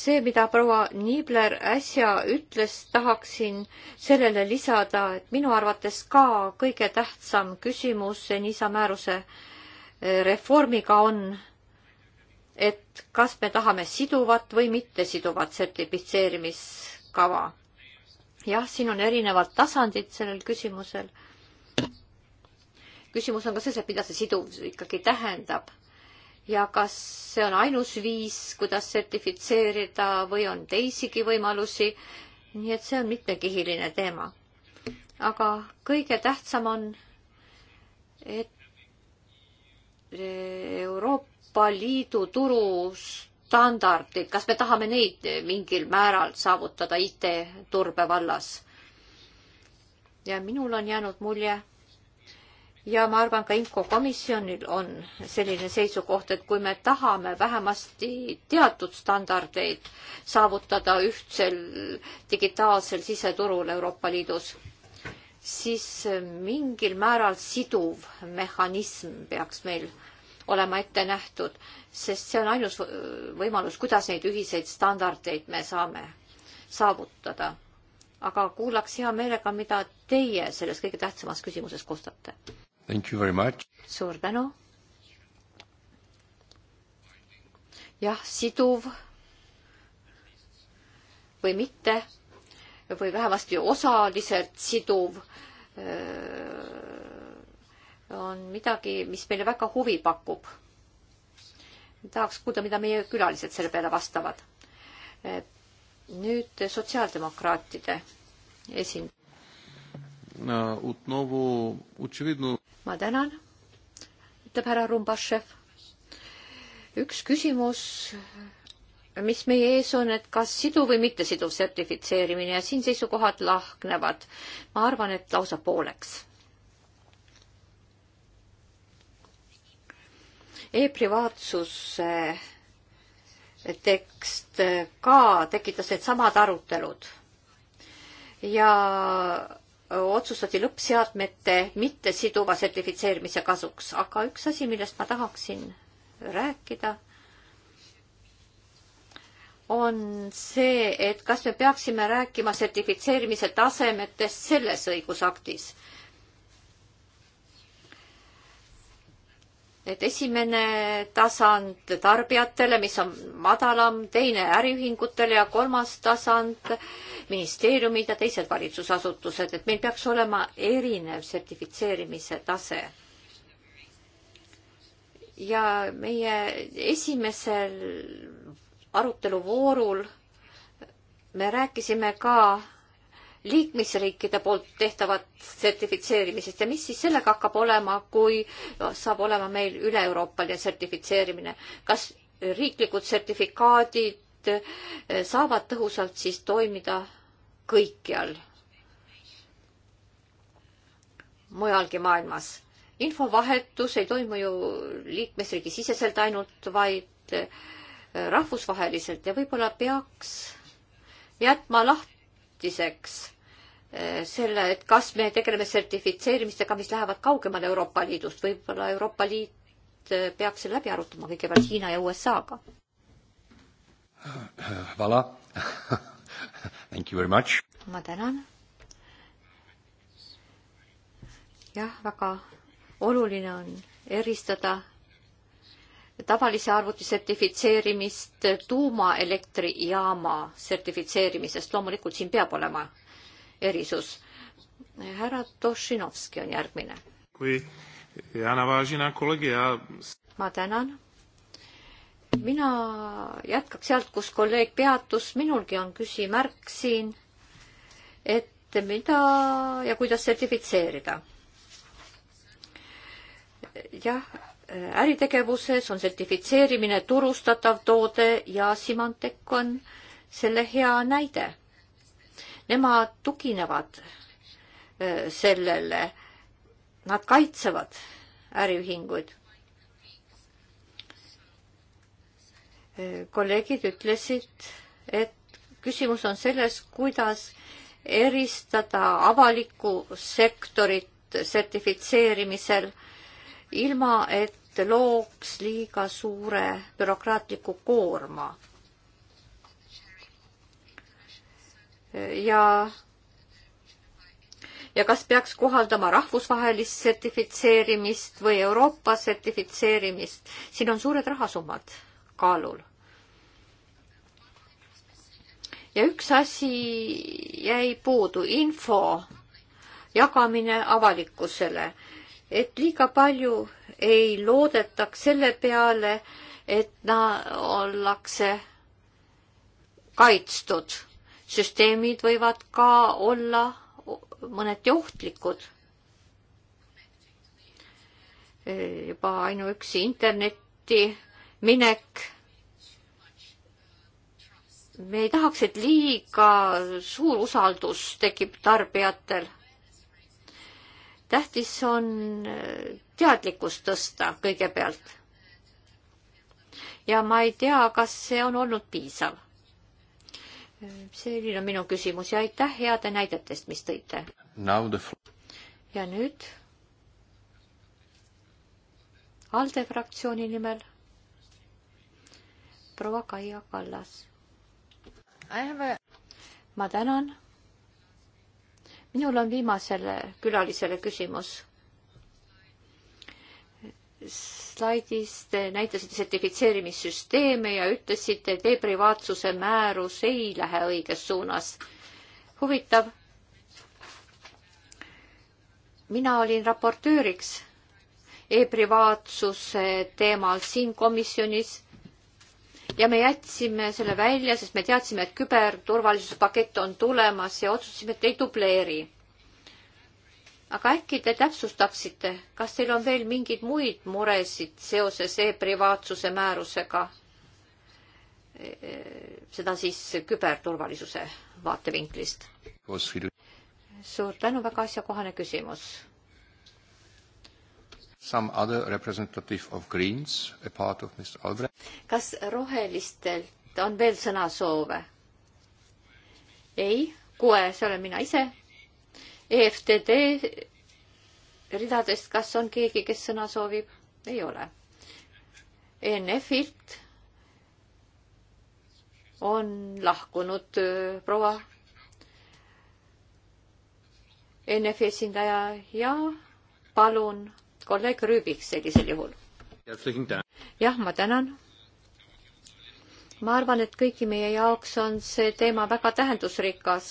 see, mida proua Niibler äsja ütles, tahaksin sellele lisada, et minu arvates ka kõige tähtsam küsimus NISA määruse e, reformiga on, et kas me tahame siduvat või mittesiduvat sertifitseerimis kava. jah, siin on erinevad tasandid sellel küsimusel. küsimus on ka selles, et mida see siduvus ikkagi tähendab ja kas see on ainus viis, kuidas sertifitseerida või on teisigi võimalusi. nii et see on mitmekihiline teema. aga kõige tähtsam on, et Euroopa Liidu turust standardid, kas me tahame neid mingil määral saavutada IT-turbe vallas? ja minul on jäänud mulje ja ma arvan, ka IMCO komisjonil on selline seisukoht, et kui me tahame vähemasti teatud standardeid saavutada ühtsel digitaalsel siseturul Euroopa Liidus, siis mingil määral siduv mehhanism peaks meil äh, olema ette nähtud, sest see on ainus võimalus, kuidas neid ühiseid standardeid me saame saavutada. aga kuulaks hea meelega, mida teie selles kõige tähtsamas küsimuses kostate. suur tänu. jah, siduv või mitte või vähemasti osaliselt siduv öö, on midagi, mis meile väga huvi pakub. tahaks kuulda, mida meie külalised selle peale vastavad. Eh, nüüd sotsiaaldemokraatide esindaja. Utnovu Utšividnu. ma tänan, ütleb härra Rumbašev. üks küsimus, mis meie ees on, et kas siduv või mittesiduv sertifitseerimine ja siin seisukohad lahknevad. ma arvan, et lausa pooleks e-privaatsuse tekst ka tekitas needsamad arutelud ja otsustati lõppseadmete mittesiduva sertifitseerimise kasuks, aga üks asi, millest ma tahaksin rääkida, on see, et kas me peaksime rääkima sertifitseerimise tasemetest selles õigusaktis et esimene tasand tarbijatele, mis on madalam, teine äriühingutele ja kolmas tasand ministeeriumid ja teised valitsusasutused, et meil peaks olema erinev sertifitseerimise tase. ja meie esimesel aruteluvoorul me rääkisime ka liikmesriikide poolt tehtavat sertifitseerimisest ja mis siis sellega hakkab olema, kui saab olema meil üle-euroopaline sertifitseerimine. kas riiklikud sertifikaadid eh, saavad tõhusalt siis toimida kõikjal mujalgi maailmas? infovahetus ei toimu ju liikmesriigi siseselt ainult, vaid eh, rahvusvaheliselt ja võib-olla peaks jätma lahti lahtiseks eh, selle, et kas me tegeleme sertifitseerimistega, mis lähevad kaugemale Euroopa Liidust, võib-olla Euroopa Liit eh, peaks selle läbi arutama kõigepealt Hiina ja USA-ga. Vala Thank you very much. ma tänan. jah, väga oluline on eristada tavalise arvuti sertifitseerimist tuumaelektrijaama sertifitseerimisest. loomulikult siin peab olema erisus. härra Tošinovski on järgmine. kui Jana Važina kollegia. ma tänan. mina jätkaks sealt, kus kolleeg peatus, minulgi on küsimärk siin, et mida ja kuidas sertifitseerida. jah äritegevuses, on sertifitseerimine turustatav toode ja Symantec on selle hea näide. Nemad tuginevad äh, sellele, nad kaitsevad äriühinguid. Äh, kolleegid ütlesid, et küsimus on selles, kuidas eristada avalikku sektorit sertifitseerimisel ilma, et looks liiga suure bürokraatliku koorma. ja, ja kas peaks kohaldama rahvusvahelist sertifitseerimist või Euroopa sertifitseerimist, siin on suured rahasummad kaalul. ja üks asi jäi puudu, info jagamine avalikkusele et liiga palju ei loodetaks selle peale, et na-, ollakse kaitstud. süsteemid võivad ka olla mõneti ohtlikud. juba ainuüksi internetti minek. me ei tahaks, et liiga suur usaldus tekib tarbijatel tähtis on äh, teadlikkust tõsta kõigepealt. ja ma ei tea, kas see on olnud piisav. selline on minu küsimus ja aitäh heade näidetest, mis tõite. ja nüüd ALDE fraktsiooni nimel proua Kaia Kallas. A... ma tänan minul on viimasele külalisele küsimus. slaidis te näitasite sertifitseerimissüsteeme ja ütlesite, et e-privaatsuse määrus ei lähe õiges suunas. huvitav. mina olin raportööriks e-privaatsuse teemal siin komisjonis ja me jätsime selle välja, sest me teadsime, et küberturvalisuspakett on tulemas ja otsustasime, et ei dubleeri. aga äkki te täpsustaksite, kas teil on veel mingeid muid muresid seoses e-privaatsuse määrusega? seda siis küberturvalisuse vaatevinklist. suur tänu, väga asjakohane küsimus kas rohelistelt on veel sõnasoove? ei, kuue, see olen mina ise. EFTD ridadest, kas on keegi, kes sõna soovib? ei ole. ENF-ilt on lahkunud proua ENF-i esindaja ja palun kolleeg Rüübik sellisel juhul. jah, ma tänan. ma arvan, et kõigi meie jaoks on see teema väga tähendusrikas,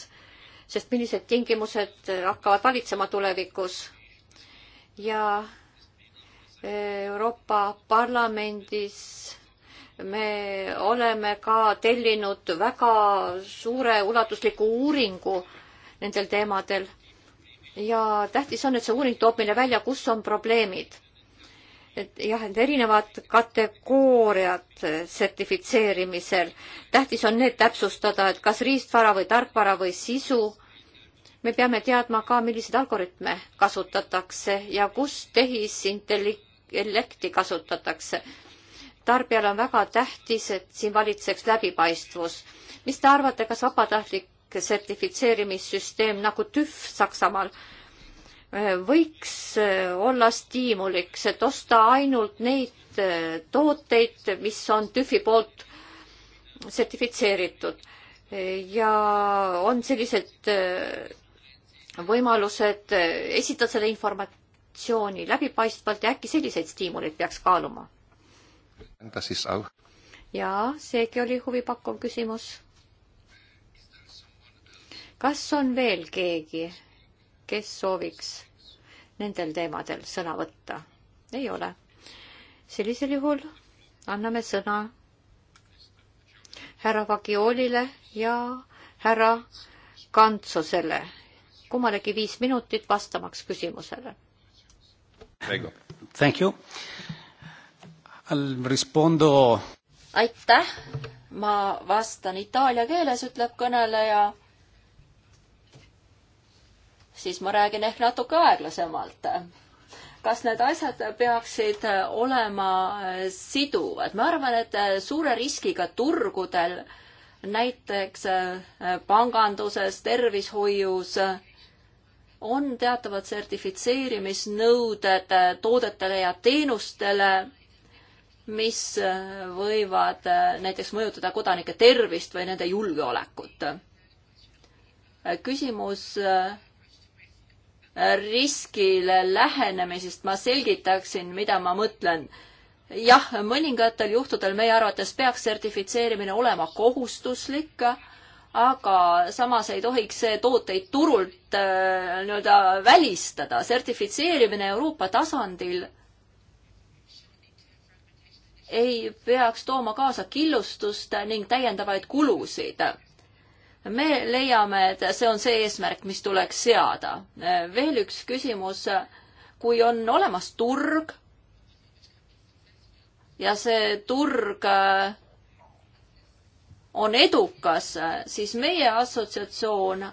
sest millised tingimused hakkavad valitsema tulevikus ja eh, Euroopa Parlamendis me oleme ka tellinud väga suure ulatusliku uuringu nendel teemadel ja tähtis on, et see uuring toob meile välja, kus on probleemid. et jah, et erinevad kategooriad sertifitseerimisel, tähtis on need täpsustada, et kas riistvara või tarkvara või sisu. me peame teadma ka, milliseid algoritme kasutatakse ja kus tehisintellekti kasutatakse tarbijale on väga tähtis, et siin valitseks läbipaistvus. mis te arvate, kas vabatahtlik sertifitseerimissüsteem nagu TÜV Saksamaal äh, võiks äh, olla stiimuliks, et osta ainult neid äh, tooteid, mis on TÜV-i poolt sertifitseeritud. ja on sellised võimalused esitada seda informatsiooni läbipaistvalt ja äkki selliseid stiimuleid peaks kaaluma? jaa, seegi oli huvipakkuv küsimus kas on veel keegi, kes sooviks nendel teemadel sõna võtta? ei ole. sellisel juhul anname sõna härra Vagiolile ja härra Kantsosele, kummalegi viis minutit vastamaks küsimusele. Thank you. I'll respondo. aitäh, ma vastan itaalia keeles, ütleb kõneleja siis ma räägin ehk natuke aeglasemalt. kas need asjad peaksid olema äh, siduvad? ma arvan, et äh, suure riskiga turgudel, näiteks äh, panganduses, tervishoius, on teatavad sertifitseerimisnõuded toodetele ja teenustele, mis võivad näiteks mõjutada kodanike tervist või nende julgeolekut. küsimus riskile lähenemisest ma selgitaksin, mida ma mõtlen. jah, mõningatel juhtudel meie arvates peaks sertifitseerimine olema kohustuslik, aga samas ei tohiks see tooteid turult äh, nii-öelda välistada. sertifitseerimine Euroopa tasandil ei peaks tooma kaasa killustust ning täiendavaid kulusid me leiame, et see on see eesmärk, mis tuleks seada. Äh, veel üks küsimus, kui on olemas turg ja see turg äh, on edukas, siis meie assotsiatsioon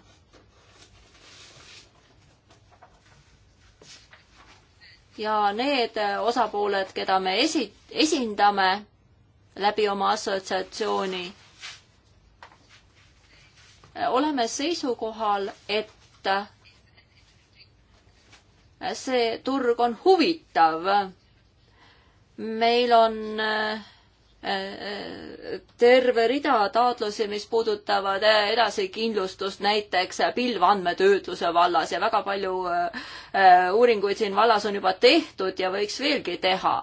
ja need osapooled, keda me esi-, esindame läbi oma assotsiatsiooni oleme seisukohal, et see turg on huvitav. meil on äh, äh, terve rida taotlusi, mis puudutavad äh, edasikindlustust näiteks pilvandmetöötluse vallas ja väga palju uuringuid siin vallas on juba tehtud ja võiks veelgi teha.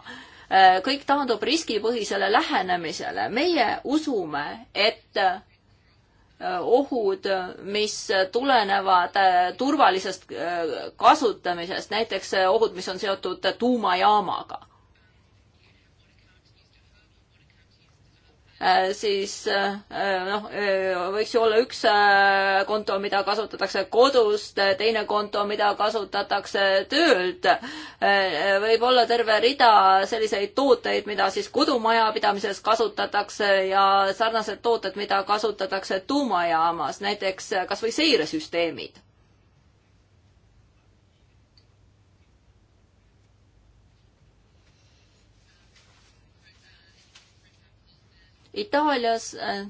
kõik taandub riskipõhisele lähenemisele. meie usume, et ohud, mis tulenevad äh, turvalisest äh, kasutamisest, näiteks äh, ohud, mis on seotud tuumajaamaga Äh, siis äh, noh, äh, võiks ju olla üks konto, mida kasutatakse kodust, teine konto, mida kasutatakse töölt. võib olla terve rida selliseid tooteid, mida siis kodumajapidamises kasutatakse ja sarnased tooted, mida kasutatakse tuumajaamas, näiteks kas või seiresüsteemid Itaalias äh,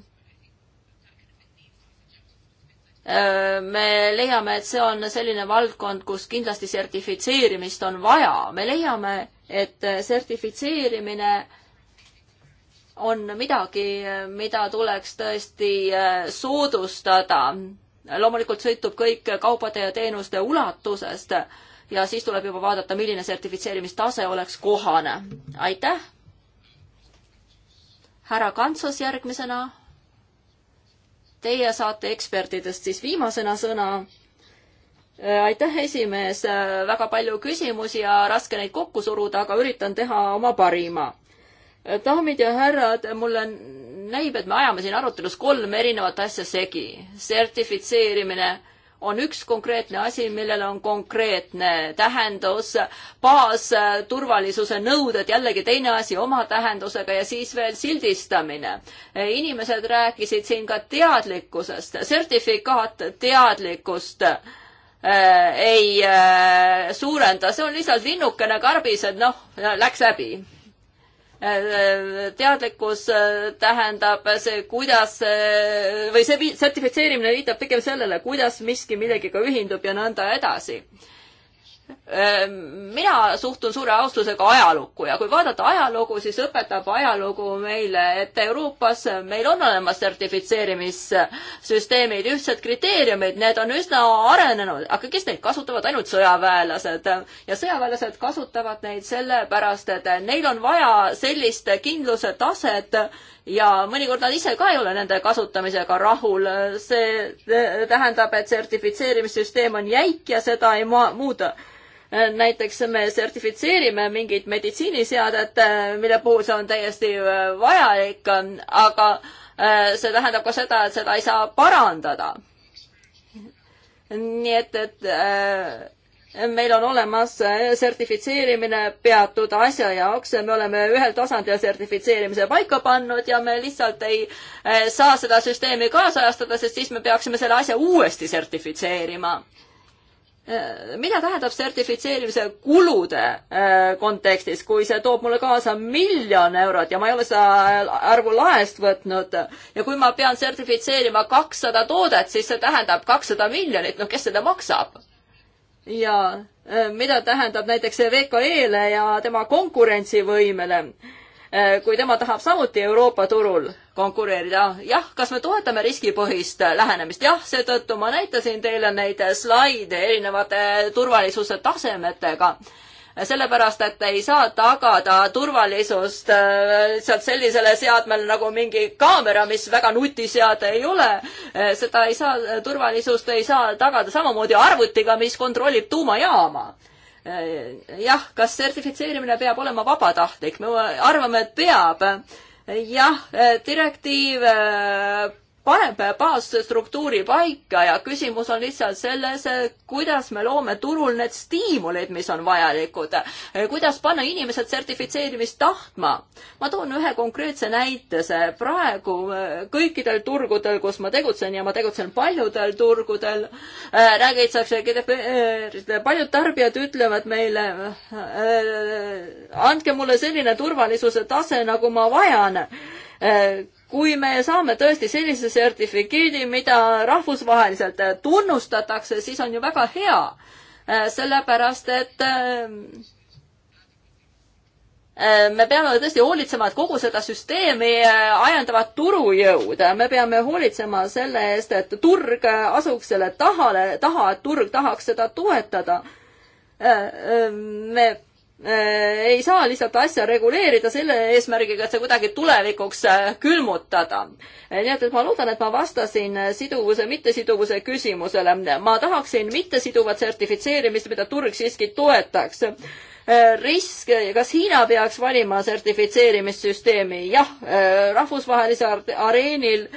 äh, me leiame, et see on selline valdkond, kus kindlasti sertifitseerimist on vaja. me leiame, et sertifitseerimine on midagi, mida tuleks tõesti äh, soodustada. loomulikult sõltub kõik kaubade ja teenuste ulatusest ja siis tuleb juba vaadata, milline sertifitseerimistase oleks kohane. aitäh! härra Kantsos järgmisena. Teie saate ekspertidest siis viimasena sõna. Äh, aitäh, esimees, äh, väga palju küsimusi ja raske neid kokku suruda, aga üritan teha oma parima. Äh, daamid ja härrad, mulle näib, et me ajame siin arutelus kolm erinevat asja segi. sertifitseerimine on üks konkreetne asi, millel on konkreetne tähendus, baasturvalisuse nõuded, jällegi teine asi oma tähendusega ja siis veel sildistamine. inimesed rääkisid siin ka teadlikkusest, sertifikaat teadlikkust äh, ei äh, suurenda, see on lihtsalt linnukene karbis, et noh, läks läbi teadlikkus äh, tähendab see, kuidas äh, või see sertifitseerimine viitab pigem sellele, kuidas miski millegagi ühindub ja nõnda edasi Ehm, mina suhtun suure austusega ajalukku ja kui vaadata ajalugu, siis õpetab ajalugu meile, et Euroopas meil on olemas sertifitseerimissüsteemid, ühtsed kriteeriumid, need on üsna arenenud, aga kes neid kasutavad, ainult sõjaväelased. ja sõjaväelased kasutavad neid sellepärast, et neil on vaja sellist kindluse taset, ja mõnikord nad ise ka ei ole nende kasutamisega rahul. see tähendab, et sertifitseerimissüsteem on jäik ja seda ei muuda näiteks me sertifitseerime mingit meditsiiniseadet, äh, mille puhul see on täiesti äh, vajalik, aga äh, see tähendab ka seda, et seda ei saa parandada. nii et, et meil on olemas sertifitseerimine peatud asja jaoks, me oleme ühel tasandil sertifitseerimise paika pannud ja me lihtsalt ei saa seda süsteemi kaasajastada, sest siis me peaksime selle asja uuesti sertifitseerima Äh, mida tähendab sertifitseerimise kulude äh, kontekstis, kui see toob mulle kaasa miljon eurot ja ma ei ole seda arvu laest võtnud ja kui ma pean sertifitseerima kakssada toodet, siis see tähendab kakssada miljonit, no kes seda maksab? ja äh, mida tähendab näiteks see VKE-le ja tema konkurentsivõimele Äh, kui tema tahab samuti Euroopa turul konkureerida. Ah, jah, kas me toetame riskipõhist äh, lähenemist? jah, seetõttu ma näitasin teile neid äh, slaide erinevate turvalisuse tasemetega sellepärast, et ei saa tagada turvalisust lihtsalt sellisele seadmele nagu mingi kaamera, mis väga nutiseade ei ole. seda ei saa, turvalisust ei saa tagada samamoodi arvutiga, mis kontrollib tuumajaama Äh, jah, kas sertifitseerimine peab olema vabatahtlik? me arvame, et peab. jah, äh, direktiiv äh, paneb baasstruktuuri paika ja küsimus on lihtsalt selles, kuidas me loome turul need stiimulid, mis on vajalikud. kuidas panna inimesed sertifitseerimist tahtma. ma toon ühe konkreetse näite, see praegu äh, kõikidel turgudel, kus ma tegutsen ja ma tegutsen paljudel turgudel äh,, räägitakse GDPR-ist, äh, paljud tarbijad ütlevad meile äh,, andke mulle selline turvalisuse tase, nagu ma vajan äh, kui me saame tõesti sellise sertifikeedi, mida rahvusvaheliselt tunnustatakse, siis on ju väga hea, äh, sellepärast et äh, äh, me peame tõesti hoolitsema, et kogu seda süsteemi ajendavad turujõud, me peame hoolitsema selle eest, et turg asuks selle tahale, taha, et turg tahaks seda toetada. me Äh, ei saa lihtsalt asja reguleerida selle eesmärgiga, et see kuidagi tulevikuks äh, külmutada. Äh, nii et, et ma loodan, et ma vastasin siduvuse, mittesiduvuse küsimusele. ma tahaksin mittesiduvat sertifitseerimist, mida turg siiski toetaks. risk, kas Hiina peaks valima sertifitseerimissüsteemi? jah, rahvusvahelisel areenil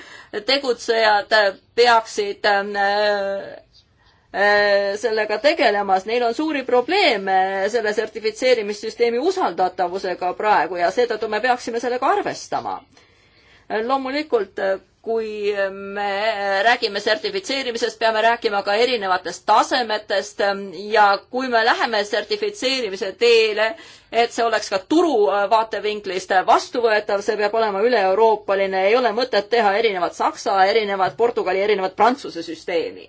tegutsejad peaksid Äh, sellega tegelemas, neil on suuri probleeme selle sertifitseerimissüsteemi usaldatavusega praegu ja seetõttu me peaksime sellega arvestama. Äh, loomulikult, äh, kui me räägime sertifitseerimisest, peame rääkima ka erinevatest tasemetest ähm, ja kui me läheme sertifitseerimise teele, et see oleks ka turu vaatevinklist vastuvõetav, see peab olema üle-euroopaline, ei ole mõtet teha erinevat Saksa, erinevat Portugali, erinevat Prantsuse süsteemi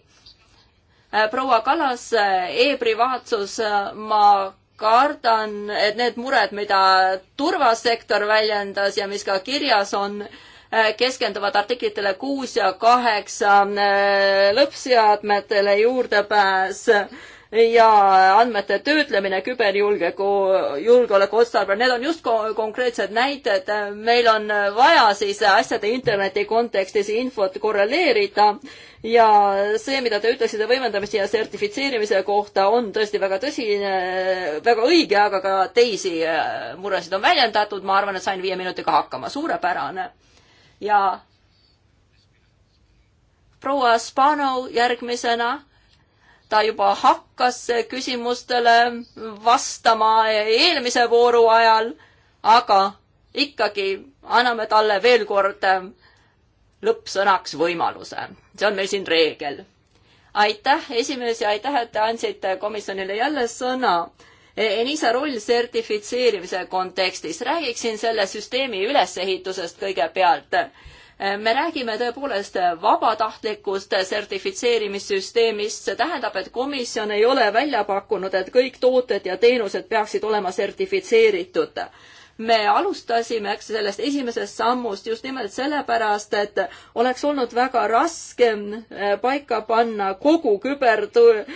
Äh, proua Kallas e, äh, e-privaatsus, äh, ma kardan, et need mured, mida turvasektor väljendas ja mis ka kirjas on, keskenduvad artiklitele kuus ja kaheksa lõppseadmetele juurdepääs ja andmete töötlemine küberjulgeoleku, julgeoleku otstarbel, need on just konkreetsed näited. meil on vaja siis asjade interneti kontekstis infot korreleerida ja see, mida te ütlesite võimendamise ja sertifitseerimise kohta, on tõesti väga tõsine, väga õige, aga ka teisi äh, muresid on väljendatud. ma arvan, et sain viie minutiga hakkama, suurepärane. ja proua Spano järgmisena ta juba hakkas küsimustele vastama eelmise vooru ajal, aga ikkagi anname talle veel kord lõppsõnaks võimaluse. see on meil siin reegel. aitäh, esimees, ja aitäh, et te andsite komisjonile jälle sõna. Enisa roll sertifitseerimise kontekstis, räägiksin selle süsteemi ülesehitusest kõigepealt Äh, me räägime tõepoolest vabatahtlikust sertifitseerimissüsteemist, see tähendab, et komisjon ei ole välja pakkunud, et kõik tooted ja teenused peaksid olema sertifitseeritud me alustasime, eks, sellest esimesest sammust just nimelt sellepärast, et oleks olnud väga raske eh, paika panna kogu küberjulgeoleku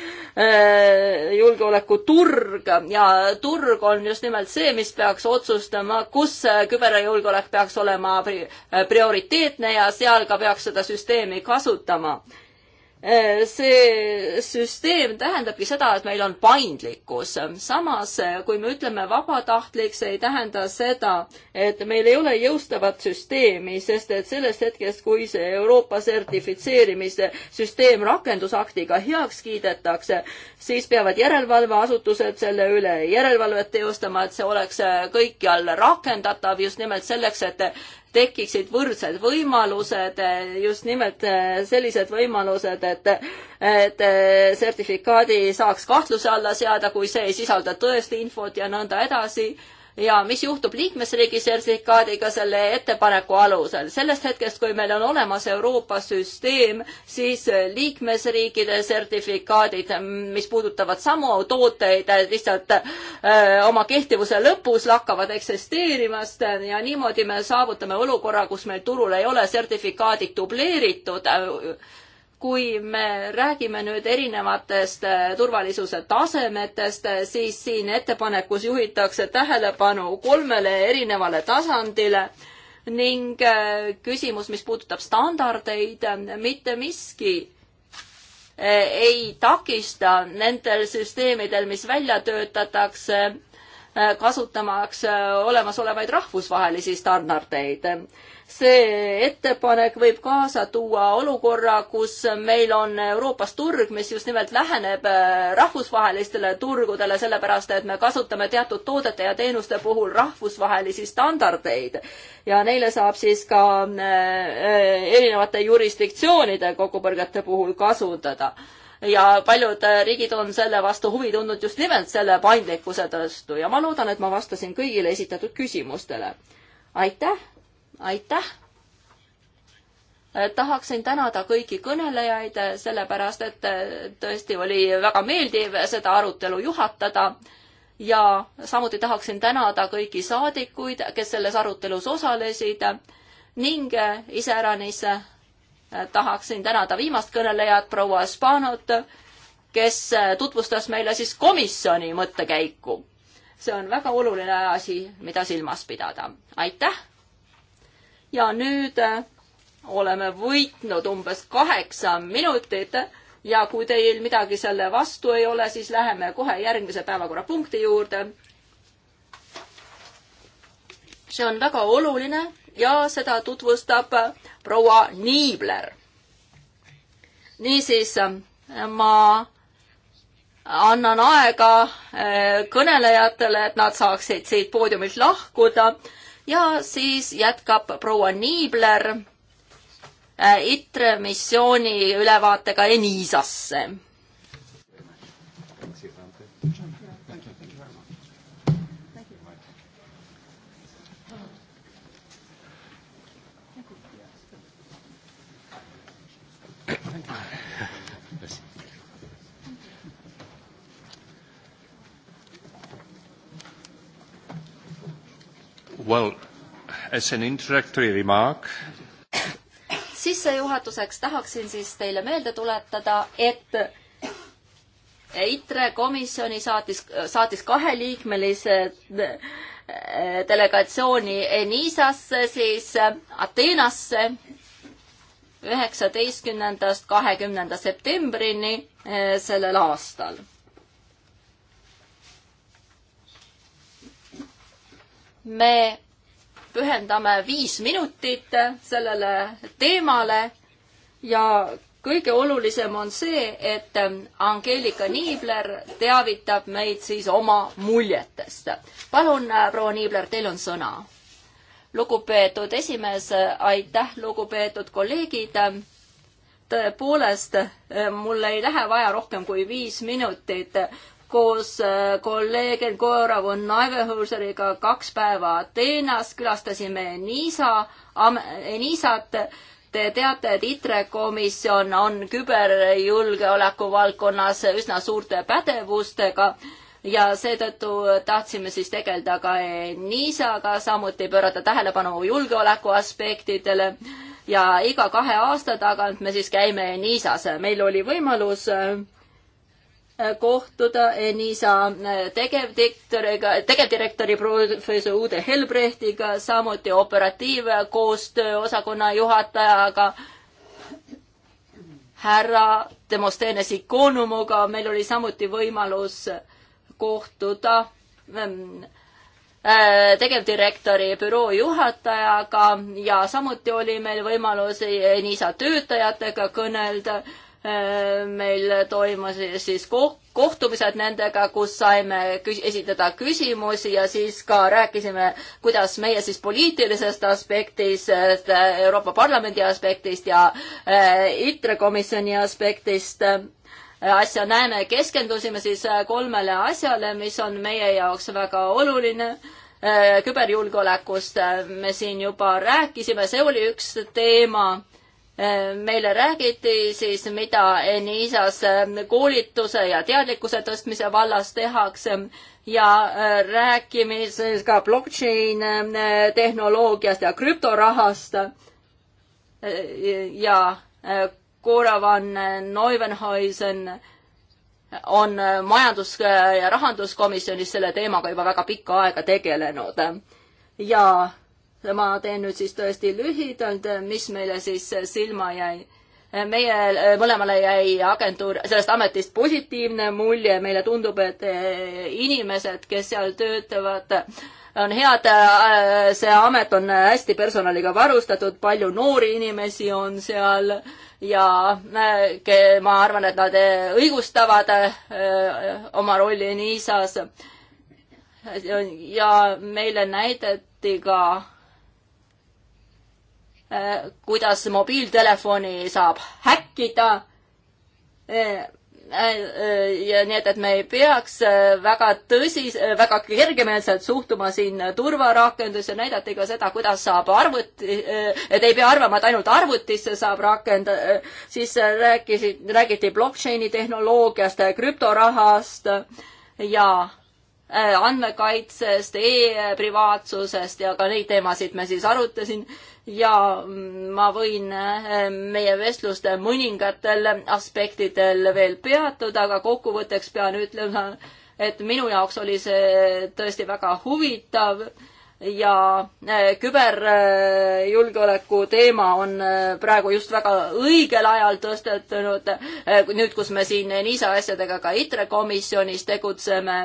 eh, turg ja turg on just nimelt see, mis peaks otsustama, kus küberjulgeolek peaks olema prioriteetne ja seal ka peaks seda süsteemi kasutama Äh, see süsteem tähendabki seda, et meil on paindlikkus. samas, äh, kui me ütleme vabatahtlik, see ei tähenda seda, et meil ei ole jõustavat süsteemi, sest et sellest hetkest, kui see Euroopa sertifitseerimise süsteem rakendusaktiga heaks kiidetakse, siis peavad järelevalveasutused selle üle järelevalvet teostama, et see oleks äh, kõikjal rakendatav just nimelt selleks, et tekiksid võrdsed võimalused, just nimelt äh, sellised võimalused, et et äh, sertifikaadi saaks kahtluse alla seada, kui see ei sisalda tõest infot ja nõnda edasi ja mis juhtub liikmesriigi sertifikaadiga selle ettepaneku alusel. sellest hetkest, kui meil on olemas Euroopa süsteem, siis liikmesriikide sertifikaadid, mis puudutavad samu tooteid, lihtsalt öö, äh, oma kehtivuse lõpus lakkavad eksisteerimast ja niimoodi me saavutame olukorra, kus meil turul ei ole sertifikaadid dubleeritud kui me räägime nüüd erinevatest äh, turvalisuse tasemetest, äh, siis siin ettepanekus juhitakse tähelepanu kolmele erinevale tasandile ning äh, küsimus, mis puudutab standardeid, mitte miski ei takista nendel süsteemidel, mis välja töötatakse, kasutamaks olemasolevaid rahvusvahelisi standardeid see ettepanek võib kaasa tuua olukorra, kus meil on Euroopas turg, mis just nimelt läheneb äh, rahvusvahelistele turgudele, sellepärast et me kasutame teatud toodete ja teenuste puhul rahvusvahelisi standardeid. ja neile saab siis ka äh, erinevate jurisdiktsioonide kokkupõrgete puhul kasutada ja paljud äh, riigid on selle vastu huvi tundnud just nimelt selle paindlikkuse tõttu ja ma loodan, et ma vastasin kõigile esitatud küsimustele. aitäh! aitäh! tahaksin tänada kõiki kõnelejaid, sellepärast et tõesti oli väga meeldiv seda arutelu juhatada ja samuti tahaksin tänada kõiki saadikuid, kes selles arutelus osalesid ning iseäranis tahaksin tänada viimast kõnelejat, proua Spanot, kes tutvustas meile siis komisjoni mõttekäiku. see on väga oluline asi, mida silmas pidada. aitäh! ja nüüd äh, oleme võitnud umbes kaheksa minutit ja kui teil midagi selle vastu ei ole, siis läheme kohe järgmise päevakorrapunkti juurde. see on väga oluline ja seda tutvustab äh, proua Niibler. niisiis, äh, ma annan aega kõnelejatele, et nad saaksid siit poodiumilt lahkuda ja siis jätkab proua Niibler äh, ITRE missiooni ülevaatega Enisasse Well, as an introductory remark sissejuhatuseks tahaksin siis teile meelde tuletada, et ITRE komisjoni saatis, saatis kaheliikmelise eh, delegatsiooni Enisasse, siis Ateenasse üheksateistkümnendast kahekümnenda septembrini eh, sellel aastal me pühendame viis minutit sellele teemale ja kõige olulisem on see, et Angeelika Niibler teavitab meid siis oma muljetest. palun, proua Niibler, teil on sõna. lugupeetud esimees, aitäh, lugupeetud kolleegid. tõepoolest, mul ei lähe vaja rohkem kui viis minutit koos äh, kolleeg Elgora von Naivehuseriga kaks päeva Ateenas, külastasime Enisa, Enisat. Te teate, et ITRE komisjon on küberjulgeoleku valdkonnas üsna suurte pädevustega ja seetõttu tahtsime siis tegeleda ka NISA-ga, samuti pöörata tähelepanu julgeoleku aspektidele ja iga kahe aasta tagant me siis käime NISA-s. meil oli võimalus äh, kohtuda Enisa äh, tegevdiktoriga, tegevdirektori professor Uude Helbrechtiga, samuti operatiivkoostöö osakonna juhatajaga, härra Demosthenes Ikonumuga, meil oli samuti võimalus kohtuda ähm, äh, tegevdirektori büroo juhatajaga ja samuti oli meil võimalus Enisa töötajatega kõnelda Äh, meil toimusid siis kohtumised nendega, kus saime küs esitada küsimusi ja siis ka rääkisime, kuidas meie siis poliitilisest aspektist, äh, Euroopa Parlamendi aspektist ja äh, ITRE komisjoni aspektist asja näeme, keskendusime siis kolmele asjale, mis on meie jaoks väga oluline küberjulgeolekust me siin juba rääkisime, see oli üks teema meile räägiti siis, mida NISA-s koolituse ja teadlikkuse tõstmise vallas tehakse ja äh, rääkimises ka blockchain äh, tehnoloogiast ja krüptorahast. Äh, ja Cora van Neuwenhuisen on majandus- ja rahanduskomisjonis selle teemaga juba väga pikka aega tegelenud ja ma teen nüüd siis tõesti lühidalt, mis meile siis silma jäi. meie äh, mõlemale jäi agentuur, sellest ametist positiivne mulje, meile tundub, et äh, inimesed, kes seal töötavad, on head, äh, see amet on hästi personaliga varustatud, palju noori inimesi on seal ja ma arvan, et nad õigustavad oma rolli NISA-s. ja meile näidati ka Äh, kuidas mobiiltelefoni saab häkkida. Äh, äh, ja nii et, et me ei peaks väga tõsis-, väga kergemeelselt suhtuma siin turvarakendusse, näidati ka seda, kuidas saab arvuti, et ei pea arvama, et ainult arvutisse saab rakendada, siis rääkisid, räägiti blockchain'i tehnoloogiast, krüptorahast ja andmekaitsest e, e-privaatsusest ja ka neid teemasid me siis arutasin ja ma võin eh, meie vestluste mõningatel aspektidel veel peatuda, aga kokkuvõtteks pean ütlema, et minu jaoks oli see tõesti väga huvitav ja eh, küberjulgeoleku teema on eh, praegu just väga õigel ajal tõstetunud, nüüd, kus me siin Niisa asjadega ka ITRE komisjonis tegutseme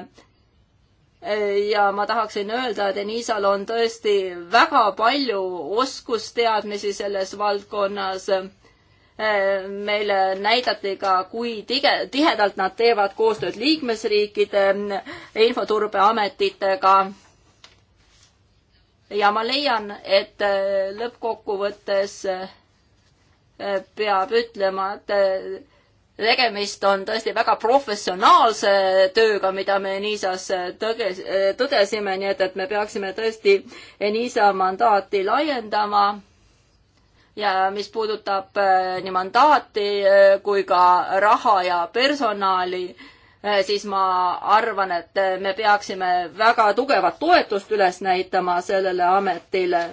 ja ma tahaksin öelda, et Enisal on tõesti väga palju oskusteadmisi selles valdkonnas. meile näidati ka, kui tige, tihedalt nad teevad koostööd liikmesriikide infoturbeametitega. ja ma leian, et lõppkokkuvõttes peab ütlema, et tegemist on tõesti väga professionaalse tööga, mida me Enisas tõge, tõdesime, nii et, et me peaksime tõesti Enisa mandaati laiendama. ja mis puudutab eh, nii mandaati eh, kui ka raha ja personali, eh, siis ma arvan, et me peaksime väga tugevat toetust üles näitama sellele ametile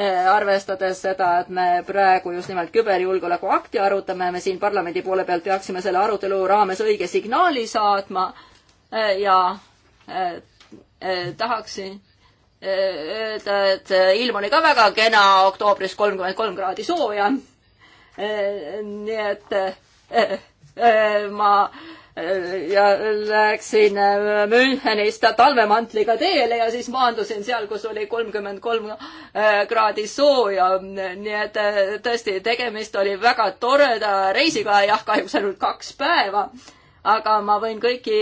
Eh, arvestades seda, et me praegu just nimelt küberjulgeoleku akti arutame, me siin parlamendi poole pealt peaksime selle arutelu raames õige signaali saatma eh, ja eh, tahaksin öelda, et ilm oli ka väga kena, oktoobris kolmkümmend kolm kraadi sooja. nii et ma ja läksin äh, Münchenist talvemantliga teele ja siis maandusin seal, kus oli kolmkümmend kolm äh, kraadi sooja. nii et äh, tõesti, tegemist oli väga toreda reisiga, jah, kahjuks ainult kaks päeva. aga ma võin kõiki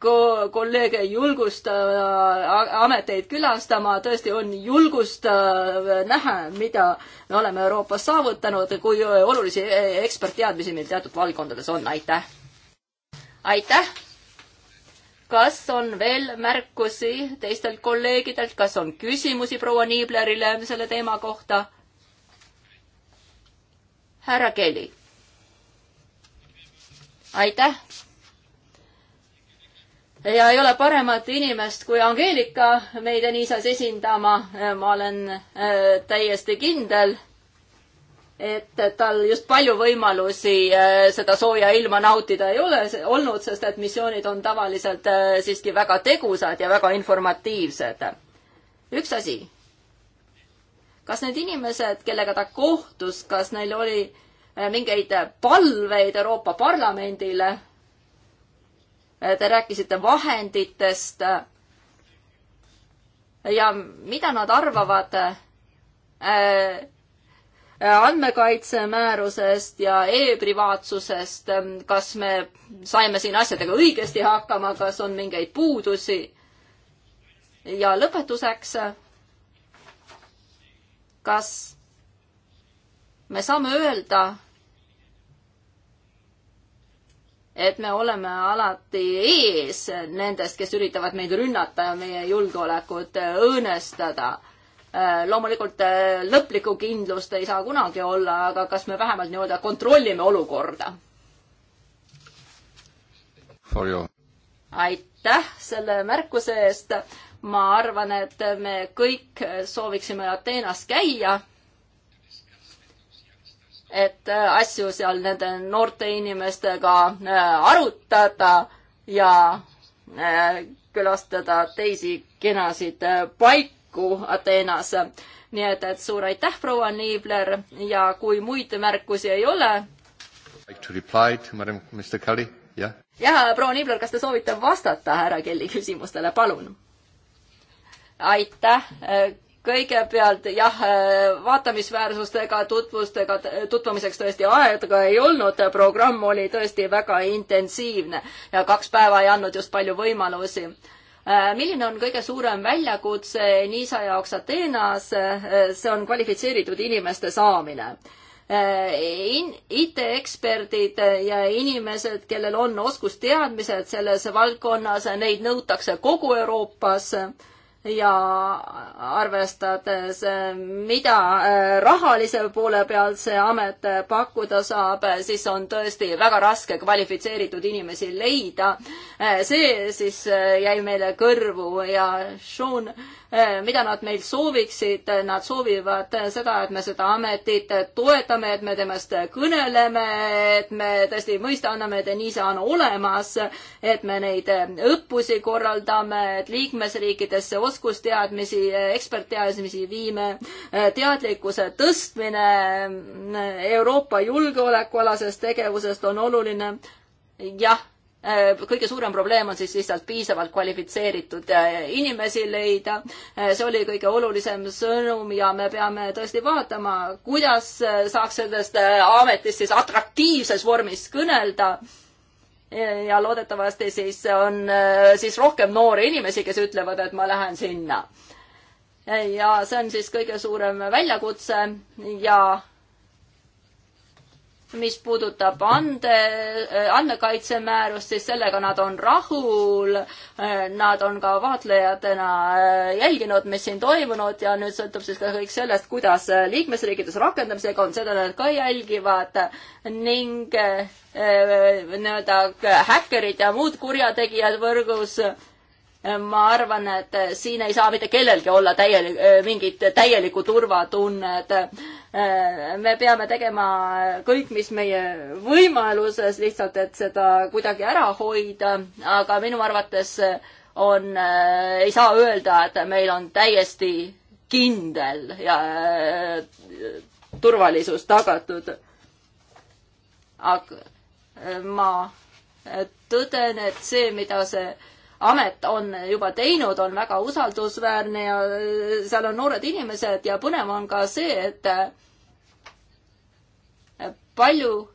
ko kolleege julgustada ameteid külastama, tõesti on julgustav näha, mida me oleme Euroopas saavutanud, kui olulisi e-, ekspertteadmisi meil teatud valdkondades on, aitäh aitäh! kas on veel märkusi teistelt kolleegidelt, kas on küsimusi proua Niiblerile selle teema kohta? härra Kelly. aitäh! ja ei ole paremat inimest kui Angeelika meid Enisas esindama, ma olen äh, täiesti kindel et tal just palju võimalusi äh, seda sooja ilma nautida ei ole olnud, sest et missioonid on tavaliselt äh, siiski väga tegusad ja väga informatiivsed. üks asi. kas need inimesed, kellega ta kohtus, kas neil oli äh, mingeid palveid Euroopa Parlamendile? Te rääkisite vahenditest. ja mida nad arvavad andmekaitsemäärusest ja e-privaatsusest, ähm, kas me saime siin asjadega õigesti hakkama, kas on mingeid puudusi? ja lõpetuseks, kas me saame öelda, et me oleme alati ees nendest, kes üritavad meid rünnata ja meie julgeolekut õõnestada Äh, loomulikult äh, lõplikku kindlust ei saa kunagi olla, aga kas me vähemalt nii-öelda kontrollime olukorda? aitäh selle märkuse eest. ma arvan, et me kõik sooviksime Ateenas käia. et äh, asju seal nende noorte inimestega arutada ja külastada teisi kenasid paiku tulevikku Ateenas. nii et, et suur aitäh, proua Niibler ja kui muid märkusi ei ole. jah, proua Niibler, kas te soovite vastata härra Kelly küsimustele, palun? aitäh kõigepealt jah, vaatamisväärsustega tutvustega, tutvumiseks tõesti aega ei olnud, programm oli tõesti väga intensiivne ja kaks päeva ei andnud just palju võimalusi Äh, milline on kõige suurem väljakutse Niisa jaoks Ateenas, äh, see on kvalifitseeritud inimeste saamine. Äh, in-, IT-eksperdid ja inimesed, kellel on oskusteadmised selles valdkonnas, neid nõutakse kogu Euroopas ja arvestades, mida äh, rahalise poole pealt see amet äh, pakkuda saab, äh, siis on tõesti väga raske kvalifitseeritud inimesi leida. see siis jäi meile kõrvu ja Sean Eh, mida nad meilt sooviksid, eh, nad soovivad eh, seda, et me seda ametit toetame, et me temast kõneleme, et me tõesti mõista anname, et nii see on olemas, et me neid õppusi korraldame, et liikmesriikidesse oskusteadmisi, ekspertteadmisi viime, teadlikkuse tõstmine Euroopa julgeolekualasest tegevusest on oluline jah, Äh, kõige suurem probleem on siis lihtsalt piisavalt kvalifitseeritud äh, inimesi leida. Äh, see oli kõige olulisem sõnum ja me peame tõesti vaatama, kuidas saaks sellest ametist siis atraktiivses vormis kõnelda. ja loodetavasti siis on siis rohkem noori inimesi, kes ütlevad, et ma lähen sinna. ja see on siis kõige suurem väljakutse ja mis puudutab ande, äh, andmekaitsemäärust, siis sellega nad on rahul. Äh, nad on ka vaatlejatena äh, jälginud, mis siin toimunud ja nüüd sõltub siis ka kõik sellest, kuidas liikmesriikides rakendamisega on, seda nad ka jälgivad ning nii-öelda häkkerid ja muud kurjategijad võrgus ma arvan, et siin ei saa mitte kellelgi olla täielik, mingit täielikku turvatunnet Äh, me peame tegema kõik, mis meie võimaluses lihtsalt, et seda kuidagi ära hoida, aga minu arvates on, äh, ei saa öelda, et meil on täiesti kindel ja äh, turvalisus tagatud. aga ma tõden, et see, mida see amet on juba teinud, on väga usaldusväärne ja äh, seal on noored inimesed ja põnev on ka see, et äh, palju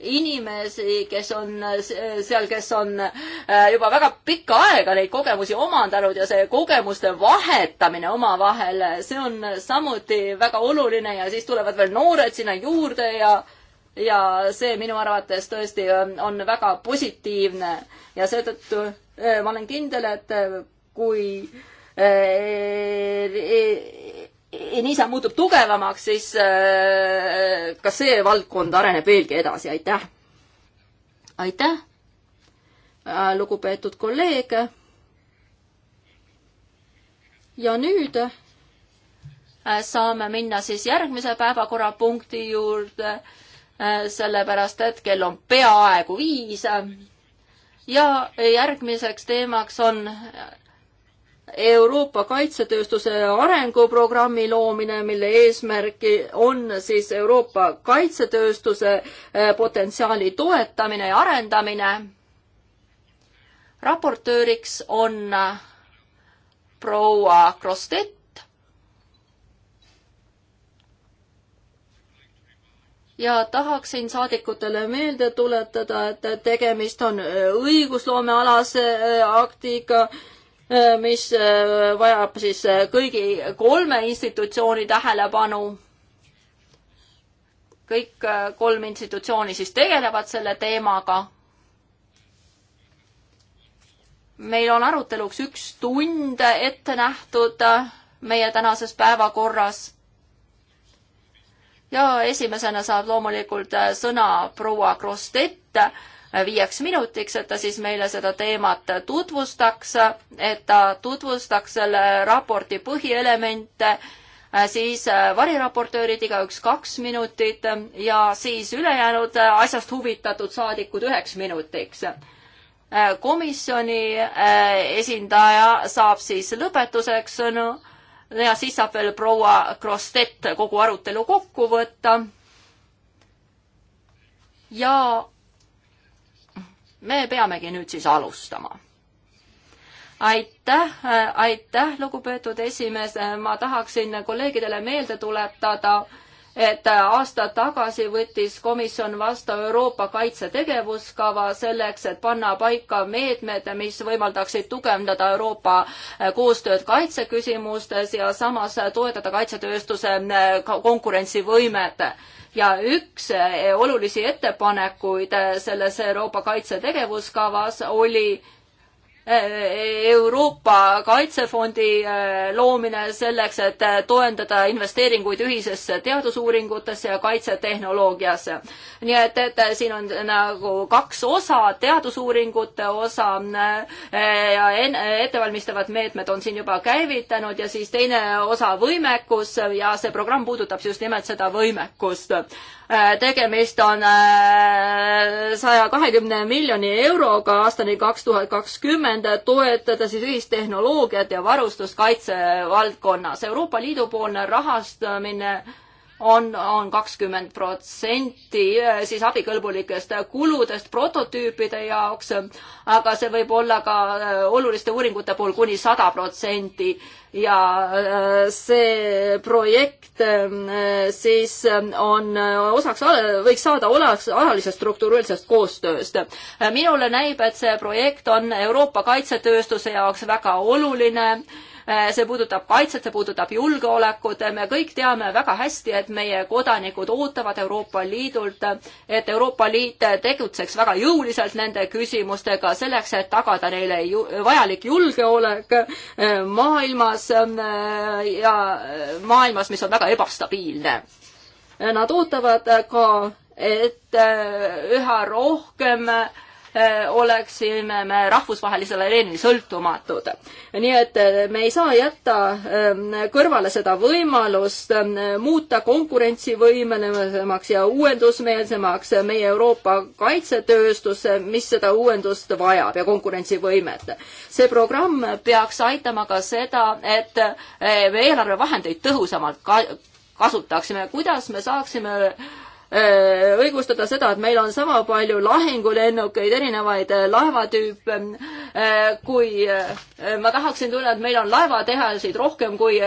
inimesi, kes on äh, seal, kes on juba väga pikka aega neid kogemusi omandanud ja see kogemuste vahetamine omavahel, see on samuti väga oluline ja siis tulevad veel noored sinna juurde ja äh, ja see minu arvates tõesti ähm, on väga positiivne ja seetõttu äh, ma olen kindel, et äh, kui äh, Enisa e, e, muutub tugevamaks, siis ka see valdkond areneb veelgi edasi, aitäh! aitäh, lugupeetud kolleeg! ja nüüd saame minna siis järgmise päevakorrapunkti juurde Äh, sellepärast et kell on peaaegu viis. ja järgmiseks teemaks on Euroopa kaitsetööstuse arenguprogrammi loomine, mille eesmärki on siis Euroopa kaitsetööstuse äh, potentsiaali toetamine ja arendamine. raportööriks on äh, proua Krostet ja tahaksin saadikutele meelde tuletada, et tegemist on äh, õigusloomealase äh, aktiga, äh, mis vajab siis kõigi kolme institutsiooni tähelepanu. kõik kolm institutsiooni siis tegelevad selle teemaga. meil on aruteluks üks tund ette nähtud meie tänases päevakorras ja esimesena saab loomulikult äh, sõna proua Krostet äh, viieks minutiks, et ta siis meile seda teemat tutvustaks, et ta tutvustaks selle raporti põhielemente, äh, siis variraportöörid igaüks kaks minutit ja siis ülejäänud asjast huvitatud saadikud üheks minutiks komisjoni esindaja saab siis lõpetuseks sõnu ja siis saab veel proua Krostet kogu arutelu kokku võtta. ja me peamegi nüüd siis alustama aitäh, aitäh, lugupeetud esimees, ma tahaksin kolleegidele meelde tuletada, et aasta tagasi võttis komisjon vastu Euroopa kaitsetegevuskava selleks, et panna paika meetmed, mis võimaldaksid tugevdada Euroopa koostööd kaitseküsimustes ja samas toetada kaitsetööstuse konkurentsivõimet. ja üks olulisi ettepanekuid selles Euroopa kaitsetegevuskavas oli Äh, Euroopa Kaitsefondi äh, loomine selleks, et äh, toendada investeeringuid ühisesse teadusuuringutesse ja kaitsetehnoloogiasse. nii et, et siin on nagu kaks osa, teadusuuringute osa ja ettevalmistavad meetmed on siin juba käivitanud ja siis teine osa võimekus ja see programm puudutab just nimelt seda võimekust Äh, tegemist on äh, saja kahekümne miljoni euroga aastani kaks tuhat kakskümmend, toetada siis ühistehnoloogiat ja varustuskaitse valdkonnas. Euroopa Liidu poolne rahastamine äh, on, on kakskümmend protsenti eh, siis abikõlbulikest kuludest prototüüpide jaoks, aga see võib olla ka eh, oluliste uuringute puhul kuni sada protsenti ja eh, see projekt siis on osaks, võiks saada olas, alalisest struktuurilisest koostööst. minule näib, et see projekt on Euroopa kaitsetööstuse jaoks väga oluline Äh, see puudutab kaitset, see puudutab julgeolekut, me kõik teame väga hästi, et meie kodanikud ootavad Euroopa Liidult, et Euroopa Liit tegutseks väga jõuliselt nende küsimustega selleks, et tagada neile ju vajalik julgeolek äh, maailmas äh, ja maailmas, mis on väga ebastabiilne. Nad ootavad ka, et üha rohkem äh, Äh, oleksime me rahvusvahelisel areenil sõltumatud. nii et äh, me ei saa jätta ähm, kõrvale seda võimalust ähm, muuta konkurentsivõimelisemaks ja uuendusmeelsemaks meie Euroopa kaitsetööstus, mis seda uuendust vajab ja konkurentsivõimet. see programm peaks aitama ka seda, et äh, eelarvevahendeid tõhusamalt ka kasutaksime, kuidas me saaksime Äh, õigustada seda, et meil on sama palju lahingulennukeid, erinevaid äh, laevatüüpe, äh, kui ma tahaksin tunne, et meil on laevatehasid rohkem kui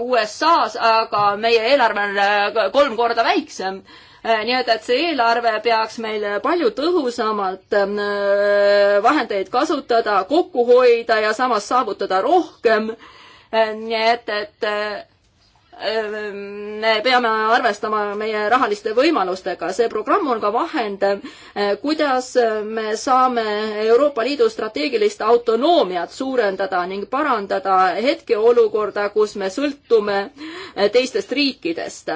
USA-s, aga meie eelarve on kolm korda väiksem nii et, et see eelarve peaks meil palju tõhusamalt vahendeid kasutada, kokku hoida ja samas saavutada rohkem. nii et, et me peame arvestama meie rahaliste võimalustega. see programm on ka vahend, eh, kuidas me saame Euroopa Liidu strateegilist autonoomiat suurendada ning parandada hetkeolukorda, kus me sõltume eh, teistest riikidest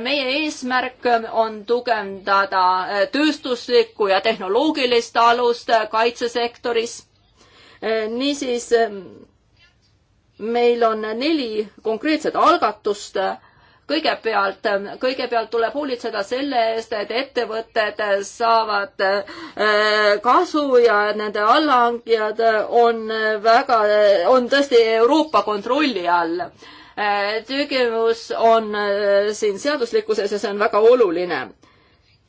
meie eesmärk on tugevdada eh, tööstuslikku ja tehnoloogilist alust kaitsesektoris. niisiis meil on neli konkreetset algatust kõigepealt, kõigepealt tuleb hoolitseda selle eest, et ettevõtted saavad äh, kasu ja nende allahankijad on väga, on tõesti Euroopa kontrolli all. tegevus äh, on äh, siin seaduslikkuses ja see on väga oluline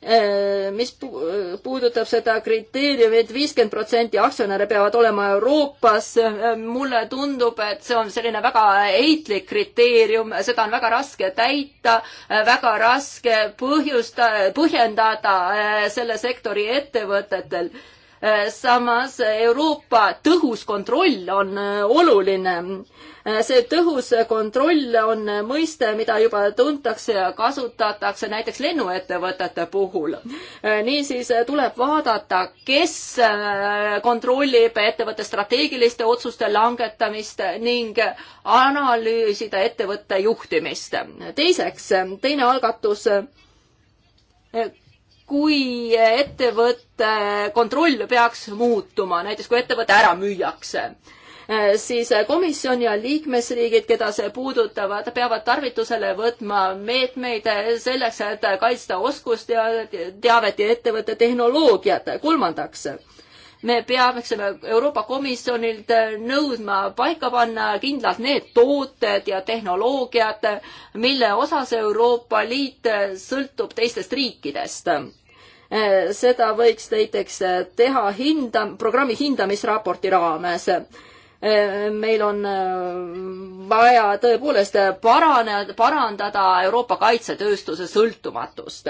Äh, mis äh, puudutab seda kriteeriumi et, et viiskümmend protsenti aktsionäre peavad olema Euroopas, äh, mulle tundub, et see on selline väga heitlik kriteerium, seda on väga raske täita, väga raske põhjusta, põhjendada selle sektori ettevõtetel samas Euroopa tõhus kontroll on oluline Äh, see tõhus kontroll on mõiste, mida juba tuntakse ja kasutatakse näiteks lennuettevõtete puhul. Äh, niisiis äh, tuleb vaadata, kes kontrollib ettevõtte strateegiliste otsuste langetamist ning analüüsida ettevõtte juhtimist. teiseks, teine algatus kui ettevõtte kontroll peaks muutuma, näiteks kui ettevõte ära müüakse Äh, siis äh, komisjon ja liikmesriigid, keda see puudutavad, peavad tarvitusele võtma meetmeid äh, selleks, et kaitsta oskusteavet ja ettevõtte tehnoloogiat. kolmandaks me peaksime Euroopa Komisjonilt nõudma paika panna kindlalt need tooted ja tehnoloogiad, mille osas Euroopa Liit sõltub teistest riikidest. seda võiks näiteks teha hinda, programmi hindamisraporti raames meil on äh, vaja tõepoolest parane, parandada Euroopa kaitsetööstuse sõltumatust.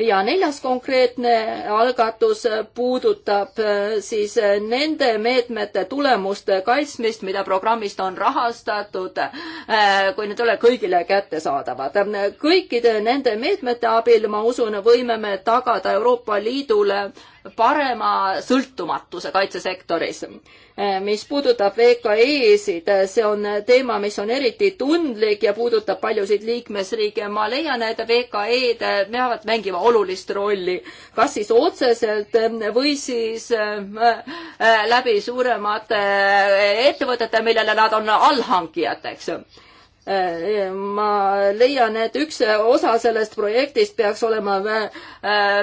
ja neljas konkreetne algatus puudutab äh, siis nende meetmete tulemuste kaitsmist, mida programmist on rahastatud, äh, kui need ei ole kõigile kättesaadavad. kõikide nende meetmete abil, ma usun, võime me tagada Euroopa Liidule parema sõltumatuse kaitsesektoris. Eh, mis puudutab VKE-sid, eh, see on teema, mis on eriti tundlik ja puudutab paljusid liikmesriike. ma leian, et VKE-d eh, peavad mängima olulist rolli, kas siis otseselt või siis läbi suuremate ettevõtete, millele nad on allhankijateks ma leian, et üks osa sellest projektist peaks olema äh,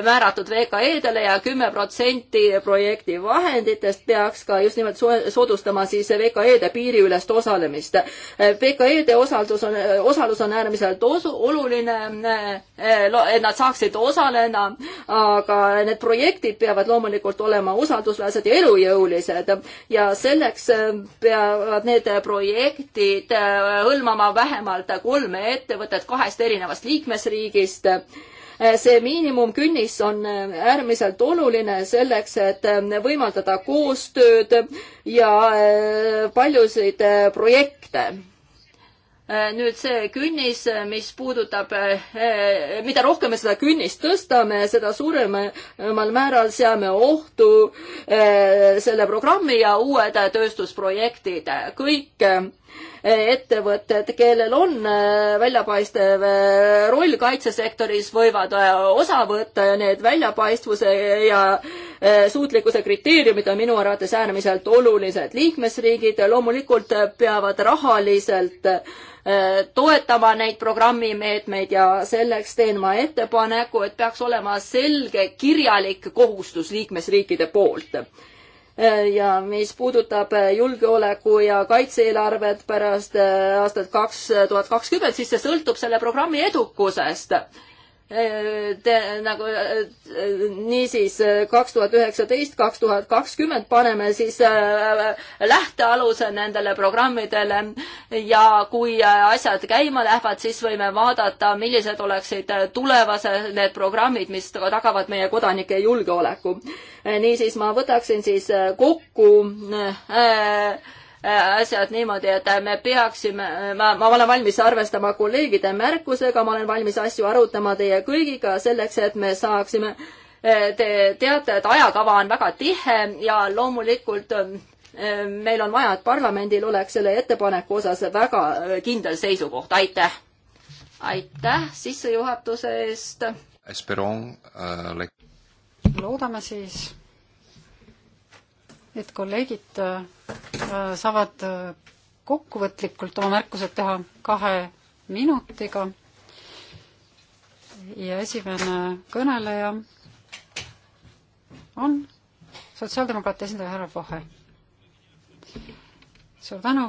määratud VKE-dele ja kümme protsenti projekti vahenditest peaks ka just nimelt soodustama siis VKE-de piiriülest osalemist. VKE-de osaldus on, osalus on äärmiselt osu, oluline, äh, et nad saaksid osaleda, aga need projektid peavad loomulikult olema usaldusväärsed ja elujõulised ja selleks äh, peavad need projektid hõlmama vähemalt kolme ettevõtet kahest erinevast liikmesriigist see miinimumkünnis on äärmiselt oluline selleks, et võimaldada koostööd ja äh, paljusid äh, projekte. Äh, nüüd see künnis, mis puudutab, mida rohkem me seda künnist tõstame, seda suuremal määral seame ohtu selle programmi ja uued tööstusprojektid. kõik ettevõtted, kellel on äh, väljapaistev äh, roll kaitsesektoris, võivad äh, osa võtta ja need väljapaistvuse ja suutlikkuse kriteeriumid on minu arvates äärmiselt olulised. liikmesriigid loomulikult peavad rahaliselt toetama neid programmimeetmeid ja selleks teen ma ettepaneku, et peaks olema selge kirjalik kohustus liikmesriikide poolt ja mis puudutab äh, julgeoleku ja kaitse-eelarvet pärast äh, aastat kaks tuhat kakskümmend, siis see sõltub selle programmi edukusest Te, nagu niisiis kaks tuhat üheksateist, kaks tuhat kakskümmend paneme siis äh, lähtealuse nendele programmidele ja kui äh, asjad käima lähevad, siis võime vaadata, millised oleksid äh, tulevased need programmid, mis tagavad meie kodanike julgeoleku. niisiis ma võtaksin siis kokku äh, Äh, asjad niimoodi, et me peaksime, ma, ma olen valmis arvestama kolleegide märkusega, ma olen valmis asju arutama teie kõigiga selleks, et me saaksime äh, Te teate, et ajakava on väga tihe ja loomulikult äh, meil on vaja, et parlamendil oleks selle ettepaneku osas väga kindel seisukoht, aitäh! aitäh sissejuhatuse eest! loodame siis, et kolleegid Äh, saavad äh, kokkuvõtlikult oma märkused teha kahe minutiga. ja esimene kõneleja on sotsiaaldemokraatia esindaja härra Pohe. suur tänu,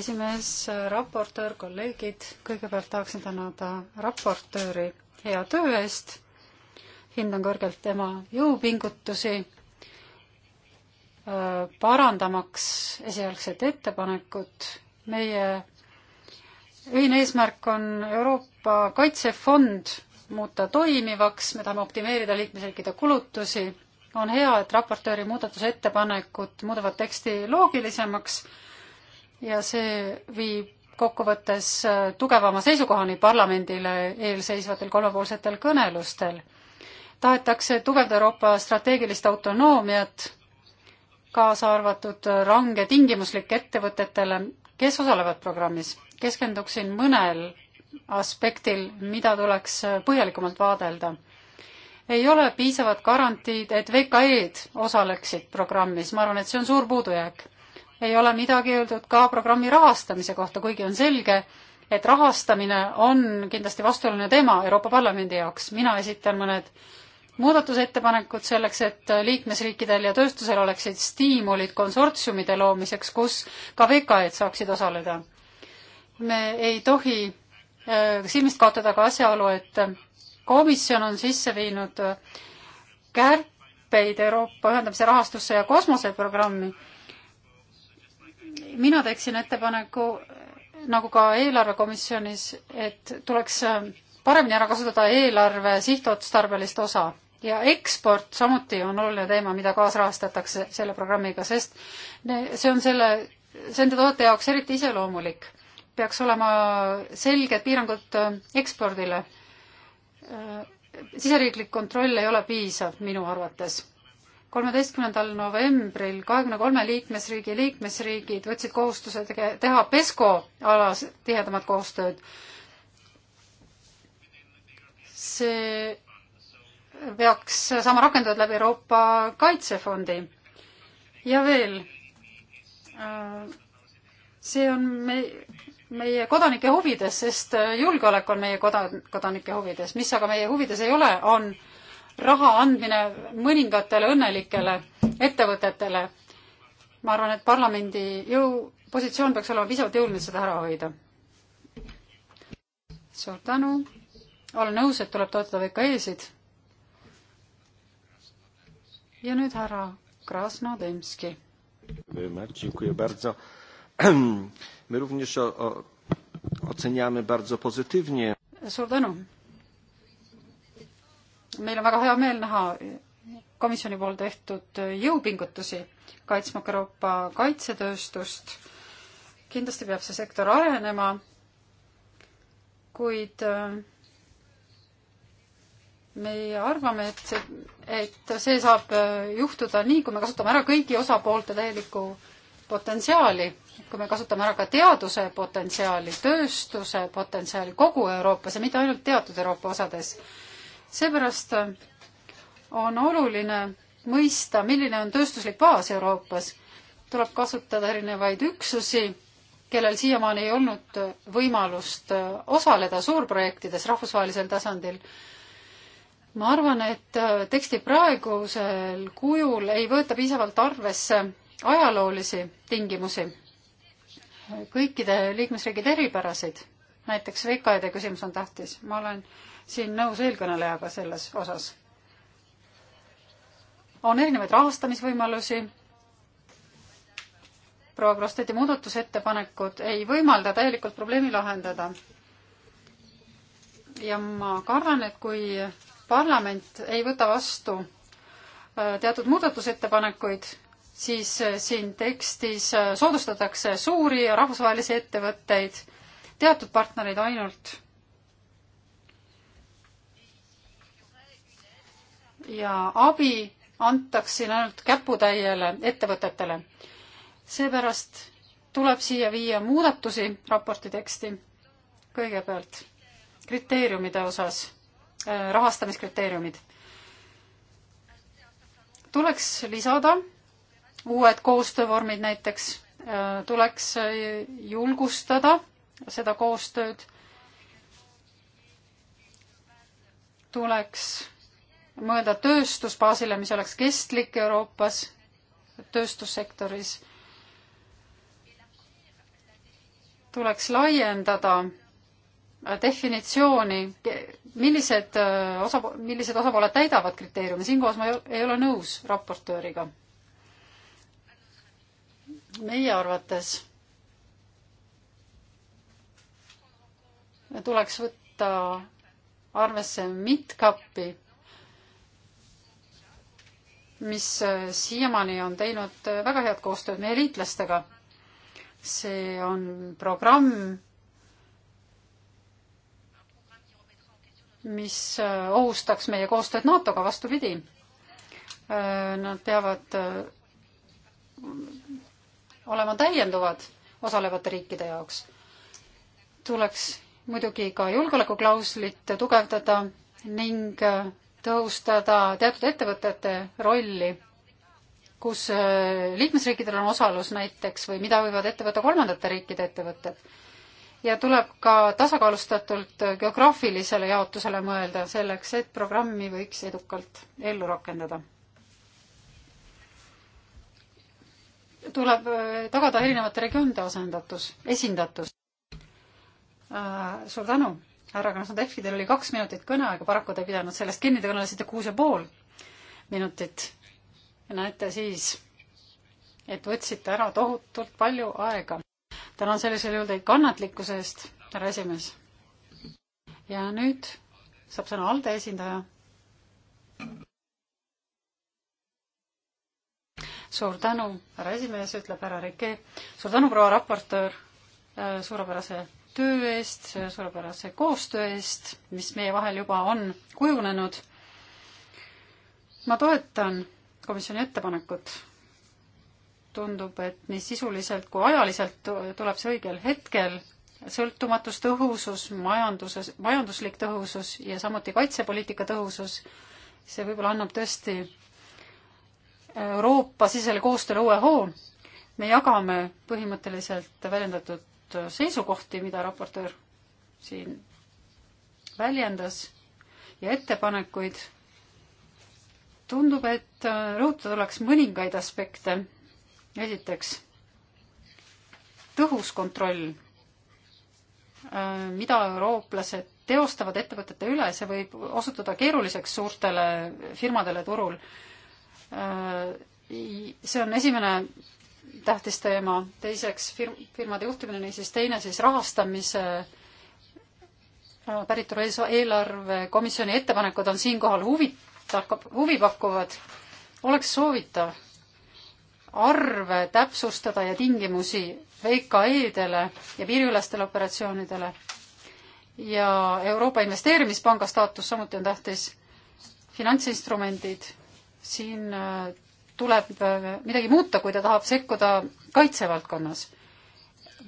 esimees, raportöör, kolleegid, kõigepealt tahaksin tänada raportööri hea töö eest, hindan kõrgelt tema jõupingutusi parandamaks esialgset ettepanekut. meie ühine eesmärk on Euroopa Kaitsefond muuta toimivaks, me tahame optimeerida liikmesriikide kulutusi. on hea, et raportööri muudatusettepanekud muudavad teksti loogilisemaks ja see viib kokkuvõttes tugevama seisukohani parlamendile eelseisvatel kolmepoolsetel kõnelustel. tahetakse tugevda Euroopa strateegilist autonoomiat kaasa arvatud range tingimuslik ettevõtetele, kes osalevad programmis. keskenduksin mõnel aspektil, mida tuleks põhjalikumalt vaadelda. ei ole piisavat garantiid, et VKE-d osaleksid programmis, ma arvan, et see on suur puudujääk. ei ole midagi öeldud ka programmi rahastamise kohta, kuigi on selge, et rahastamine on kindlasti vastuoluline teema Euroopa Parlamendi jaoks. mina esitan mõned muudatusettepanekud selleks, et liikmesriikidel ja tööstusel oleksid stiimulid konsortsiumide loomiseks, kus ka VKE-d saaksid osaleda. me ei tohi äh, silmist kaotada ka asjaolu, et komisjon on sisse viinud äh, kärpeid Euroopa ühendamise rahastusse ja kosmoseprogrammi. mina teeksin ettepaneku, äh, nagu ka eelarvekomisjonis, et tuleks paremini ära kasutada eelarve sihtotstarbelist osa ja eksport samuti on oluline teema, mida kaasrahastatakse selle programmiga, sest see on selle, see on toote jaoks eriti iseloomulik. peaks olema selged piirangud äh, ekspordile. Äh, siseriiklik kontroll ei ole piisav minu arvates. kolmeteistkümnendal novembril kahekümne kolme liikmesriigi liikmesriigid võtsid kohustuse tege-, teha PESCO alas tihedamat koostööd. see peaks saama rakendatud läbi Euroopa Kaitsefondi. ja veel, äh, see on me-, meie kodanike huvides, sest äh, julgeolek on meie koda-, kodanike huvides, mis aga meie huvides ei ole, on raha andmine mõningatele õnnelikele ettevõtetele. ma arvan, et parlamendi jõupositsioon peaks olema piisavalt jõuline, et seda ära hoida. suur tänu, olen nõus, et tuleb toetada VKE-sid ja nüüd härra Krasnodemski. Dziękuję bardzo. My również o, o, oceniamy bardzo pozytywnie. Suur tänu. Meil on väga hea meel näha komisjoni pool tehtud jõupingutusi kaitsmaks Euroopa kaitsetööstust. Kindlasti peab see sektor arenema, kuid äh, meie arvame, et see, et see saab äh, juhtuda nii, kui me kasutame ära kõigi osapoolte täielikku potentsiaali, kui me kasutame ära ka teaduse potentsiaali, tööstuse potentsiaali kogu Euroopas ja mitte ainult teatud Euroopa osades. seepärast äh, on oluline mõista, milline on tööstuslik baas Euroopas. tuleb kasutada erinevaid üksusi, kellel siiamaani ei olnud võimalust äh, osaleda suurprojektides rahvusvahelisel tasandil ma arvan, et äh, teksti praegusel kujul ei võeta piisavalt arvesse ajaloolisi tingimusi, kõikide liikmesriikide eripärasid, näiteks VKD küsimus on tähtis, ma olen siin nõus eelkõnelejaga selles osas. on erinevaid rahastamisvõimalusi, proua Krosteti muudatusettepanekud ei võimalda täielikult probleemi lahendada. ja ma kardan, et kui parlament ei võta vastu äh, teatud muudatusettepanekuid, siis äh, siin tekstis äh, soodustatakse suuri ja rahvusvahelisi ettevõtteid, teatud partnereid ainult. ja abi antaks siin ainult käputäiele ettevõtetele. seepärast tuleb siia viia muudatusi raporti teksti kõigepealt kriteeriumide osas rahastamiskriteeriumid. tuleks lisada uued koostöövormid näiteks, äh, tuleks äh, julgustada seda koostööd, tuleks mõelda tööstusbaasile, mis oleks kestlik Euroopas tööstussektoris tuleks laiendada definitsiooni, millised äh, osa, millised osapooled täidavad kriteeriume, siinkohas ma ei ole nõus raportööriga. meie arvates tuleks võtta arvesse midcap'i, mis äh, siiamaani on teinud äh, väga head koostööd meie liitlastega. see on programm, mis äh, ohustaks meie koostööd NATO-ga, vastupidi. Äh, nad peavad äh, olema täienduvad osalevate riikide jaoks. tuleks muidugi ka julgeolekuklauslit tugevdada ning tõhustada teatud ettevõtete rolli, kus liikmesriikidel on osalus näiteks või mida võivad ette võtta kolmandate riikide ettevõtted ja tuleb ka tasakaalustatult geograafilisele jaotusele mõelda selleks, et programmi võiks edukalt ellu rakendada. tuleb äh, tagada erinevate regioonide asendatus, esindatus. Äh, suur tänu, härra Krasnodefi, teil oli kaks minutit kõneaega, paraku te ei pidanud sellest kinni, te kõnelesite kuus ja pool minutit. näete siis, et võtsite ära tohutult palju aega tänan sellisel juhul teid kannatlikkuse eest, härra esimees. ja nüüd saab sõna ALDE esindaja. suur tänu, härra esimees, ütleb härra Rike. suur tänu, proua raportöör, äh, suurepärase töö eest, suurepärase koostöö eest, mis meie vahel juba on kujunenud. ma toetan komisjoni ettepanekut tundub, et nii sisuliselt kui ajaliselt tuleb see õigel hetkel, sõltumatus, tõhusus, majanduses, majanduslik tõhusus ja samuti kaitsepoliitika tõhusus, see võib-olla annab tõesti Euroopa-sisele koostööle uue hoo. me jagame põhimõtteliselt väljendatud seisukohti, mida raportöör siin väljendas ja ettepanekuid. tundub, et rõhutada tuleks mõningaid aspekte esiteks, tõhus kontroll, äh, mida eurooplased teostavad ettevõtete üle, see võib osutuda keeruliseks suurtele firmadele turul. Äh, see on esimene tähtis teema, teiseks firm, firmade juhtimine, niisiis teine siis rahastamise äh, päritolu eelarve komisjoni ettepanekud on siinkohal huvit-, huvipakkuvad, oleks soovitav, arve täpsustada ja tingimusi VKE-dele ja piiriülestele operatsioonidele. ja Euroopa Investeerimispanga staatus samuti on tähtis. finantsinstrumendid, siin äh, tuleb äh, midagi muuta, kui ta tahab sekkuda kaitsevaldkonnas.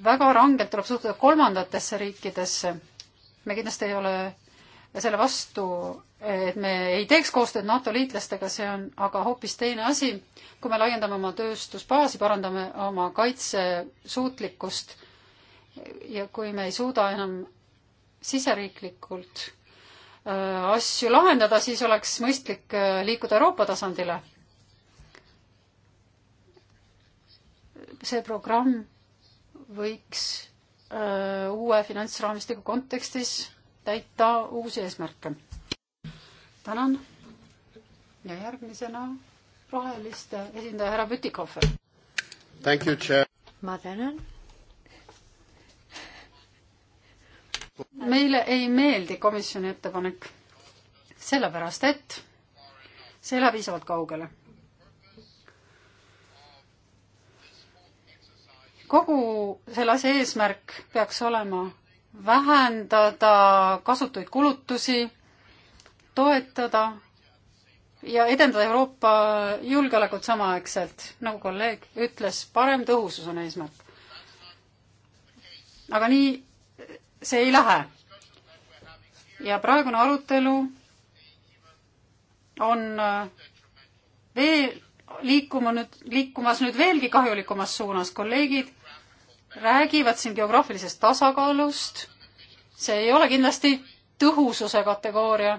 väga rangelt tuleb suhtuda kolmandatesse riikidesse. me kindlasti ei ole selle vastu, et me ei teeks koostööd NATO liitlastega, see on aga hoopis teine asi. kui me laiendame oma tööstusbaasi, parandame oma kaitsesuutlikkust ja kui me ei suuda enam siseriiklikult äh, asju lahendada, siis oleks mõistlik äh, liikuda Euroopa tasandile. see programm võiks äh, uue finantsraamistiku kontekstis täita uusi eesmärke. tänan ja järgmisena roheliste esindaja härra Pütikofer. ma tänan. meile ei meeldi komisjoni ettepanek, sellepärast et see ei lähe piisavalt kaugele. kogu selle asja eesmärk peaks olema vähendada kasutuid kulutusi, toetada ja edendada Euroopa julgeolekut samaaegselt, nagu kolleeg ütles, parem tõhusus on eesmärk. aga nii see ei lähe. ja praegune arutelu on veel liikuma nüüd, liikumas nüüd veelgi kahjulikumas suunas, kolleegid räägivad siin geograafilisest tasakaalust, see ei ole kindlasti tõhususe kategooria,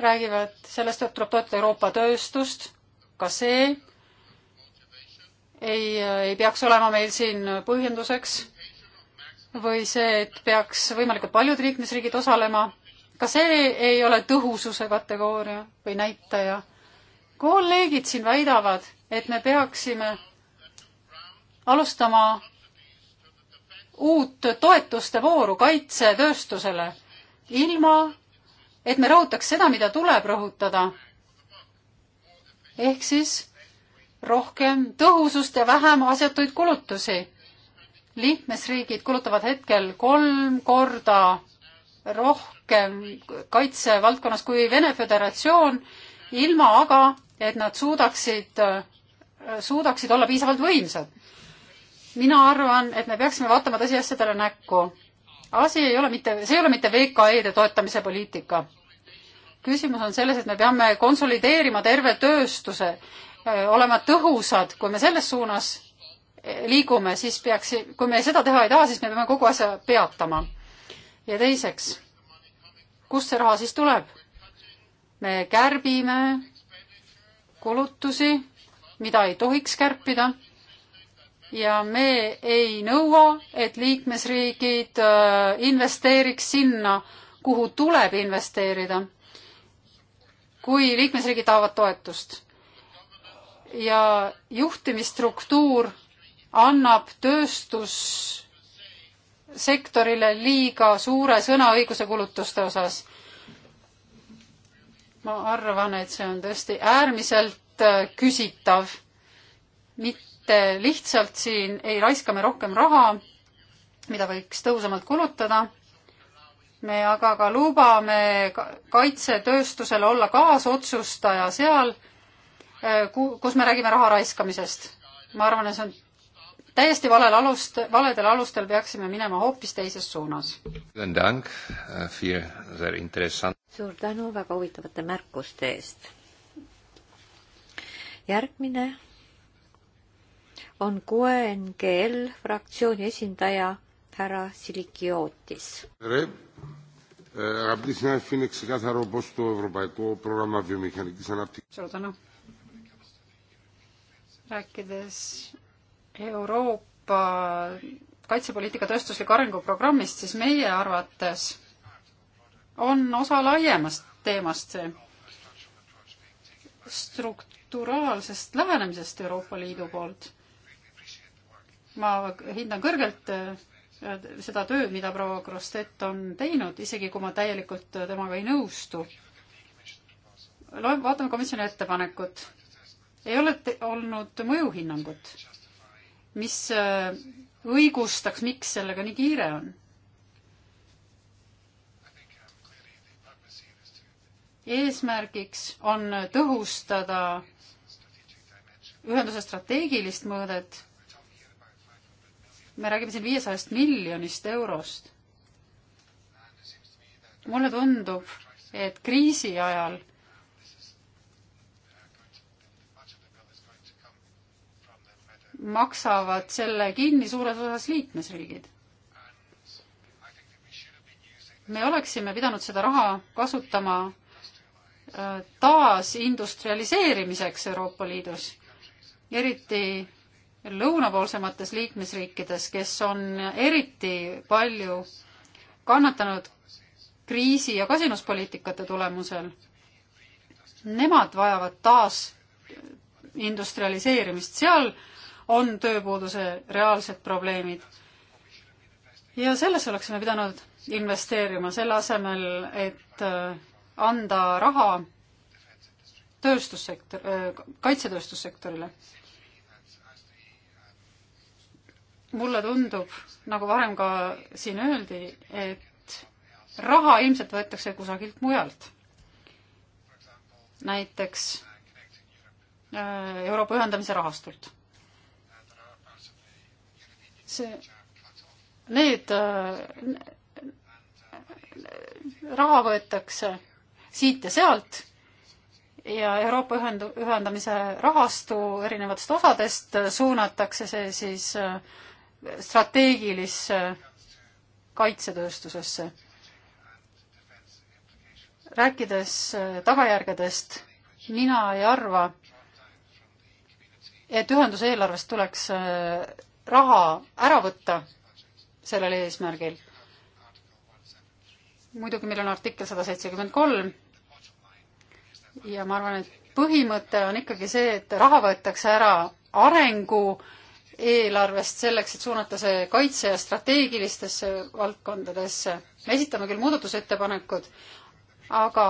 räägivad sellest, et tuleb toetada Euroopa tööstust, ka see ei, ei peaks olema meil siin põhjenduseks või see, et peaks võimalikult paljud liikmesriigid osalema, ka see ei ole tõhususe kategooria või näitaja. kolleegid siin väidavad, et me peaksime alustama uut toetuste vooru kaitsetööstusele, ilma et me rõhutaks seda, mida tuleb rõhutada. ehk siis rohkem tõhusust ja vähem asjatuid kulutusi. liikmesriigid kulutavad hetkel kolm korda rohkem kaitsevaldkonnas kui Vene Föderatsioon, ilma aga, et nad suudaksid, suudaksid olla piisavalt võimsad mina arvan, et me peaksime vaatama tõsiasjadele näkku. asi ei ole mitte, see ei ole mitte VKE-de toetamise poliitika. küsimus on selles, et me peame konsolideerima terve tööstuse, olema tõhusad, kui me selles suunas e, liigume, siis peaks, kui me seda teha ei taha, siis me peame kogu asja peatama. ja teiseks, kust see raha siis tuleb? me kärbime kulutusi, mida ei tohiks kärpida ja me ei nõua, et liikmesriigid äh, investeeriks sinna, kuhu tuleb investeerida, kui liikmesriigid tahavad toetust. ja juhtimisstruktuur annab tööstussektorile liiga suure sõnaõiguse kulutuste osas. ma arvan, et see on tõesti äärmiselt äh, küsitav, mitte mitte lihtsalt siin ei raiska me rohkem raha, mida võiks tõhusamalt kulutada, me aga ka lubame kaitsetööstusel olla kaasotsustaja seal, äh, kus me räägime raha raiskamisest. ma arvan, et see on täiesti valel alust, valedel alustel peaksime minema hoopis teises suunas. Äh, suur tänu väga huvitavate märkuste eest. järgmine on QNGL fraktsiooni esindaja härra Silikiotis. tere! Αγαπητοί συνάδελφοι, είναι ξεκάθαρο πως το Ευρωπαϊκό Πρόγραμμα Βιομηχανικής Ανάπτυξης... Suur tänu! Rääkides Euroopa kaitsepoliitika tööstusliku arenguprogrammist, siis meie arvates on osa laiemast teemast see strukturaalsest lähenemisest Euroopa Liidu poolt ma hindan kõrgelt äh, seda tööd, mida proua Krostet on teinud, isegi kui ma täielikult äh, temaga ei nõustu. loe, vaatame komisjoni ettepanekut. ei ole olnud mõjuhinnangut, mis äh, õigustaks, miks sellega nii kiire on. eesmärgiks on tõhustada ühenduse strateegilist mõõdet me räägime siin viiesajast miljonist eurost. mulle tundub, et kriisi ajal maksavad selle kinni suures osas liikmesriigid. me oleksime pidanud seda raha kasutama äh, taasindustrialiseerimiseks Euroopa Liidus, eriti lõunapoolsemates liikmesriikides, kes on eriti palju kannatanud kriisi ja kasinuspoliitikate tulemusel, nemad vajavad taas industrialiseerimist, seal on tööpuuduse reaalsed probleemid. ja sellesse oleksime pidanud investeerima, selle asemel, et äh, anda raha tööstussektor, äh, kaitsetööstussektorile mulle tundub, nagu varem ka siin öeldi, et raha ilmselt võetakse kusagilt mujalt. näiteks äh, Euroopa ühendamise rahastult. see, need, äh, raha võetakse siit ja sealt ja Euroopa ühend-, ühendamise rahastu erinevatest osadest suunatakse see siis äh, strateegilisse kaitsetööstusesse. rääkides äh, tagajärgedest, mina ei arva, et ühenduse eelarvest tuleks äh, raha ära võtta sellel eesmärgil. muidugi meil on artikkel sada seitsekümmend kolm ja ma arvan, et põhimõte on ikkagi see, et raha võetakse ära arengu äh, eelarvest selleks, et suunata see kaitse ja strateegilistesse valdkondadesse. me esitame küll muudatusettepanekud, aga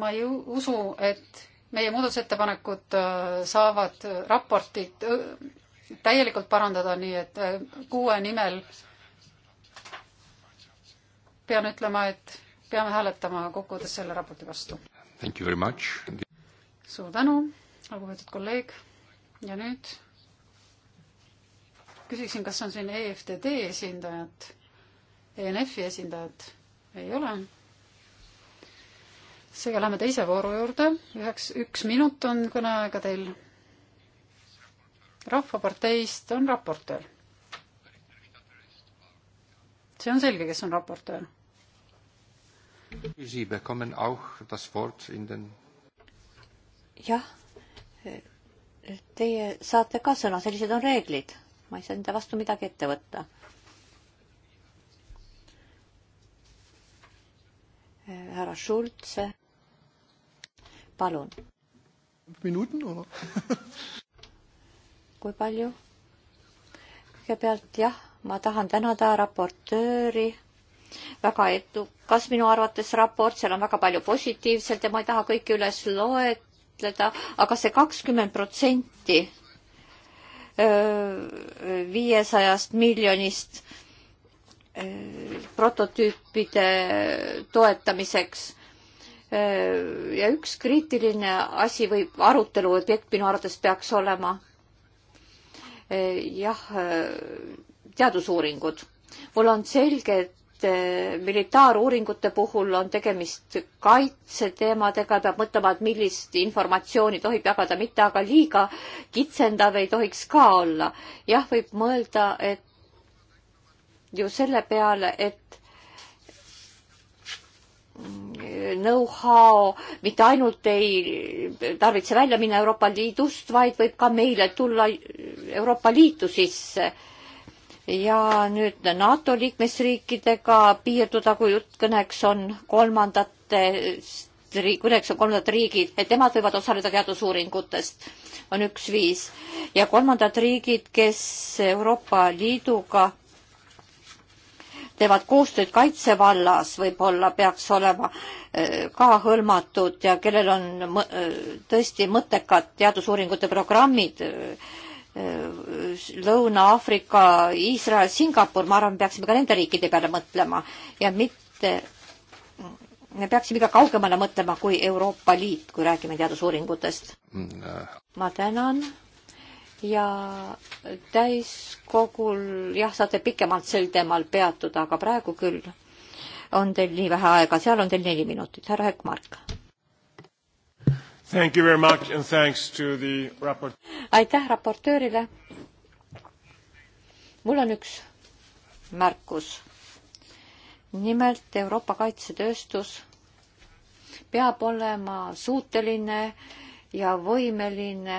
ma ei usu, et meie muudatusettepanekud äh, saavad raportit äh, täielikult parandada, nii et äh, kuue nimel pean ütlema, et peame hääletama kokkuvõttes selle raporti vastu. suur tänu, lugupeetud kolleeg ja nüüd küsiksin, kas on siin EFTD esindajat, ENF-i esindajat? ei ole. seega läheme teise vooru juurde, üheks, üks minut on kõneaega teil. rahvaparteist on raportöör. see on selge, kes on raportöör. jah, teie saate ka sõna, sellised on reeglid ma ei saa nende vastu midagi ette võtta. härra Schultz, palun. minuten no. kui palju? kõigepealt jah, ma tahan tänada raportööri väga edukas minu arvates raport, seal on väga palju positiivset ja ma ei taha kõike üles loetleda, aga see kakskümmend protsenti viiesajast miljonist prototüüpide toetamiseks. ja üks kriitiline asi või arutelu objekt minu arvates peaks olema jah, teadusuuringud. mul on selge, et et militaaruuringute puhul on tegemist kaitseteemadega, peab mõtlema, et millist informatsiooni tohib jagada, mitte aga liiga kitsendav ei tohiks ka olla. jah, võib mõelda, et ju selle peale, et know-how mitte ainult ei tarvitse välja minna Euroopa Liidust, vaid võib ka meile tulla Euroopa Liitu sisse ja nüüd NATO liikmesriikidega piirduda, kui jutt kõneks on kolmandatest riik, üheksa kolmandad riigid, et nemad võivad osaleda teadusuuringutest, on üks viis. ja kolmandad riigid, kes Euroopa Liiduga teevad koostööd kaitsevallas, võib-olla peaks olema äh, ka hõlmatud ja kellel on äh, tõesti mõttekad teadusuuringute programmid äh, Äh, Lõuna-Aafrika, Iisrael, Singapur, ma arvan, peaksime ka nende riikide peale mõtlema ja mitte, me peaksime ikka kaugemale mõtlema kui Euroopa Liit, kui räägime teadusuuringutest no.. Mm, äh. ma tänan ja täiskogul jah, saate pikemalt sel teemal peatuda, aga praegu küll on teil nii vähe aega, seal on teil neli minutit, härra Hekmark Raport aitäh raportöörile. mul on üks märkus. nimelt Euroopa kaitsetööstus peab olema suuteline ja võimeline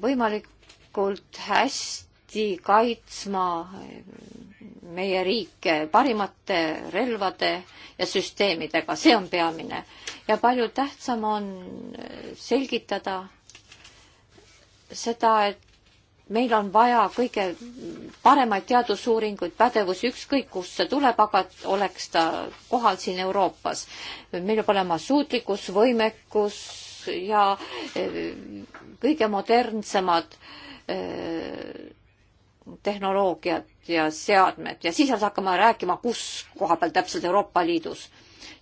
võimalikult hästi kaitsma meie riike parimate relvade ja süsteemidega, see on peamine. ja palju tähtsam on äh, selgitada seda, et meil on vaja kõige paremaid teadusuuringuid, pädevusi, ükskõik kust see tuleb, aga oleks ta kohal siin Euroopas. meil peab olema suutlikkus, võimekus ja äh, kõige modernsemad äh, tehnoloogiat ja seadmed ja siis hakkame rääkima, kus koha peal täpselt Euroopa Liidus.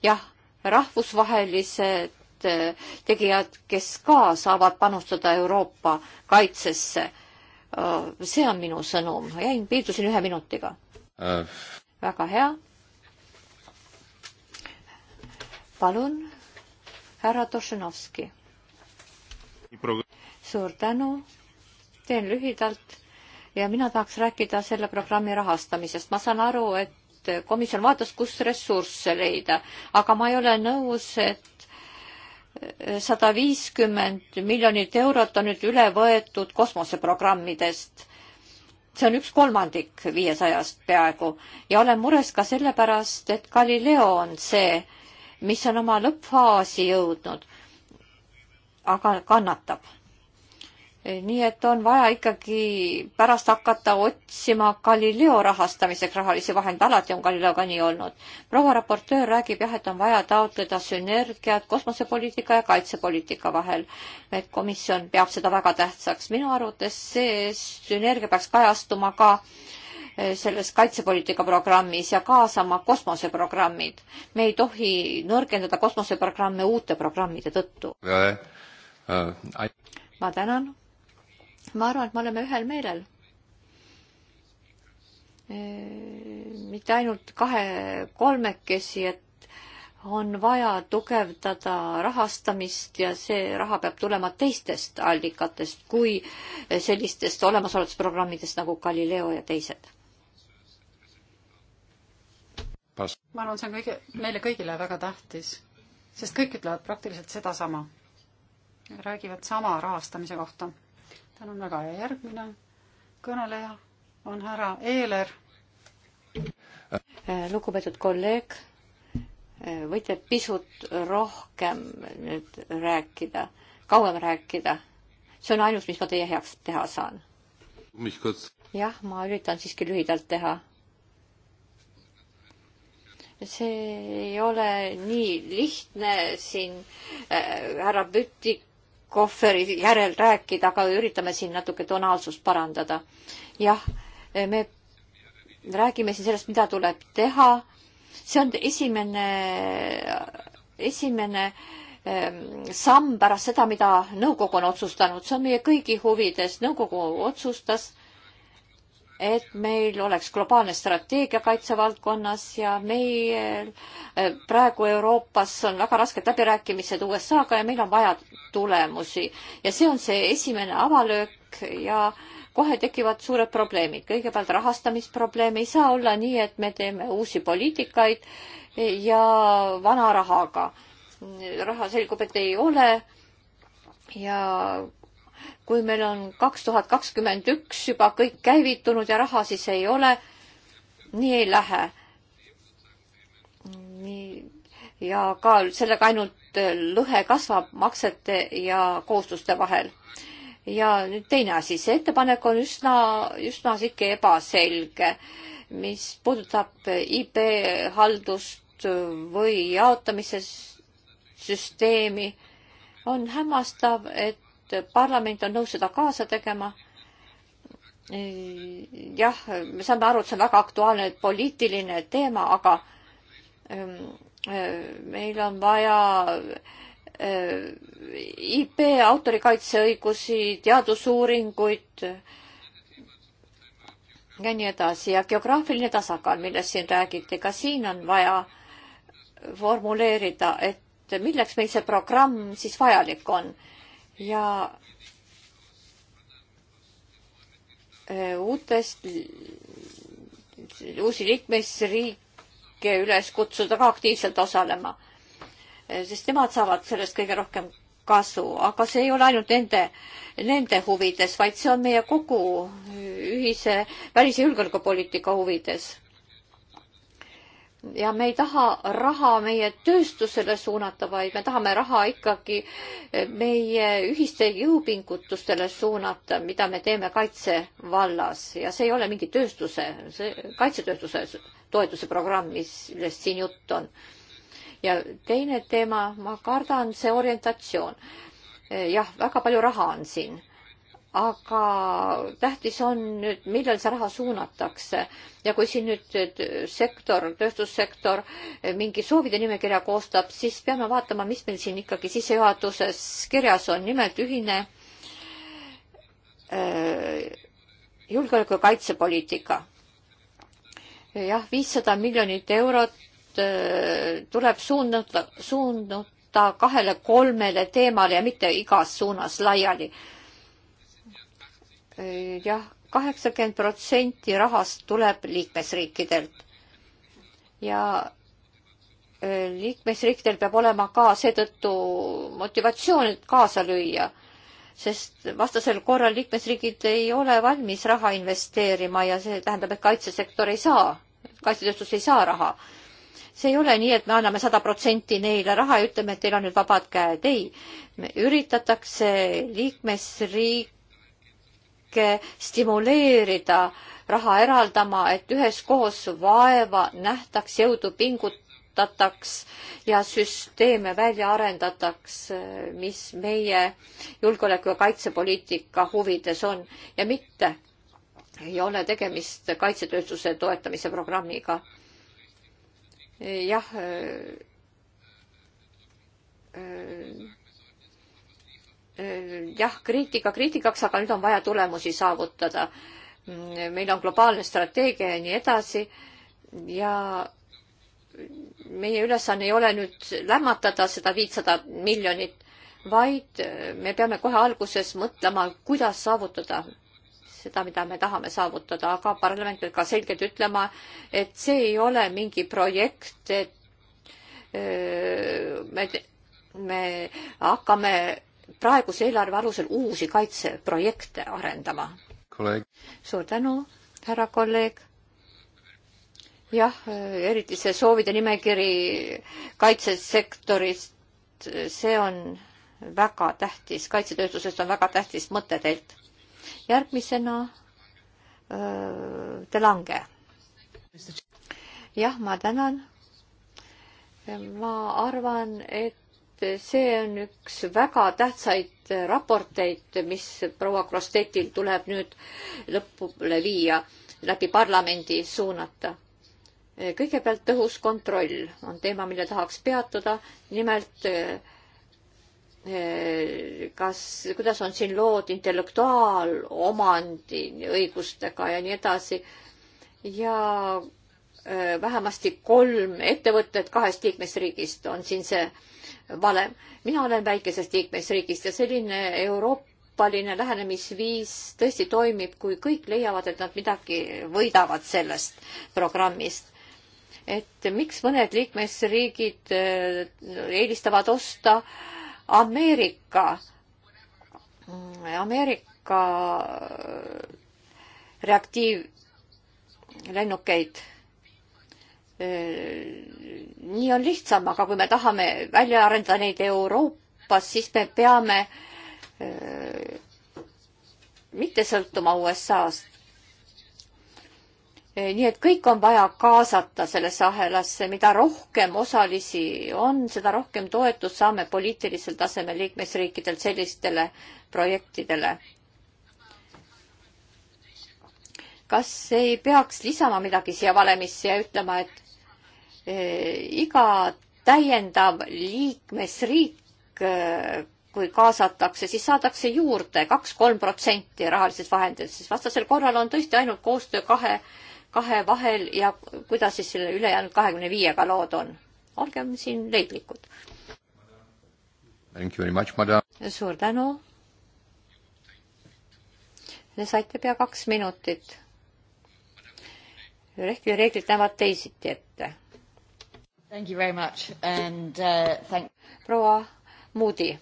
jah, rahvusvahelised äh, tegijad, kes ka saavad panustada Euroopa kaitsesse. Äh, see on minu sõnum, jäin, piirdusin ühe minutiga äh.. väga hea. palun, härra Tošenovski. suur tänu, teen lühidalt ja mina tahaks rääkida selle programmi rahastamisest. ma saan aru, et komisjon vaatas, kus ressursse leida, aga ma ei ole nõus, et sada viiskümmend miljonit eurot on nüüd üle võetud kosmoseprogrammidest. see on üks kolmandik viiesajast peaaegu ja olen mures ka sellepärast, et Galileo on see, mis on oma lõppfaasi jõudnud, aga kannatab nii et on vaja ikkagi pärast hakata otsima Galileo rahastamiseks rahalisi vahendeid, alati on Galileoga nii olnud. proua raportöör räägib jah, et on vaja taotleda sünergiat kosmosepoliitika ja kaitsepoliitika vahel. et komisjon peab seda väga tähtsaks. minu arvates see sünergia peaks kajastuma ka eh, selles kaitsepoliitika programmis ja kaasama kosmoseprogrammid. me ei tohi nõrgendada kosmoseprogramme uute programmide tõttu. Äh, äh, ma tänan ma arvan, et me oleme ühel meelel. mitte ainult kahe-kolmekesi, et on vaja tugevdada rahastamist ja see raha peab tulema teistest allikatest kui sellistest olemasolevatest programmidest nagu Galileo ja teised. ma arvan, see on kõige, meile kõigile väga tähtis, sest kõik ütlevad praktiliselt sedasama, räägivad sama rahastamise kohta tänan väga ja järgmine kõneleja on härra Eeler. Äh, lugupeetud kolleeg, äh, võite pisut rohkem nüüd rääkida, kauem rääkida? see on ainus, mis ma teie heaks teha saan. jah, ma üritan siiski lühidalt teha see ei ole nii lihtne siin äh, härra Pütik kohveri järel rääkida, aga üritame siin natuke tonaalsust parandada. jah, me räägime siin sellest, mida tuleb teha. see on esimene, esimene ähm, samm pärast seda, mida nõukogu on otsustanud, see on meie kõigi huvides, nõukogu otsustas et meil oleks globaalne strateegia kaitsevaldkonnas ja meil eh, praegu Euroopas on väga rasked läbirääkimised USA-ga ja meil on vaja tulemusi. ja see on see esimene avalöök ja kohe tekivad suured probleemid. kõigepealt rahastamisprobleem. ei saa olla nii, et me teeme uusi poliitikaid ja vana rahaga. raha selgub, et ei ole ja kui meil on kaks tuhat kakskümmend üks juba kõik käivitunud ja raha siis ei ole, nii ei lähe. nii ja ka sellega ainult äh, lõhe kasvab maksete ja kohustuste vahel. ja nüüd teine asi, see ettepanek on üsna, üsna sihuke ebaselge, mis puudutab äh, IP haldust äh, või jaotamise süsteemi. on hämmastav, et parlament on nõus seda kaasa tegema. jah, me saame aru, et see on väga aktuaalne poliitiline teema, aga ähm, äh, meil on vaja äh, IP autorikaitseõigusi, teadusuuringuid ja nii edasi ja geograafiline tasakaal, millest siin räägiti, ka siin on vaja formuleerida, et milleks meil see programm siis vajalik on ja äh, uutest, uusi liikmesriike üles kutsuda ka aktiivselt osalema, äh, sest nemad saavad sellest kõige rohkem kasu, aga see ei ole ainult nende, nende huvides, vaid see on meie kogu ühise välis- ja julgeolekupoliitika huvides ja me ei taha raha meie tööstusele suunata, vaid me tahame raha ikkagi meie ühiste jõupingutustele suunata, mida me teeme kaitsevallas ja see ei ole mingi tööstuse, see kaitsetööstuse toetuse programm, mis, millest siin jutt on. ja teine teema, ma kardan, see orientatsioon. jah, väga palju raha on siin aga tähtis on nüüd, millal see raha suunatakse ja kui siin nüüd sektor, tööstussektor eh, mingi soovide nimekirja koostab, siis peame vaatama, mis meil siin ikkagi sissejuhatuses kirjas on, nimelt ühine eh, julgeoleku ja kaitsepoliitika. jah, viissada miljonit eurot eh, tuleb suunata, suunata kahele-kolmele teemale ja mitte igas suunas laiali jah, kaheksakümmend protsenti rahast tuleb liikmesriikidelt. ja äh, liikmesriikidel peab olema ka seetõttu motivatsioon, et kaasa lüüa, sest vastasel korral liikmesriigid ei ole valmis raha investeerima ja see tähendab, et kaitsesektor ei saa, kaitsetööstus ei saa raha. see ei ole nii, et me anname sada protsenti neile raha ja ütleme, et teil on nüüd vabad käed, ei. üritatakse liikmesriik riike stimuleerida raha eraldama, et üheskoos vaeva nähtaks, jõudu pingutataks ja süsteeme välja arendataks, mis meie julgeoleku- ja kaitsepoliitika huvides on ja mitte ei ole tegemist kaitsetööstuse toetamise programmiga. jah äh, äh, jah, kriitika kriitikaks, aga nüüd on vaja tulemusi saavutada. meil on globaalne strateegia ja nii edasi ja meie ülesanne ei ole nüüd lämmatada seda viitsada miljonit, vaid me peame kohe alguses mõtlema, kuidas saavutada seda, mida me tahame saavutada, aga parlament peab ka selgelt ütlema, et see ei ole mingi projekt, et äh, me, me hakkame praeguse eelarve alusel uusi kaitseprojekte arendama. suur tänu, härra kolleeg. jah, eriti see soovide nimekiri kaitsesektorist, see on väga tähtis, kaitsetööstusest on väga tähtis mõte teilt. järgmisena öö, äh, Te Lange. jah, ma tänan. ma arvan, et see on üks väga tähtsaid raporteid, mis proua Krostetil tuleb nüüd lõpule viia, läbi parlamendi suunata. kõigepealt tõhus kontroll on teema, mille tahaks peatuda, nimelt kas, kuidas on siin lood intellektuaalomandi õigustega ja nii edasi ja äh, vähemasti kolm ettevõtet kahest liikmesriigist on siin see valem. mina olen väikesest liikmesriigist ja selline euroopaline lähenemisviis tõesti toimib, kui kõik leiavad, et nad midagi võidavad sellest programmist. et miks mõned liikmesriigid äh, eelistavad osta Ameerika, Ameerika äh, reaktiivlennukeid Äh, nii on lihtsam, aga kui me tahame välja arendada neid Euroopas, siis me peame äh, mitte sõltuma USA-st. Äh, nii et kõik on vaja kaasata sellesse ahelasse, mida rohkem osalisi on, seda rohkem toetust saame poliitilisel tasemel liikmesriikidelt sellistele projektidele. kas ei peaks lisama midagi siia valemisse ja ütlema, et Eh, iga täiendav liikmesriik, eh, kui kaasatakse, siis saadakse juurde kaks-kolm protsenti rahalisest vahenditest, siis vastasel korral on tõesti ainult koostöö kahe, kahe vahel ja kuidas siis selle ülejäänud kahekümne viiega lood on. olgem siin leidlikud. suur tänu. Te saite pea kaks minutit. reeglid näevad teisiti ette Thank you very much and uh, thank proua Moody,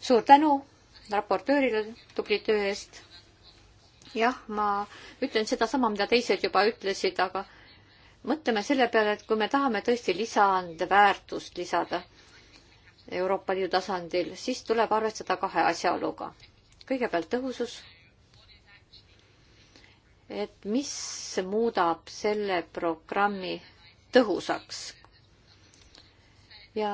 suur tänu raportöörile tubli töö eest. jah, ma ütlen sedasama, mida teised juba ütlesid, aga mõtleme selle peale, et kui me tahame tõesti lisandväärtust lisada Euroopa Liidu tasandil, siis tuleb arvestada kahe asjaoluga. kõigepealt tõhusus. et mis muudab selle programmi tõhusaks, ja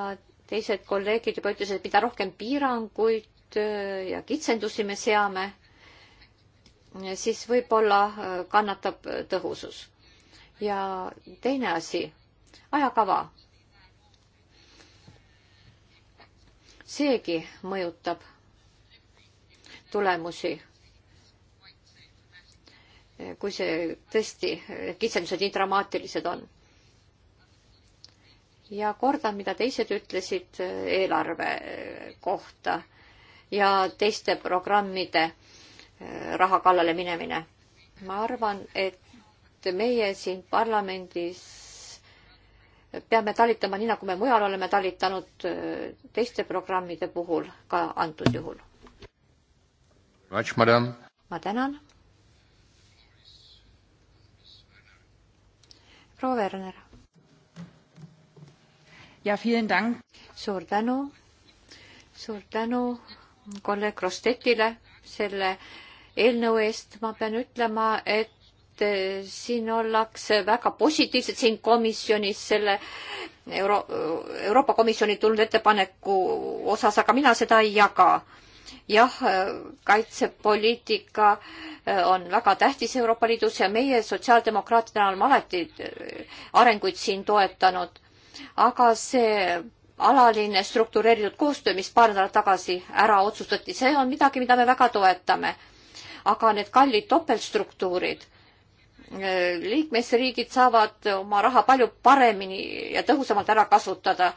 teised kolleegid juba ütlesid, et mida rohkem piiranguid äh, ja kitsendusi me seame, äh, siis võib-olla äh, kannatab tõhusus. ja teine asi, ajakava. seegi mõjutab tulemusi kui see tõesti, kitsendused nii dramaatilised on ja kordan, mida teised ütlesid eh, eelarve eh, kohta ja teiste programmide eh, raha kallale minemine. ma arvan, et meie siin parlamendis peame talitama nii, nagu me mujal oleme talitanud teiste programmide puhul ka antud juhul. ma tänan. proua Werner ja vielen Dank. suur tänu, suur tänu kolleeg Rostetile selle eelnõu eest. ma pean ütlema, et äh, siin ollakse väga positiivsed siin komisjonis selle Euro Euroopa Komisjoni tulnud ettepaneku osas, aga mina seda ei jaga jah, äh, kaitsepoliitika äh, on väga tähtis Euroopa Liidus ja meie sotsiaaldemokraatidena oleme alati arenguid siin toetanud aga see alaline struktureeritud koostöö, mis paar nädalat tagasi ära otsustati, see on midagi, mida me väga toetame. aga need kallid topeltstruktuurid, äh, liikmesriigid saavad oma raha palju paremini ja tõhusamalt ära kasutada.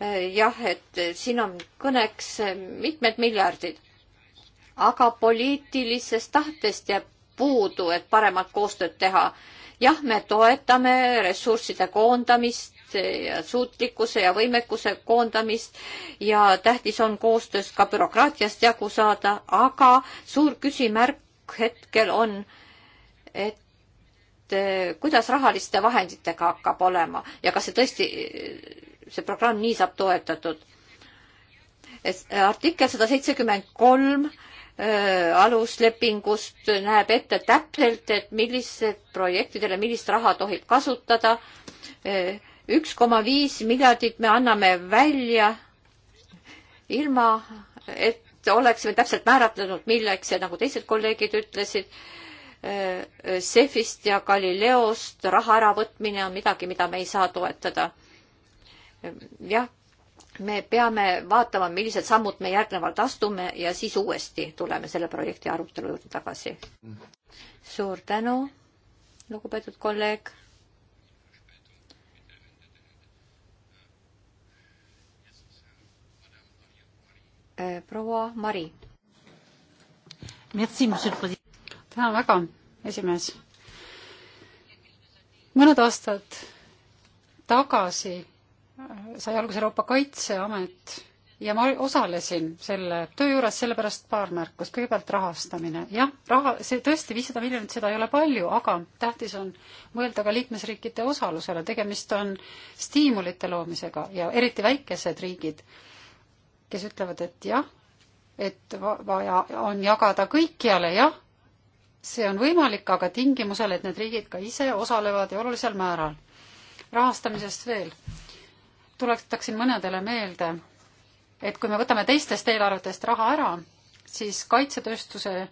Äh, jah, et siin on kõneks mitmed miljardid. aga poliitilisest tahtest jääb puudu, et paremat koostööd teha. jah, me toetame ressursside koondamist ja suutlikkuse ja võimekuse koondamist ja tähtis on koostöös ka bürokraatiast jagu saada, aga suur küsimärk hetkel on, et eh, kuidas rahaliste vahenditega hakkab olema ja kas see tõesti, see programm nii saab toetatud. artikkel sada seitsekümmend kolm eh, aluslepingust näeb ette täpselt, et millised projektidele millist raha tohib kasutada. Eh, üks koma viis miljardit me anname välja ilma, et oleksime täpselt määratlenud, milleks ja nagu teised kolleegid ütlesid, Cefist äh, ja Galileost raha äravõtmine on midagi, mida me ei saa toetada. jah, me peame vaatama, millised sammud me järgnevalt astume ja siis uuesti tuleme selle projekti arutelu juurde tagasi. Mm. suur tänu, lugupeetud kolleeg Eh, proua Mari. tänan väga, esimees. mõned aastad tagasi eh, sai alguse Euroopa Kaitseamet ja ma osalesin selle töö juures, sellepärast paar märkust. kõigepealt rahastamine. jah, raha, see tõesti, viissada miljonit, seda ei ole palju, aga tähtis on mõelda ka liikmesriikide osalusele. tegemist on stiimulite loomisega ja eriti väikesed riigid kes ütlevad, et jah, et vaja on jagada kõikjale, jah, see on võimalik, aga tingimusel, et need riigid ka ise osalevad ja olulisel määral. rahastamisest veel. tuletaksin mõnedele meelde, et kui me võtame teistest eelarvetest raha ära, siis kaitsetööstuse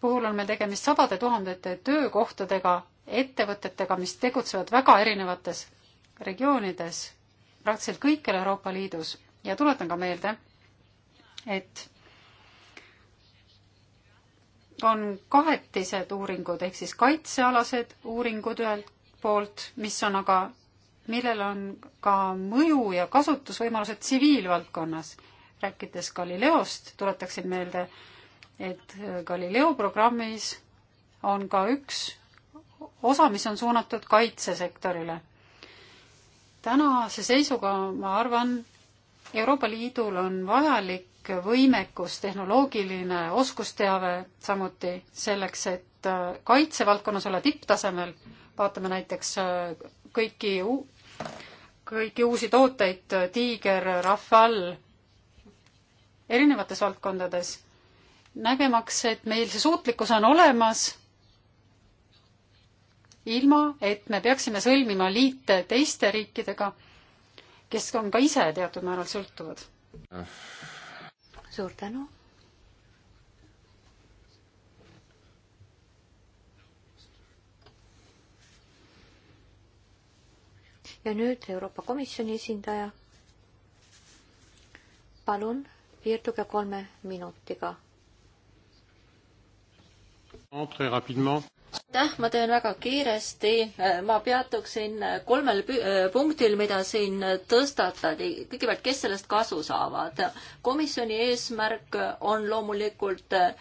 puhul on meil tegemist sadade tuhandete töökohtadega, ettevõtetega, mis tegutsevad väga erinevates regioonides, praktiliselt kõikjal Euroopa Liidus ja tuletan ka meelde, et on kahetised uuringud ehk siis kaitsealased uuringud ühelt poolt, mis on aga, millel on ka mõju ja kasutusvõimalused tsiviilvaldkonnas. rääkides Galileost, tuletaksin meelde, et Galileo programmis on ka üks osa, mis on suunatud kaitsesektorile. tänase seisuga ma arvan, Euroopa Liidul on vajalik võimekus, tehnoloogiline oskusteave samuti selleks, et äh, kaitsevaldkonnas olla tipptasemel, vaatame näiteks äh, kõiki, kõiki uusi tooteid, äh, tiiger, rafal, erinevates valdkondades, nägemaks, et meil see suutlikkus on olemas, ilma et me peaksime sõlmima liite teiste riikidega kes on ka ise teatud määral sõltuvad. suur tänu. ja nüüd Euroopa Komisjoni esindaja. palun piirduge kolme minutiga aitäh, ma teen väga kiiresti. ma peatuksin kolmel punktil, mida siin tõstatati. kõigepealt, kes sellest kasu saavad? komisjoni eesmärk on loomulikult äh,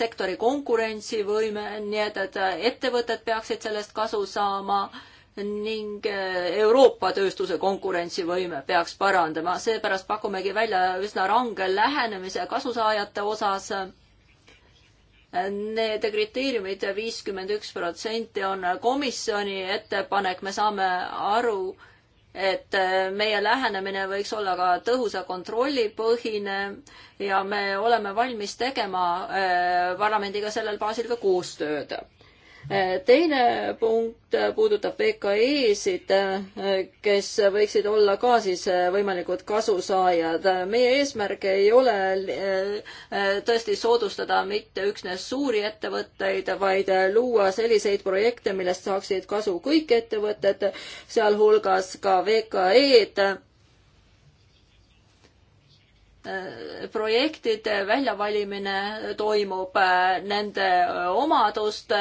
sektori konkurentsivõime, nii et, et ettevõtted peaksid sellest kasu saama ning äh, Euroopa tööstuse konkurentsivõime peaks parandama. seepärast pakumegi välja üsna range lähenemise kasusaajate osas Need kriteeriumid, viiskümmend üks protsenti on komisjoni ettepanek, me saame aru, et meie lähenemine võiks olla ka tõhusa kontrolli põhine ja me oleme valmis tegema eh, parlamendiga sellel baasil ka koostööd teine punkt puudutab VKE-sid, kes võiksid olla ka siis võimalikud kasusaajad. meie eesmärk ei ole eh, tõesti soodustada mitte üksnes suuri ettevõtteid, vaid luua selliseid projekte, millest saaksid kasu kõik ettevõtted, sealhulgas ka VKE-d Äh, projektide väljavalimine toimub äh, nende äh, omaduste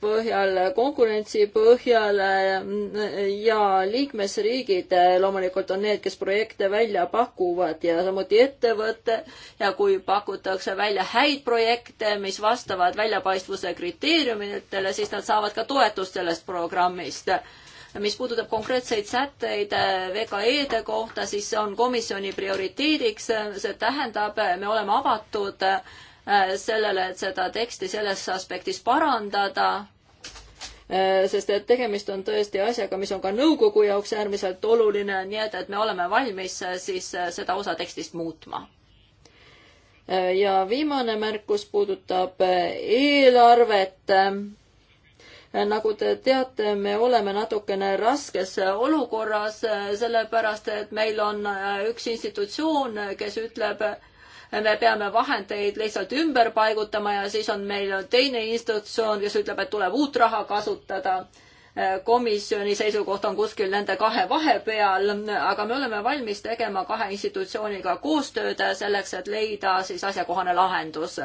põhjal, konkurentsi põhjal ja liikmesriigid loomulikult on need, kes projekte välja pakuvad ja samuti ettevõte ja kui pakutakse välja häid projekte, mis vastavad väljapaistvuse kriteeriumitele, siis nad saavad ka toetust sellest programmist mis puudutab konkreetseid sätteid äh, VKE-de kohta, siis see on komisjoni prioriteediks, see tähendab, me oleme avatud äh, sellele, et seda teksti selles aspektis parandada, äh, sest et tegemist on tõesti asjaga, mis on ka nõukogu jaoks äärmiselt oluline, nii et, et me oleme valmis siis seda osa tekstist muutma. ja viimane märkus puudutab eelarvet nagu te teate, me oleme natukene raskes olukorras, sellepärast et meil on äh, üks institutsioon, kes ütleb, me peame vahendeid lihtsalt ümber paigutama ja siis on meil teine institutsioon, kes ütleb, et tuleb uut raha kasutada. Äh, komisjoni seisukoht on kuskil nende kahe vahepeal, aga me oleme valmis tegema kahe institutsiooniga koostööd selleks, et leida siis asjakohane lahendus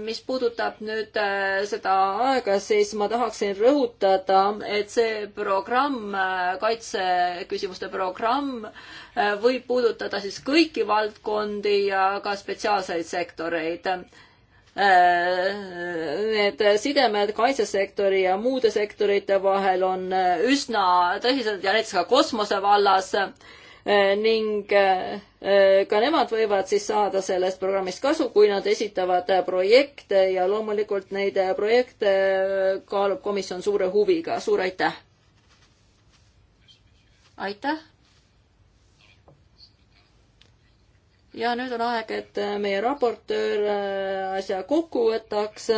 mis puudutab nüüd äh, seda aega, siis ma tahaksin rõhutada, et see programm, äh, kaitseküsimuste programm äh, võib puudutada siis kõiki valdkondi ja ka spetsiaalseid sektoreid. Need sidemed kaitsesektori ja muude sektorite vahel on üsna tõsised ja näiteks ka kosmose vallas Eh, ning eh, ka nemad võivad siis saada sellest programmist kasu, kui nad esitavad eh, projekte ja loomulikult neid projekte kaalub komisjon suure huviga. suur aitäh! aitäh! ja nüüd on aeg, et meie raportöör asja kokku võtaks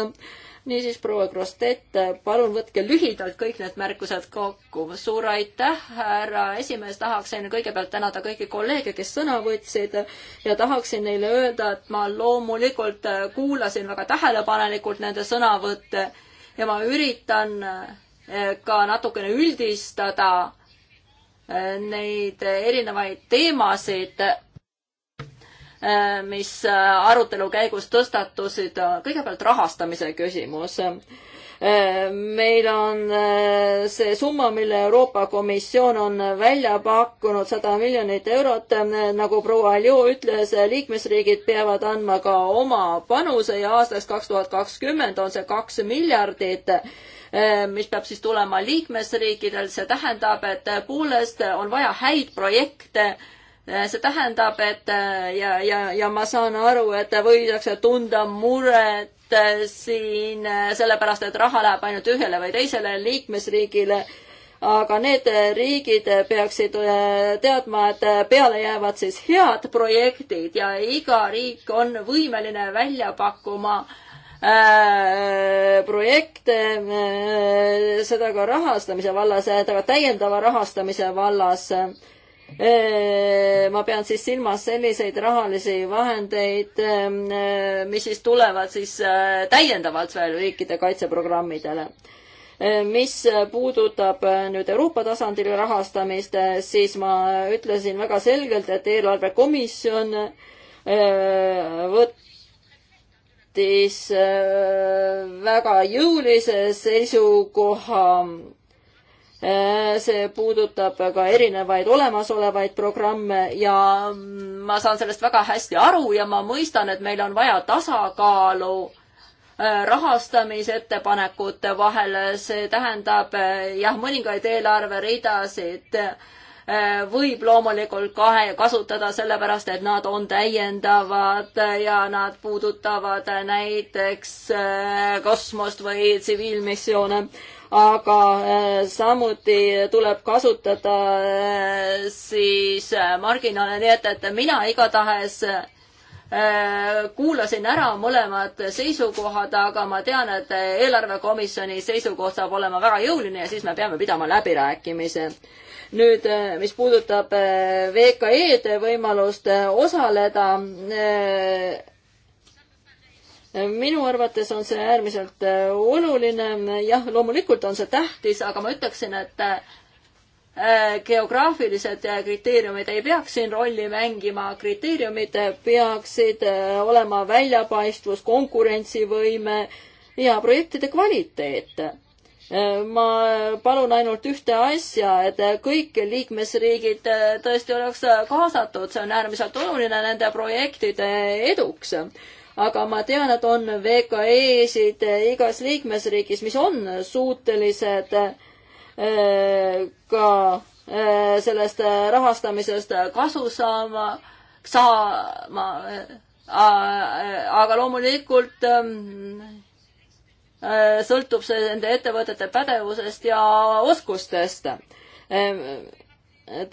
niisiis, proua Krostet, palun võtke lühidalt kõik need märkused kokku. suur aitäh, härra esimees, tahaksin kõigepealt tänada kõiki kolleege, kes sõna võtsid ja tahaksin neile öelda, et ma loomulikult kuulasin väga tähelepanelikult nende sõnavõtte ja ma üritan eh, ka natukene üldistada eh, neid erinevaid teemasid Äh, mis äh, arutelu käigus tõstatusid. Äh, kõigepealt rahastamise küsimus. meil on see summa, mille Euroopa Komisjon on välja pakkunud, sada miljonit eurot. nagu proua Aljo ütles, liikmesriigid peavad andma ka oma panuse ja aastaks kaks tuhat kakskümmend on see kaks miljardit mis peab siis tulema liikmesriikidel, see tähendab, et poolest on vaja häid projekte Eh, see tähendab, et eh, ja, ja, ja ma saan aru, et võidakse tunda muret eh, siin sellepärast, et raha läheb ainult ühele või teisele liikmesriigile. aga need riigid peaksid teadma, et peale jäävad siis head projektid ja iga riik on võimeline välja pakkuma projekte, seda ka rahastamise vallas, täiendava rahastamise vallas ma pean siis silmas selliseid rahalisi vahendeid, mis siis tulevad siis täiendavalt veel riikide kaitseprogrammidele. mis puudutab nüüd Euroopa tasandil rahastamist, siis ma ütlesin väga selgelt, et eelarvekomisjon võttis väga jõulise seisukoha Äh, see puudutab ka erinevaid olemasolevaid programme ja ma saan sellest väga hästi aru ja ma mõistan, et meil on vaja tasakaalu äh, rahastamisettepanekute vahel, see tähendab äh, jah, mõningaid eelarveridasid võib loomulikult kahe kasutada, sellepärast et nad on täiendavad ja nad puudutavad näiteks kosmost või tsiviilmissioone aga äh, samuti tuleb kasutada äh, siis äh, marginaale, nii et, et mina igatahes kuulasin ära mõlemad seisukohad, aga ma tean, et eelarvekomisjoni seisukoht saab olema väga jõuline ja siis me peame pidama läbirääkimise. nüüd, mis puudutab VKE-de võimalust osaleda minu arvates on see äärmiselt äh, oluline, jah, loomulikult on see tähtis, aga ma ütleksin, et äh, geograafilised äh, kriteeriumid ei peaks siin rolli mängima, kriteeriumid peaksid olema väljapaistvus, konkurentsivõime ja projektide kvaliteet. ma palun ainult ühte asja, et kõik liikmesriigid tõesti oleks kaasatud, see on äärmiselt oluline nende projektide eduks aga ma tean, et on VKE-sid igas liikmesriigis, mis on suutelised äh, ka äh, sellest rahastamisest kasu saama, saama, äh, aga loomulikult ähm, sõltub see nende ettevõtete pädevusest ja oskustest. Ähm,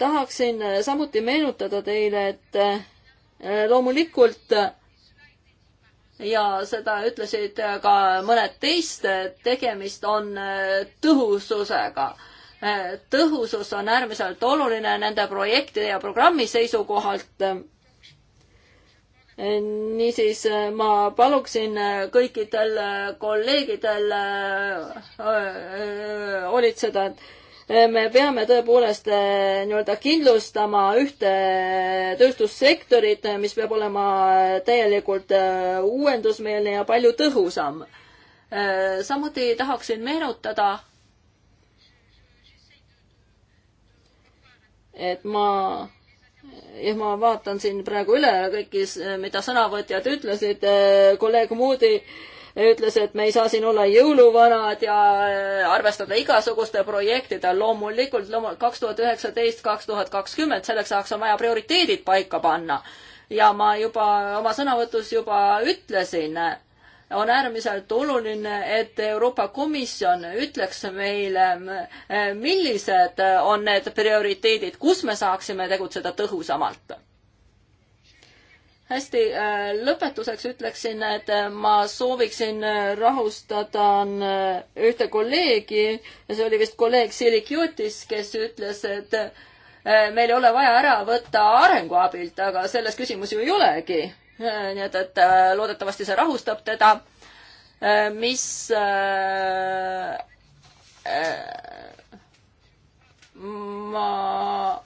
tahaksin samuti meenutada teile, et loomulikult ja seda ütlesid ka mõned teist, tegemist on äh, tõhususega. Äh, tõhusus on äärmiselt oluline nende projektide ja programmi seisukohalt äh, niisiis ma paluksin kõikidel kolleegidel hoolitseda, et Äh, me peame tõepoolest äh, nii-öelda kindlustama ühte tööstussektorit, äh, mis peab olema täielikult uuendusmeelne ja palju tõhusam. samuti tahaksin meenutada, et ma jah, ma vaatan siin praegu üle kõik, mida sõnavõtjad ütlesid, kolleeg Moody äh, ütles, et me ei saa siin olla jõuluvanad ja äh, arvestada igasuguste projektide, loomulikult kaks tuhat üheksateist, kaks tuhat kakskümmend, selleks ajaks on vaja prioriteedid paika panna. ja ma juba oma sõnavõtus juba ütlesin, on äärmiselt oluline, et Euroopa Komisjon ütleks meile, äh, millised on need prioriteedid, kus me saaksime tegutseda tõhusamalt hästi, äh, lõpetuseks ütleksin, et äh, ma sooviksin äh, rahustada ühte kolleegi, see oli vist kolleeg Siri Kjutis, kes ütles, et meil ei ole vaja ära võtta arenguabilt, aga selles küsimus ju ei olegi. nii et, et loodetavasti see rahustab teda, mis ma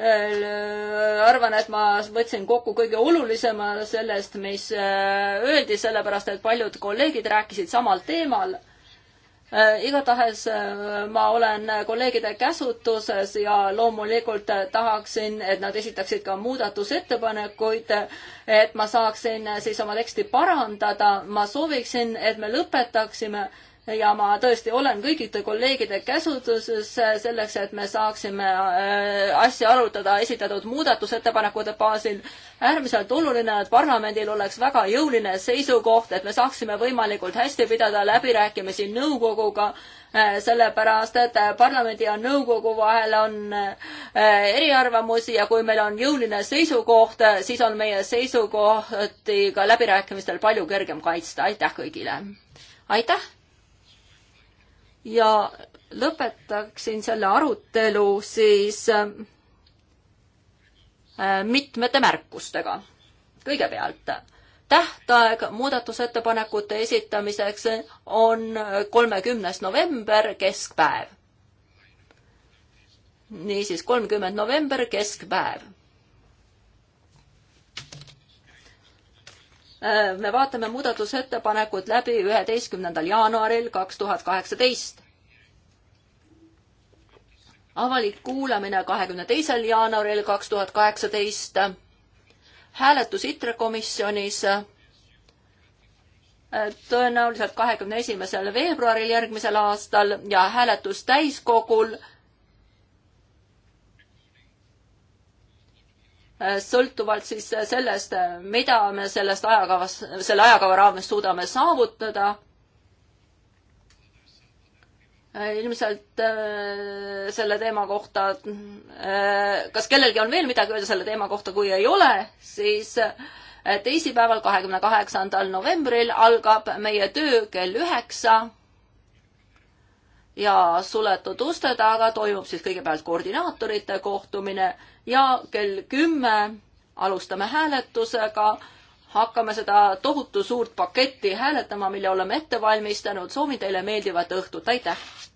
Äh, arvan, et ma võtsin kokku kõige olulisema sellest, mis äh, öeldi, sellepärast et paljud kolleegid rääkisid samal teemal. Äh, igatahes ma olen kolleegide käsutuses ja loomulikult tahaksin, et nad esitaksid ka muudatusettepanekuid, et ma saaksin siis oma teksti parandada. ma sooviksin, et me lõpetaksime ja ma tõesti olen kõigite kolleegide käsutuses selleks, et me saaksime äh, asja arutada esitatud muudatusettepanekute baasil. äärmiselt oluline, et parlamendil oleks väga jõuline seisukoht, et me saaksime võimalikult hästi pidada läbirääkimisi nõukoguga, äh, sellepärast et äh, parlamendi ja nõukogu vahel on eriarvamusi ja kui meil on jõuline seisukoht, siis on meie seisukohti ka läbirääkimistel palju kergem kaitsta. aitäh kõigile! aitäh! ja lõpetaksin selle arutelu siis äh, mitmete märkustega. kõigepealt, tähtaeg muudatusettepanekute esitamiseks on kolmekümnes november, keskpäev. niisiis, kolmkümmend november, keskpäev Äh, me vaatame muudatusettepanekud läbi üheteistkümnendal jaanuaril kaks tuhat kaheksateist. avalik kuulamine kahekümne teisel jaanuaril kaks tuhat kaheksateist. hääletus ITRE komisjonis äh, tõenäoliselt kahekümne esimesel veebruaril järgmisel aastal ja hääletus täiskogul Äh, sõltuvalt siis äh, sellest, äh, mida me sellest ajakavas, selle ajakava raames suudame saavutada. ilmselt selle teema kohta, kas kellelgi on veel midagi öelda selle teema kohta, kui ei ole, siis teisipäeval, kahekümne kaheksandal novembril algab meie töö kell üheksa ja suletud uste taga toimub siis kõigepealt koordinaatorite kohtumine ja kell kümme alustame hääletusega, hakkame seda tohutu suurt paketti hääletama, mille oleme ette valmistanud. soovin teile meeldivat õhtut, aitäh!